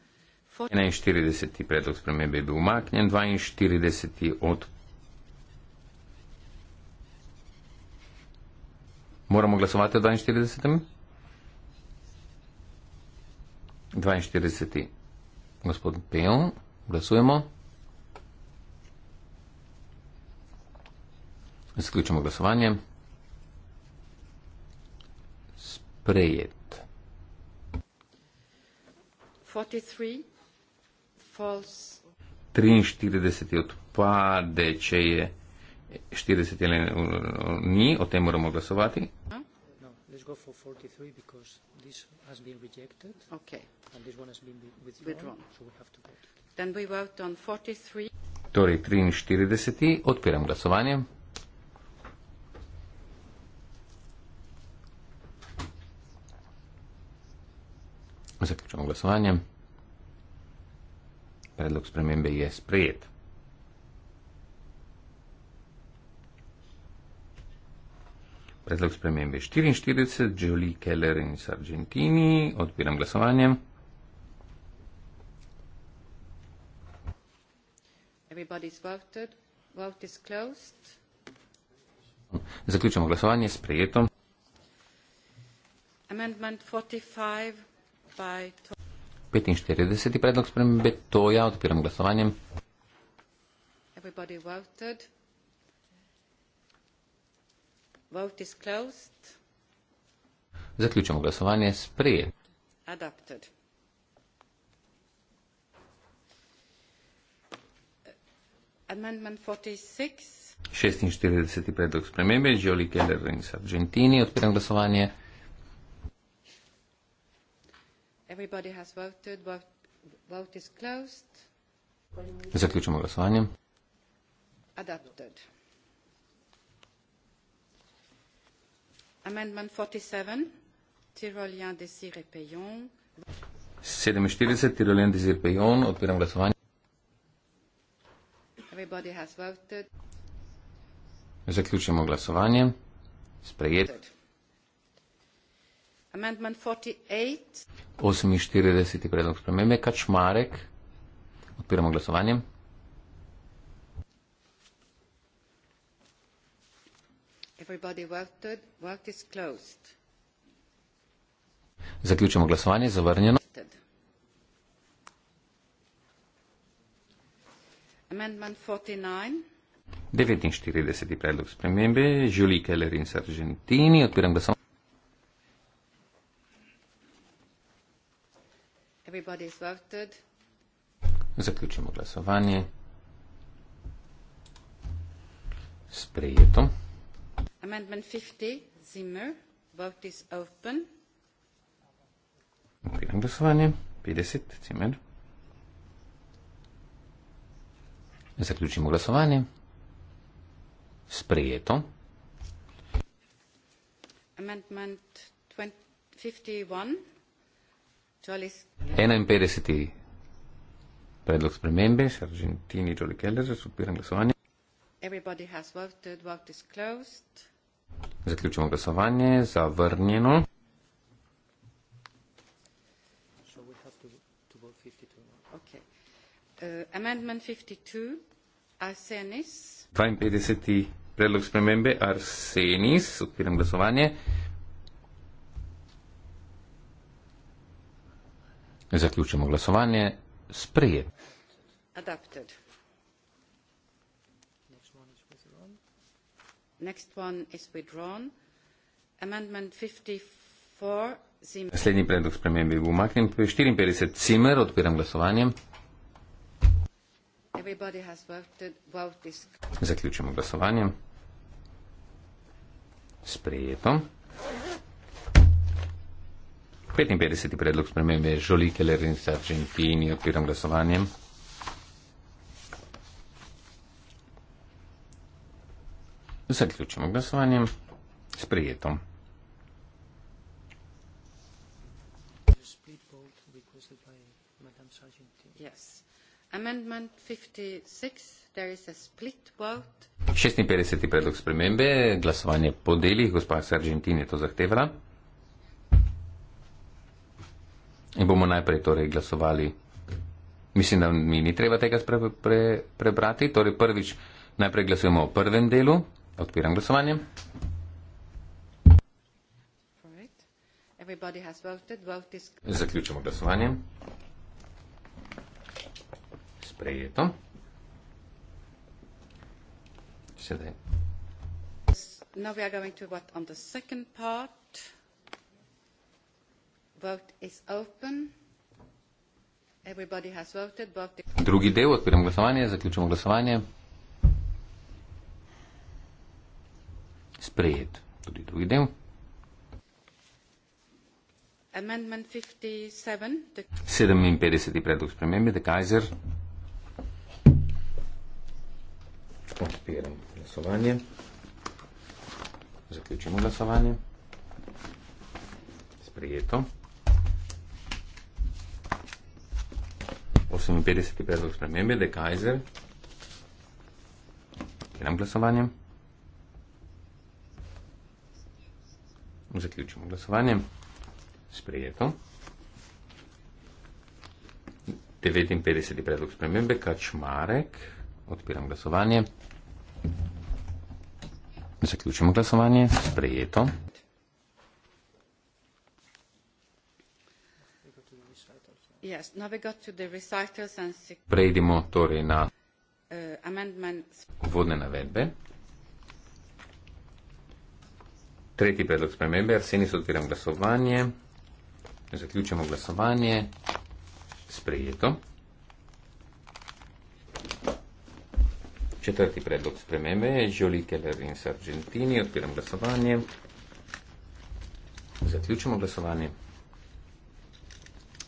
predlog spremembe je bil umaknjen, 42. od. Moramo glasovati o 42. 42. gospod Pejl, glasujemo. Zaključimo glasovanje. prejet. 43 odpade, če je 40 ali uh, ni, o tem moramo glasovati. No? No, torej 43, odpiram glasovanje. Zaključujem glasovanje. Predlog spremembe je sprejet. Predlog spremembe 44, Joli Keller in Sargentini. Odpiram glasovanje. Zaključujemo glasovanje, sprejeto. 45. 45. predlog spremembe, to ja, odpiram glasovanjem. Zaključamo glasovanje, sprejet. Amendment 46. 46. predlog spremembe, Žoli Keller in Sargentini, odpiram glasovanje. Everybody has voted. Vote, vote is closed. Zaključujemo glasovanje. Adopted. Amendment 47. Tirolien de Sirepeyon. Odpiram glasovanje. Everybody has voted. Zaključujemo glasovanje. Sprejeto. 48. predlog spremembe, Kačmarek. Odpiramo glasovanje. Voted. Vote is Zaključimo glasovanje, zavrnjeno. Amendment 49. 49. predlog spremembe, Žuli Keller in Sargentini, odpiram glasovanje. Zaključimo glasovanje. Sprejeto. Amendment 50, Zimmer, vote is open. Odpiram glasovanje. 50, Zimmer. Zaključimo glasovanje. Sprejeto. Amendment 20, 51. 51. Predlog spremembe, Sargentini, Jolie Keller, za supiran glasovanje. Zaključimo glasovanje, zavrnjeno. Uh, amendment 52, Arsenis. 52. Predlog spremembe, Arsenis, odpiram glasovanje. Zaključujemo glasovanje. Sprejem. Adapted. Next one is withdrawn. Amendment 54. Zimmer. Naslednji predlog spremembe je bil umaknjen. 54. Cimer. Odpiram glasovanje. Everybody has voted, voted. Zaključujemo glasovanje. Sprejeto. 55. predlog spremembe Žoli Keller in Sačin Fini odpiram glasovanjem. Zaključimo glasovanjem. Sprejeto. Yes. 56. 56. predlog spremembe, glasovanje po delih, gospa Sargentin je to zahtevala. In bomo najprej torej glasovali. Mislim, da mi ni treba tega pre, pre, prebrati. Torej prvič najprej glasujemo o prvem delu. Odpiram glasovanje. Zaključimo glasovanje. Sprejeto. Sedaj. Now we are going to what on the second part. Drugi del, odpiram glasovanje, zaključujem glasovanje. Sprejet. Tudi drugi del. Sedeminpetdeseti predlog spremembe, de Kaiser. Odpiram glasovanje. Zaključujem glasovanje. Sprejeto. 58. predlog spremembe, da je Kajzer, ki nam glasovanje. Zaključimo glasovanje. Sprejeto. 59. predlog spremembe, Kačmarek, odpiram glasovanje. Zaključimo glasovanje. Sprejeto. Prejdimo torej na uh, vodne navedbe. Tretji predlog spremembe, Arsenis odpiram glasovanje, zaključimo glasovanje, sprejeto. Četrti predlog spremembe, Jolie Keller in Sargentini, odpiram glasovanje, zaključimo glasovanje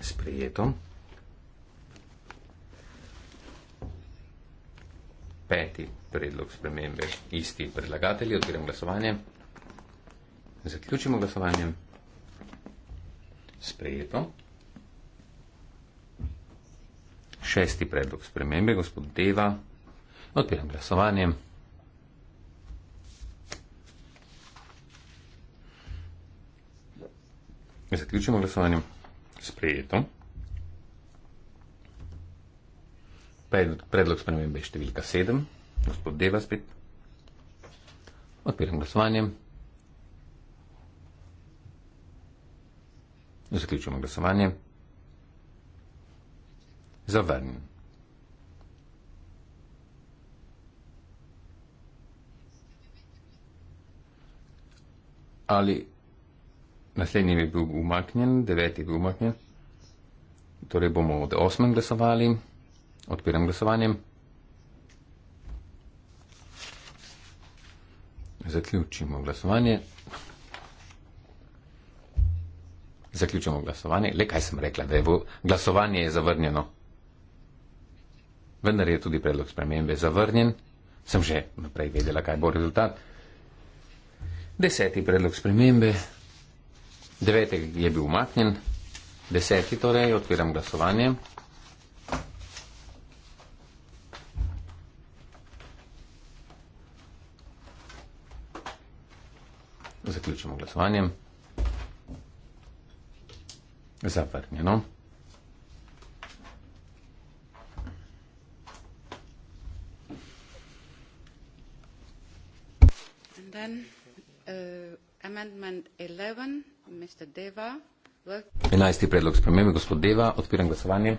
sprejeto. Peti predlog spremembe, isti predlagatelji, odpiram glasovanje. Zaključimo glasovanje. Sprejeto. Šesti predlog spremembe, gospod Deva. Odpiram glasovanje. Zaključimo glasovanje sprejeto. Predlog spremembe je številka 7, gospod Deva spet. Odpiram glasovanje. Zaključujemo glasovanje. Zavrnjen. Ali naslednji je bil umaknjen, deveti je bil umaknjen. Torej bomo od osmem glasovali, odpiram glasovanjem. Zaključimo glasovanje. Zaključimo glasovanje. Le kaj sem rekla, da je glasovanje je zavrnjeno. Vendar je tudi predlog spremembe zavrnjen. Sem že naprej vedela, kaj bo rezultat. Deseti predlog spremembe. 9. je bil umaknjen, 10. torej odpiram glasovanje. Zaključimo glasovanje. Zavrnjeno. Then, uh, amendment 11. Enajsti predlog spremembe, gospod Deva, odpiram glasovanje.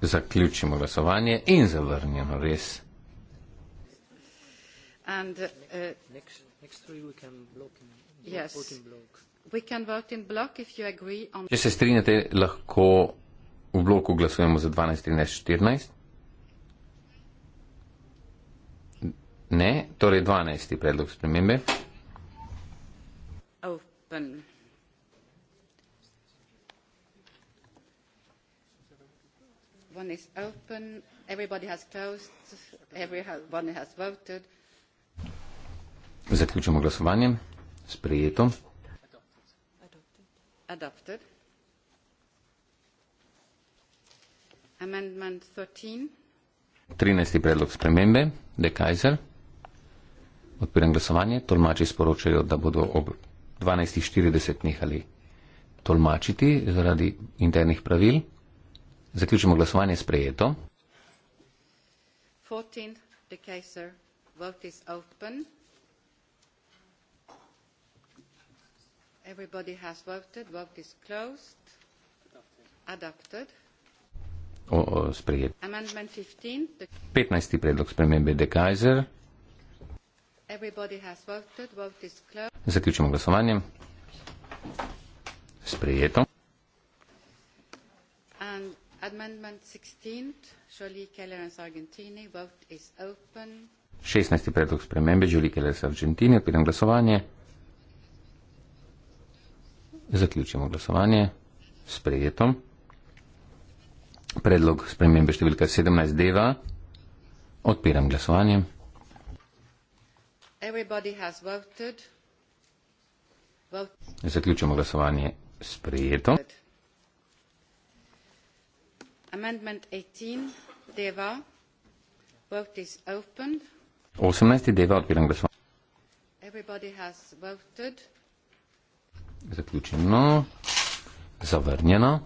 Zaključimo glasovanje in zavrnjeno res. And, uh, next, next in, yes. Če se strinjate, lahko v bloku glasujemo za 12, 13, 14. Ne, torej 12. predlog spremembe. Open. Zaključujemo glasovanje. Sprejeto. Adopted. Amendment 13. 13. predlog spremembe. De Kaiser odpiram glasovanje, tolmači sporočajo, da bodo ob 12.40 nehali tolmačiti zaradi internih pravil. Zaključimo glasovanje sprejeto. 14, Everybody has voted. Vote is closed. Adopted. O, o, sprejet. Amendment 15. 15. predlog spremembe De Kaiser. Zaključujem glasovanje. Sprejeto. Šestnajsti predlog spremembe Julie Kellers Argentini. Odpiram glasovanje. Zaključujemo glasovanje. Sprejeto. Predlog spremembe številka 17 deva. Odpiram glasovanje. Zaključujemo glasovanje sprejeto. Osemnajsti deva odpiram glasovanje. Zaključeno. Zavrnjeno.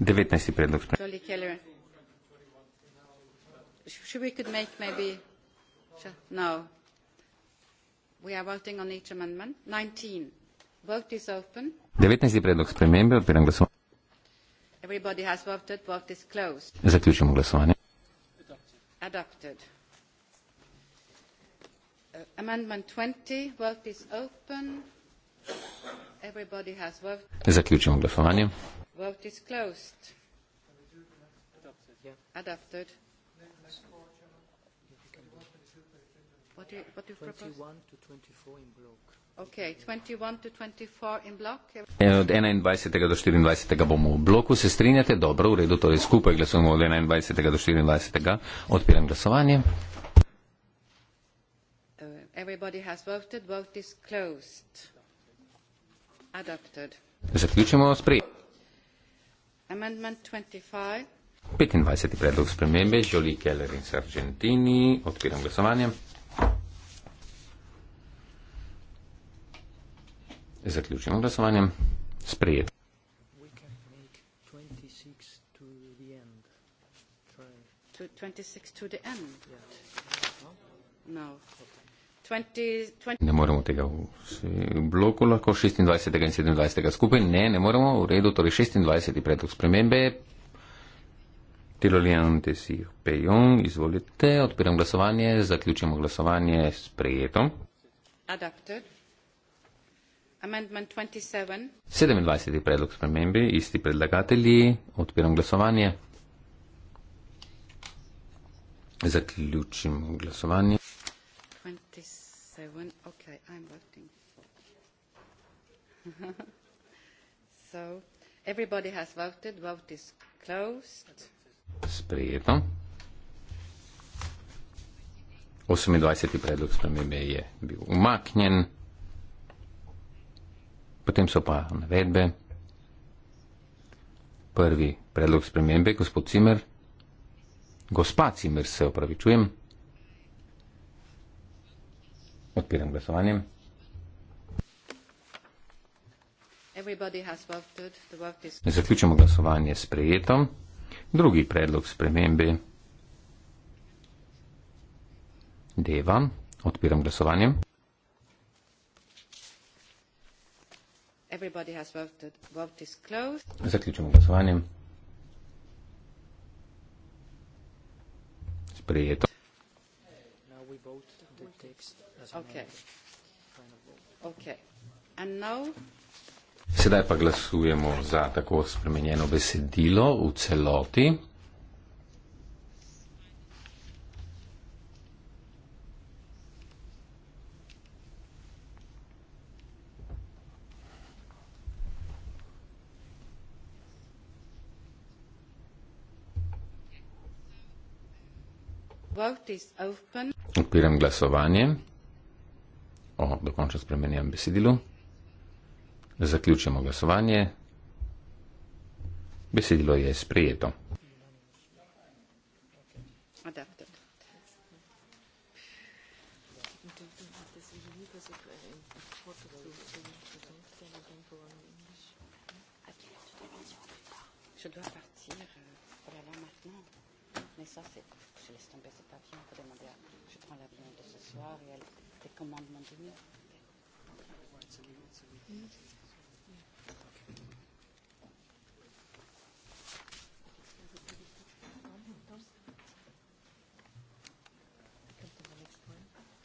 Devetnajsti predlog sprejeto we could make maybe no we are voting on each amendment 19 vote is open 19. predlog spremembe odpiram glasovanje everybody has voted vote is closed zaključujem glasovanje adopted uh, amendment 20 vote is open everybody has voted zaključujem glasovanje vote is closed adopted, yeah. adopted. What do you, what do you 21 propose? 21 to 24 in block. Okay, 21 to 24 in block. In eh, od 21. do 24. bomo v bloku. Se strinjate? Dobro, v redu, torej skupaj glasujemo od 21. do 24. Odpiram glasovanje. Uh, everybody has voted. Vote is closed. Adopted. Zaključimo sprejem. Amendment 25. 25. predlog spremembe. Žoli Keller in Sargentini. Odpiram glasovanje. Zaključujemo glasovanje. Sprejet. No. Ne moremo tega v bloku lahko 26. in 27. skupaj. Ne, ne moremo. V redu, torej 26. predlog spremembe. Tirolijante si pejon, izvolite, odpiram glasovanje, zaključimo glasovanje s prejetom. Adapted. 27. predlog spremembe, isti predlagatelji, odpiram glasovanje. Zaključim glasovanje. 27, okay, voted, Sprejeto. 28. predlog spremembe je bil umaknjen. Potem so pa navedbe. Prvi predlog spremembe, gospod Cimer. Gospa Cimer, se opravičujem. Odpiram glasovanje. Zaključimo glasovanje sprejeto. Drugi predlog spremembe. Deva. Odpiram glasovanje. Zaključujem glasovanje. Sprejeto. Sedaj pa glasujemo za tako spremenjeno besedilo v celoti. Odpiram glasovanje. O, dokončno spremenjam besedilo. Zaključimo glasovanje. Besedilo je sprejeto. Je dois partir euh, là maintenant, mais ça c'est je laisse tomber, c'est pas bien. Il faut demander à... Je prends l'avion de ce soir et elle décommande mon dîner.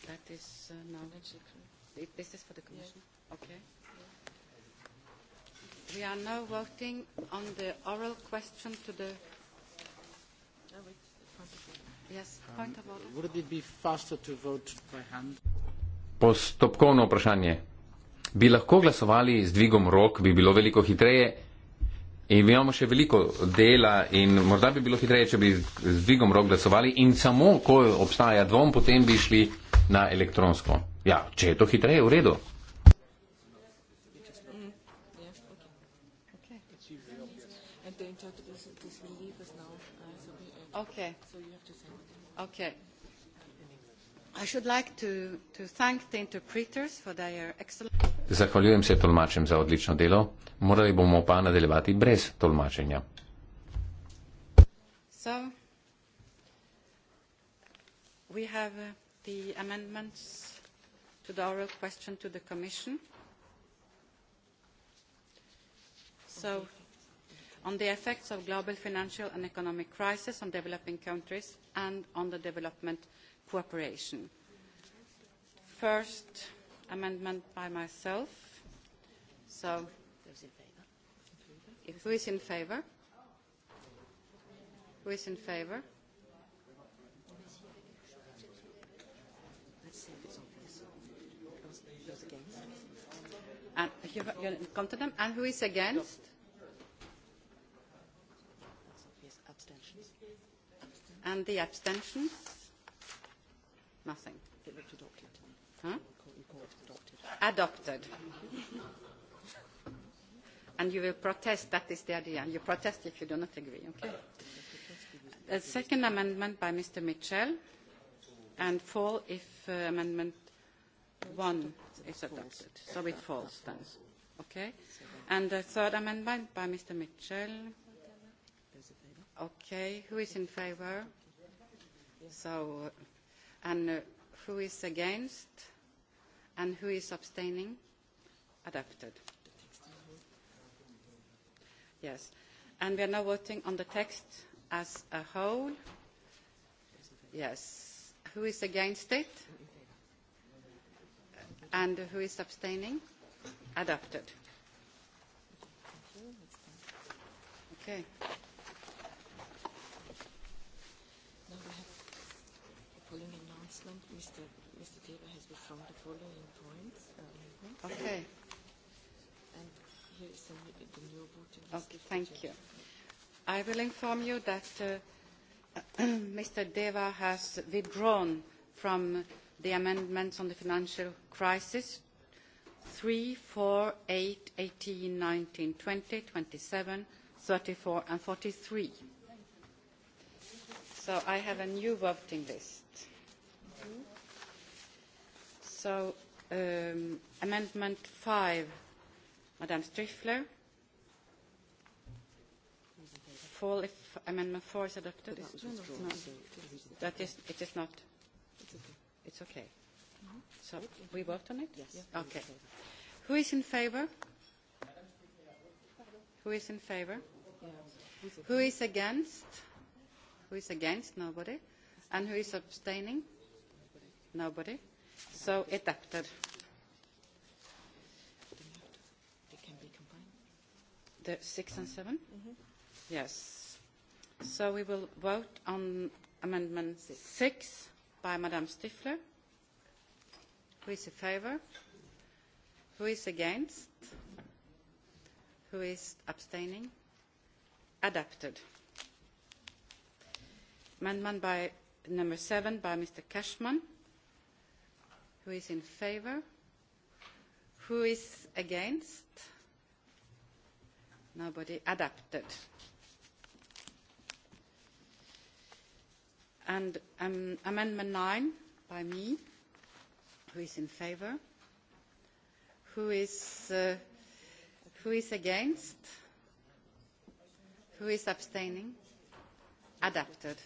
That is uh, knowledge. This is for the commission. Yes. Okay. Yes. We are now voting on the oral question to the. Oh, wait. Yes, um, point of order. Would it be faster to vote by hand? Postopkovno vprašanje. Bi lahko glasovali z dvigom rok, bi bilo veliko hitreje. In imamo še veliko dela in morda bi bilo hitreje, če bi z dvigom rok glasovali in samo, ko obstaja dvom, potem bi šli na elektronsko. Ja, če je to hitreje, v redu. Okay. Okay. I should like to, to thank the interpreters for their excellent... Zahvaljujem se tolmačem za odlično delo. Morali bomo pa nadaljevati brez tolmačenja. So, we have uh, the amendments to the oral question to the commission. So, okay on the effects of the global financial and economic crisis on developing countries and on development cooperation. first amendment by myself. so, if who is in favour? who is in favour? And you, you come to them. And who is against? and the abstention? Nothing. Huh? Adopted. and you will protest, that is the idea. You protest if you do not agree, okay? A second amendment by Mr. Mitchell and fall if uh, amendment one is adopted. So it falls then. Okay? And the third amendment by Mr. Mitchell. Okay, who is in favor? So, uh, and uh, who is against, and who is abstaining? Adopted. Yes, and we are now voting on the text as a whole. Yes. Who is against it? And who is abstaining? Adopted. Okay. statement, Mr. Mr. Taylor has withdrawn the following points. Uh, okay. And here is some, uh, the new voting. Okay, thank you. I will inform you that uh, Mr. Deva has withdrawn from the amendments on the financial crisis 3, 4, 8, 18, 19, 20, 27, 34, and 43. So I have a new voting list. So, um, Amendment 5, Madame Strichler. Fall if Amendment 4 is adopted. That, is not no, no. that is, it is not. It's okay. It's okay. Mm-hmm. So, we vote on it? Yes. Okay. Who is in favour? Who is in favour? Who is against? Who is against? Nobody. And who is abstaining? Nobody so adapted. The six and seven? Mm -hmm. Yes. So we will vote on amendment six by Madame Stifler. Who is in favour? Who is against? Who is abstaining? Adapted. Amendment by number seven by Mr. Cashman. Who is in favor? Who is against? Nobody. Adapted. And um, Amendment 9 by me. Who is in favor? Who is, uh, who is against? Who is abstaining? Adapted.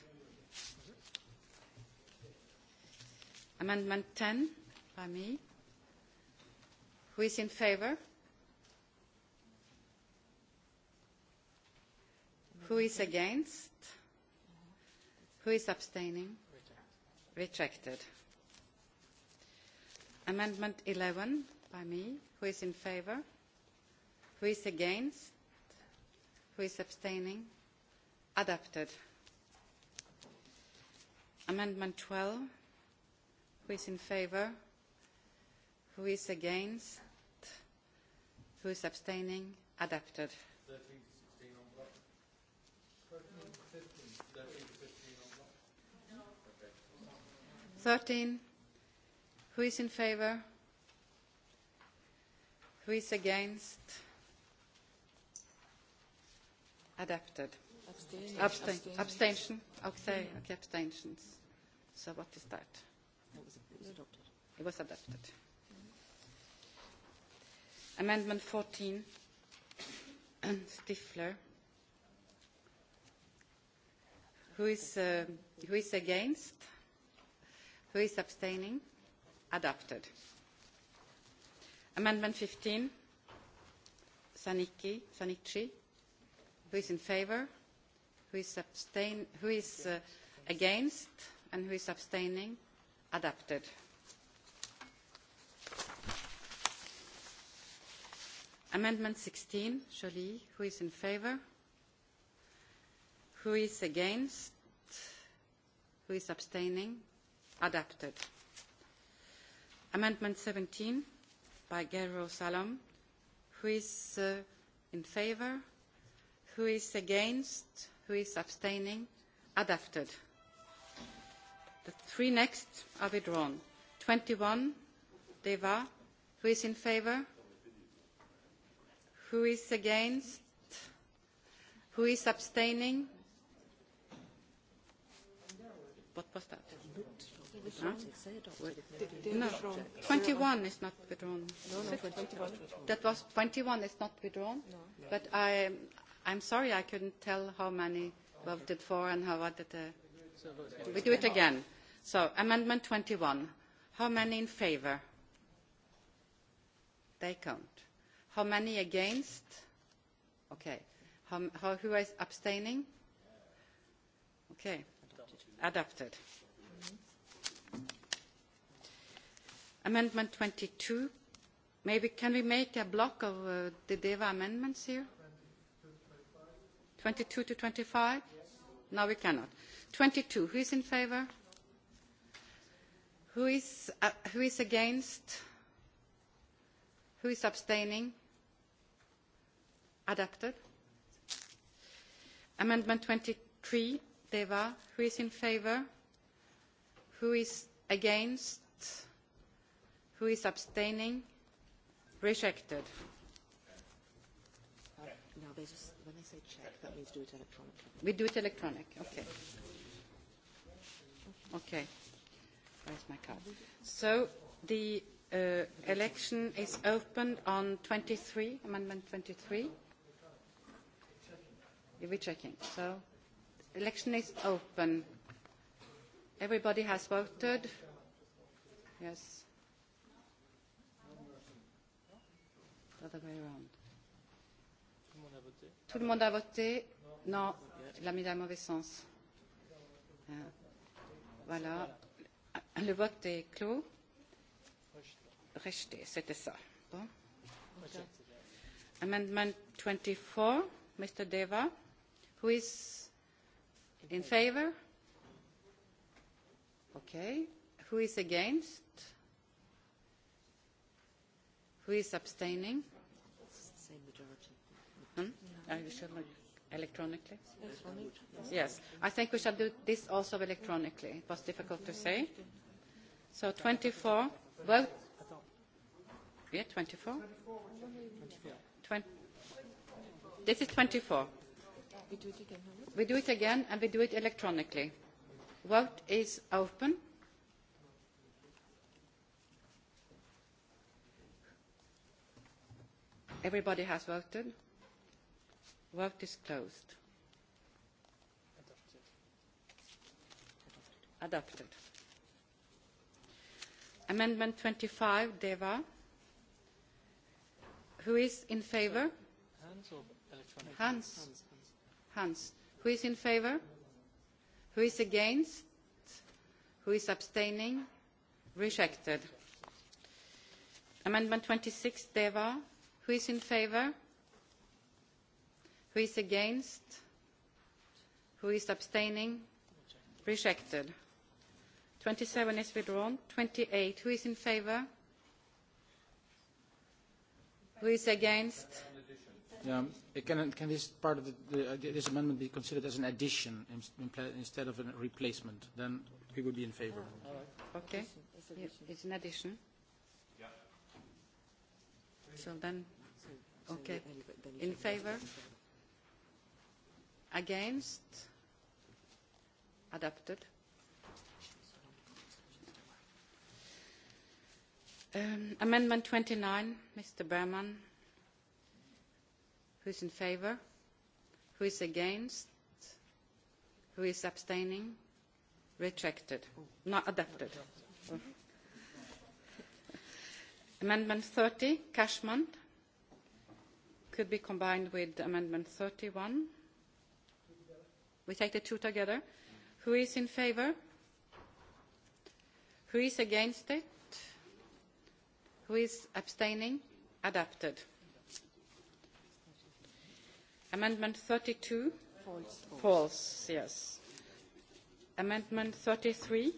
Amendment 10 by me. Who is in favour? Who is against? Who is abstaining? Rejected. Amendment 11 by me. Who is in favour? Who is against? Who is abstaining? Adopted. Amendment 12. Who is in favour? who is against who is abstaining adapted 13 who is in favor who is against adapted abstain abstention okay okay abstentions so what is that it was adapted amendment fourteen and Stifler who is uh, who is against who is abstaining adopted amendment fifteen Saniki Sanichi who is in favor who is abstain who is uh, against and who is abstaining adopted Amendment 16, Jolie, who is in favor? Who is against? Who is abstaining? Adapted. Amendment 17 by Gero Salom. Who is uh, in favor? Who is against? Who is abstaining? Adapted. The three next are withdrawn. 21, Deva. Who is in favor? who is against who is abstaining what was that huh? no. 21 is not withdrawn that was 21 is not withdrawn but i i'm sorry i couldn't tell how many voted for and how what did uh, we do it again so amendment 21 how many in favor they count How many against? Okay. How, how, who is abstaining? Okay. Adopted. Mm-hmm. Amendment 22. Maybe can we make a block of uh, the DEVA amendments here? 22 to 25? Yes. No, we cannot. 22. Who is in favor? Who is, uh, who is against? Who is abstaining? adopted. Amendment 23, Deva, who is in favour? Who is against? Who is abstaining? Rejected. Uh, now they just, when they say check, that means do it electronically. We do it electronic, okay. Okay. Where's my card? So the uh, election is opened on 23, Amendment 23 we're checking. So, election is open. Everybody has voted. Yes. The other way around. Tout le monde a voté. Non, l'a mis dans le mauvais sens. Euh, voilà. Le vote est clos. Rejeté, c'était ça. Bon. Okay. Amendment 24, Mr. Deva who is in favor? Okay. Who is against? Who is abstaining? Same majority. Hmm? Yeah. Uh, electronically? Yes. yes. I think we shall do this also electronically. It was difficult to say. So 24. Vote. Yeah, 24. 20. This is 24. We do it again. Huh? We do it again and we do it electronically. Vote is open. Everybody has voted. Vote is closed. Adopted. Amendment 25, Deva. Who is in favour? Hands or electronic? Hands. Hands hands. Who is in favour? Who is against? Who is abstaining? Rejected. Amendment 26, Deva. Who is in favour? Who is against? Who is abstaining? Rejected. 27 is withdrawn. 28. Who is in favour? Who is against? Uh, Um, can, can this part of the, the, uh, this amendment be considered as an addition in, in instead of a replacement? Then we would be in favour. Ah, okay. okay. It's an addition. Yeah. So then, okay. In favour? Against? Adopted? Um, amendment 29, Mr. Berman. Who is in favour? Who is against? Who is abstaining? Rejected. Not adopted. Amendment 30, Cashman, could be combined with Amendment 31. We take the two together. Who is in favour? Who is against it? Who is abstaining? Adapted. Amendment 32? False. False, yes. Amendment 33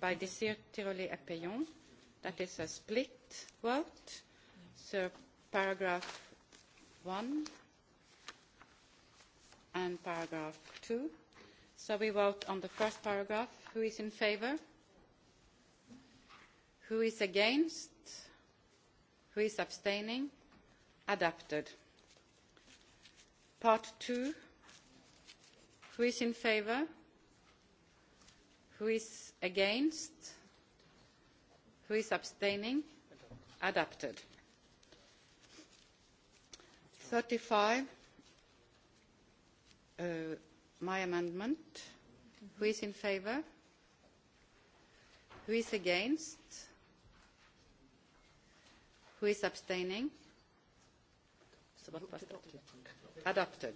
by Desir Tiroli Epeyon. That is a split vote. So paragraph 1 and paragraph 2. So we vote on the first paragraph. Who is in favor? Who is against? Who is abstaining? Adapted part two who is in favor who is against who is abstaining adopted thirty five uh, my amendment mm -hmm. who is in favor who is against who is abstaining so what was adopted.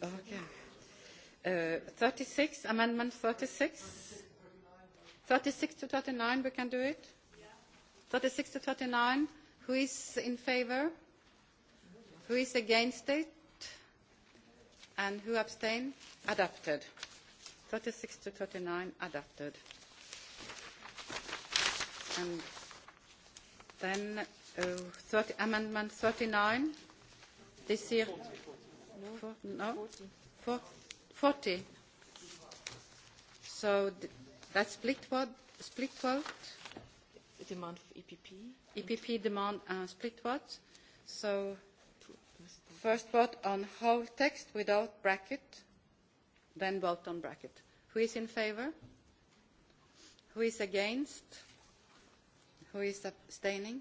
Okay. Uh, 36, Amendment 36. 36 to 39, we can do it. 36 to 39, who is in favor? Who is against it? And who abstain? Adopted. 36 to 39, adopted. Then uh, amendment 39. This year. 40. No? 40. 40. So that's split vote? Split vote? Demand of EPP. EPP demand uh, split vote. So first vote on whole text without bracket, then vote on bracket. Who is in favor? Who is against? who is abstaining?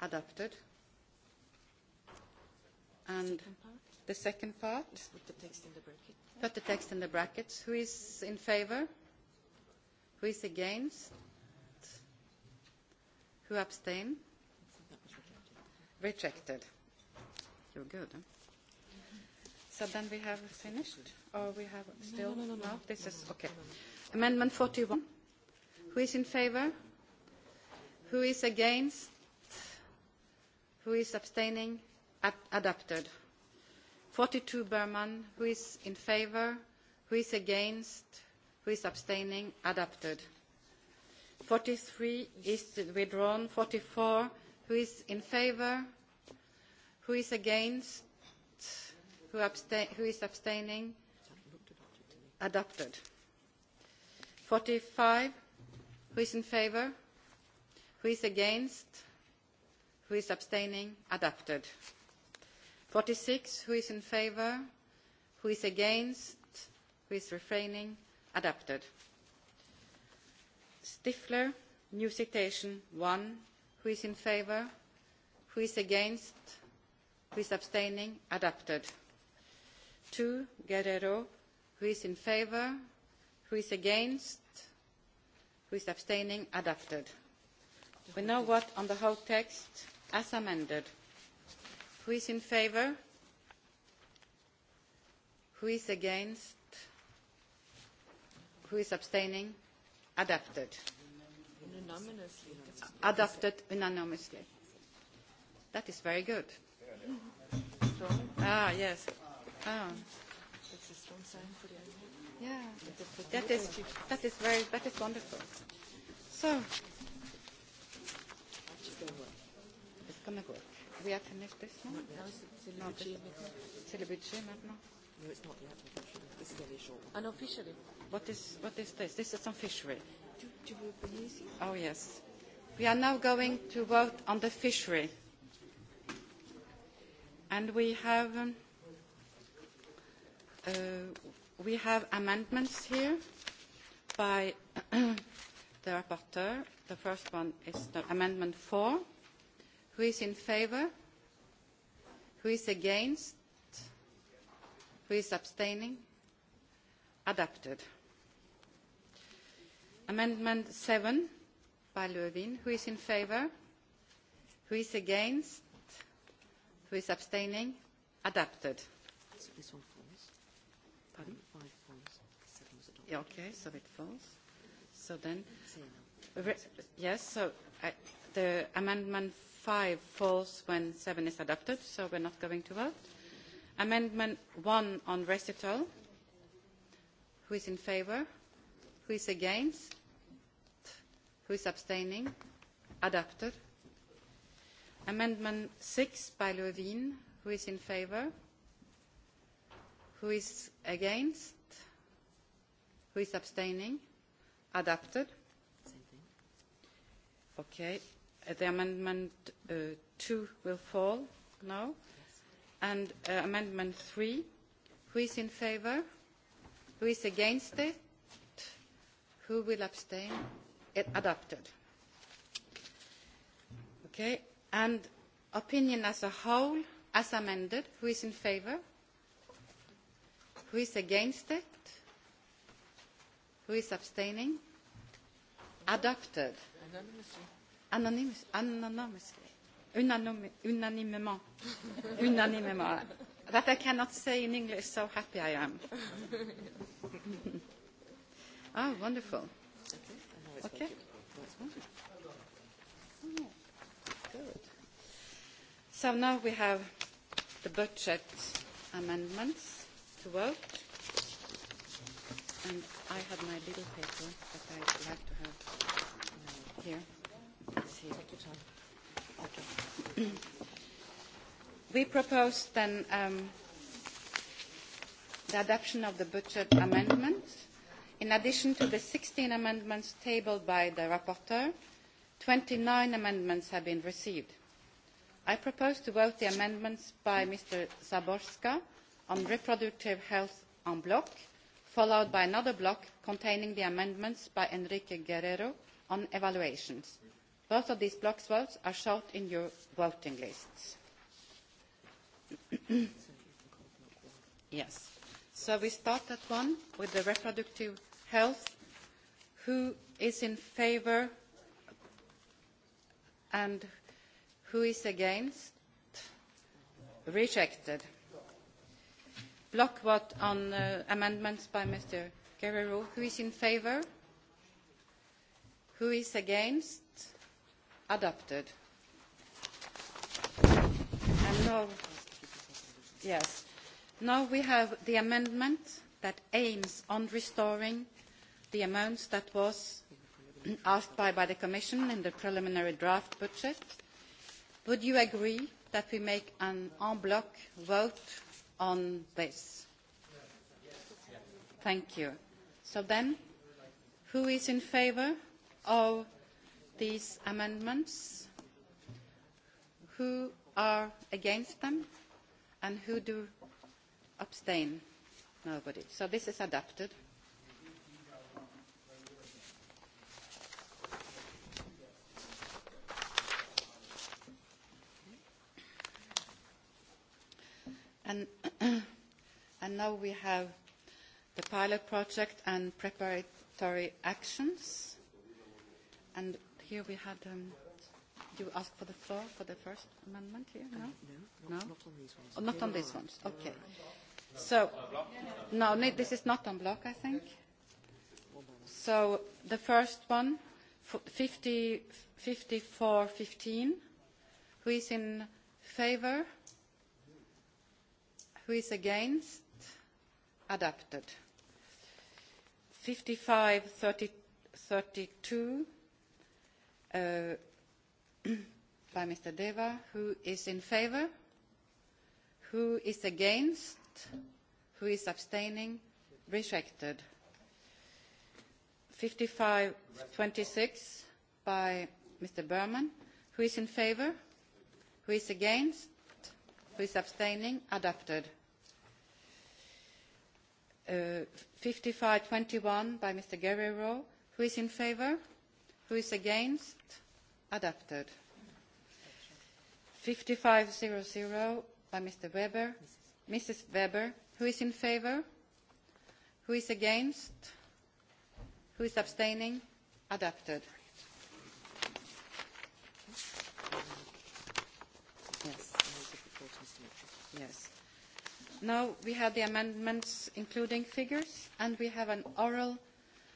Adopted. And second the second part? Just put the text in the brackets. Put the text in the brackets. Who is in favour? Who is against? Who abstain? Rejected. You're good. Huh? So then we have finished? Or we have no, no, still? No, no, no. no. no? This no, no, no. is okay. No, no, no. Amendment 41. Who is in favour? who is against who is abstaining adopted 42 berman who is in favor who is against who is abstaining adopted 43 is withdrawn 44 who is in favor who is against who, absta- who is abstaining adopted 45 who is in favor who is against who is abstaining adopted 46 who is in favor who is against who is refraining adopted stifler new citation 1 who is in favor who is against who is abstaining adopted 2 guerrero who is in favor who is against who is abstaining adopted We now vote on the whole text as amended. Who is in favour? Who is against? Who is abstaining? Adopted. Unanimously. Adopted unanimously. That is very good. Ah, yes. Ah. Yeah, that is, that is very, that is wonderful. So, going to go. Have we finished this one? No, it's a little bit soon, I know. No, it's not yet. This is very short. An officially. What is, what is this? This is some fishery. Do, do we believe you? Oh, yes. We are now going to vote on the fishery. And we have, um, uh, we have amendments here by the rapporteur. The first one is the amendment four. Who is in favor? Who is against? Who is abstaining? Adopted. Amendment 7 by Levin. Who is in favor? Who is against? Who is abstaining? Adopted. This one falls. Pardon? Hmm? Five falls. Seven was adopted. Okay, so it falls. So then. No. Yes, so uh, the amendment 5 falls when 7 is adopted, so we're not going to vote. Amendment 1 on recital. Who is in favour? Who is against? Who is abstaining? Adopted. Amendment 6 by Levin. Who is in favour? Who is against? Who is abstaining? Adopted. Same thing. Okay. Uh, the amendment uh, 2 will fall now. Yes. And uh, amendment 3, who is in favour? Who is against it? Who will abstain? It adopted. Okay, and opinion as a whole, as amended, who is in favour? Who is against it? Who is abstaining? Adopted. Okay anonymous, anonymously, unanimement, unanimement. That I cannot say in English, so happy I am. oh, wonderful. Okay. Good. So now we have the budget amendments to vote. And I have my little paper that I'd like to have uh, here. Thank you, Tom. Okay. we propose then um, the adoption of the budget amendments. In addition to the 16 amendments tabled by the rapporteur, 29 amendments have been received. I propose to vote the amendments by Mr. Zaborska on reproductive health en bloc, followed by another block containing the amendments by Enrique Guerrero on evaluations both of these block votes are shown in your voting lists. yes. So we start at one with the reproductive health. Who is in favour and who is against? Rejected. Block what on uh, amendments by Mr. Guerrero. Who is in favour? Who is against? adopted. Now, yes. Now we have the amendment that aims on restoring the amounts that was asked by the Commission in the preliminary draft budget. Would you agree that we make an en bloc vote on this? Yes. Thank you. Who is in favor of these amendments? Who are against them? And who do abstain? Nobody. So this is adopted. And, and now we have the pilot project and preparatory actions. And here we had. Um, do you ask for the floor for the first amendment here? No? Uh, no? no? Not, not on these ones. Oh, not on these ones. Okay. So, no, no, this is not on block, I think. So, the first one, 54-15, who is in favor? Who is against? Adapted. 55 30, 32 Uh, by Mr. Deva. Who is in favour? Who is against? Who is abstaining? Rejected. 5526 by Mr. Berman. Who is in favour? Who is against? Who is abstaining? Adopted. Uh, 5521 by Mr. Guerrero. Who is in favour? who is against adopted fifty five zero zero by mr weber mrs. mrs weber who is in favor who is against who is abstaining adopted yes. yes now we have the amendments including figures and we have an oral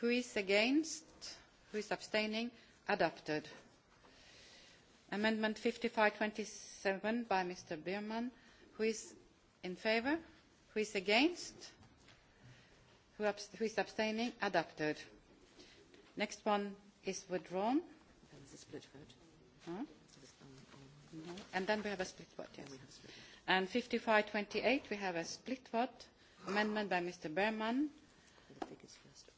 who is against who is abstaining adopted amendment fifty five twenty seven by mr Biermann. who is in favor who is against who, who is abstaining adopted next one is withdrawn and, this is split vote. Huh? No. and then we have a split vote yes and 5528, we have a split vote. Amendment by Mr. Berman.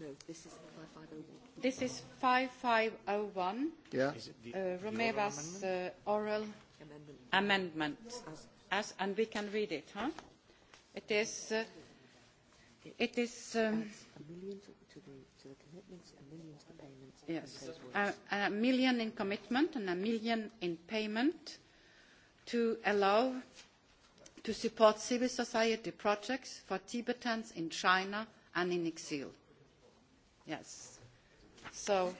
No, this is 5501. This is 5501. Yeah. Is it the, uh, Romeva's the oral, amendment? Uh, oral amendment. amendment. As, as, and we can read it, huh? It is. Uh, it is. Um, Yes, a, a million in commitment and a million in payment to allow to support civil society projects for Tibetans in China and in exile. Yes. Yes. So,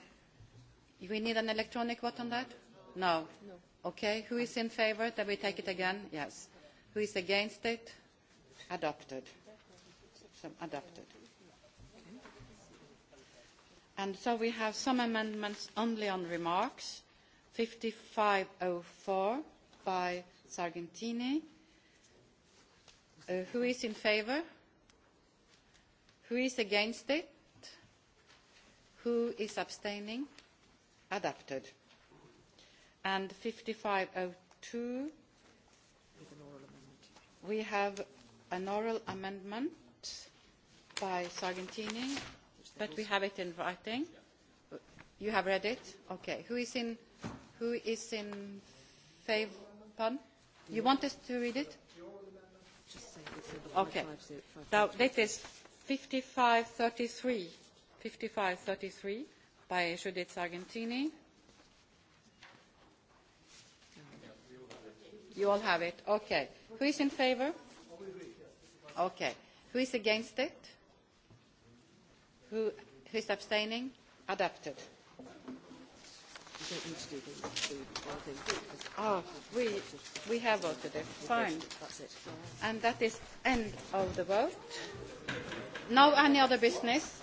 we need an electronic vote on that? No. no. Okay. Who is in favour that we take it again? Yes. Who is against it? Adopted. So, adopted. And so we have some amendments only on remarks. 5504 by Sargentini. Uh, who is in favour? Who is against it? who is abstaining adopted and 5502 we have an oral amendment by Sargentini but we have it in writing you have read it okay who is in who is in favor pardon you want us to read it okay now this is 5533 55-33 by Judith Sargentini. You all have it. Okay. Who is in favor? Okay. Who is against it? Who, who is abstaining? Adapted. Oh, we, we have voted it. Fine. And that is end of the vote. No any other business.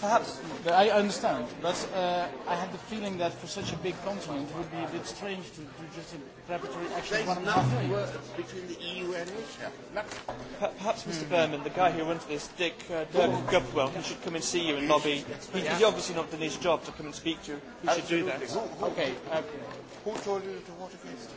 perhaps. But I understand. But uh, I had the feeling that for such a big continent, it would be a bit strange to do just a preparatory action. There's one nothing three. between the EU and Asia. Per- perhaps, Mr. Mm-hmm. Berman, the guy who runs this, Dick uh, Dirk oh. Gubwell, he should come and see you and lobby. He, he's obviously not done his job to come and speak to you. He Absolutely. should do that. Who, who, okay. Uh, who told you to vote against?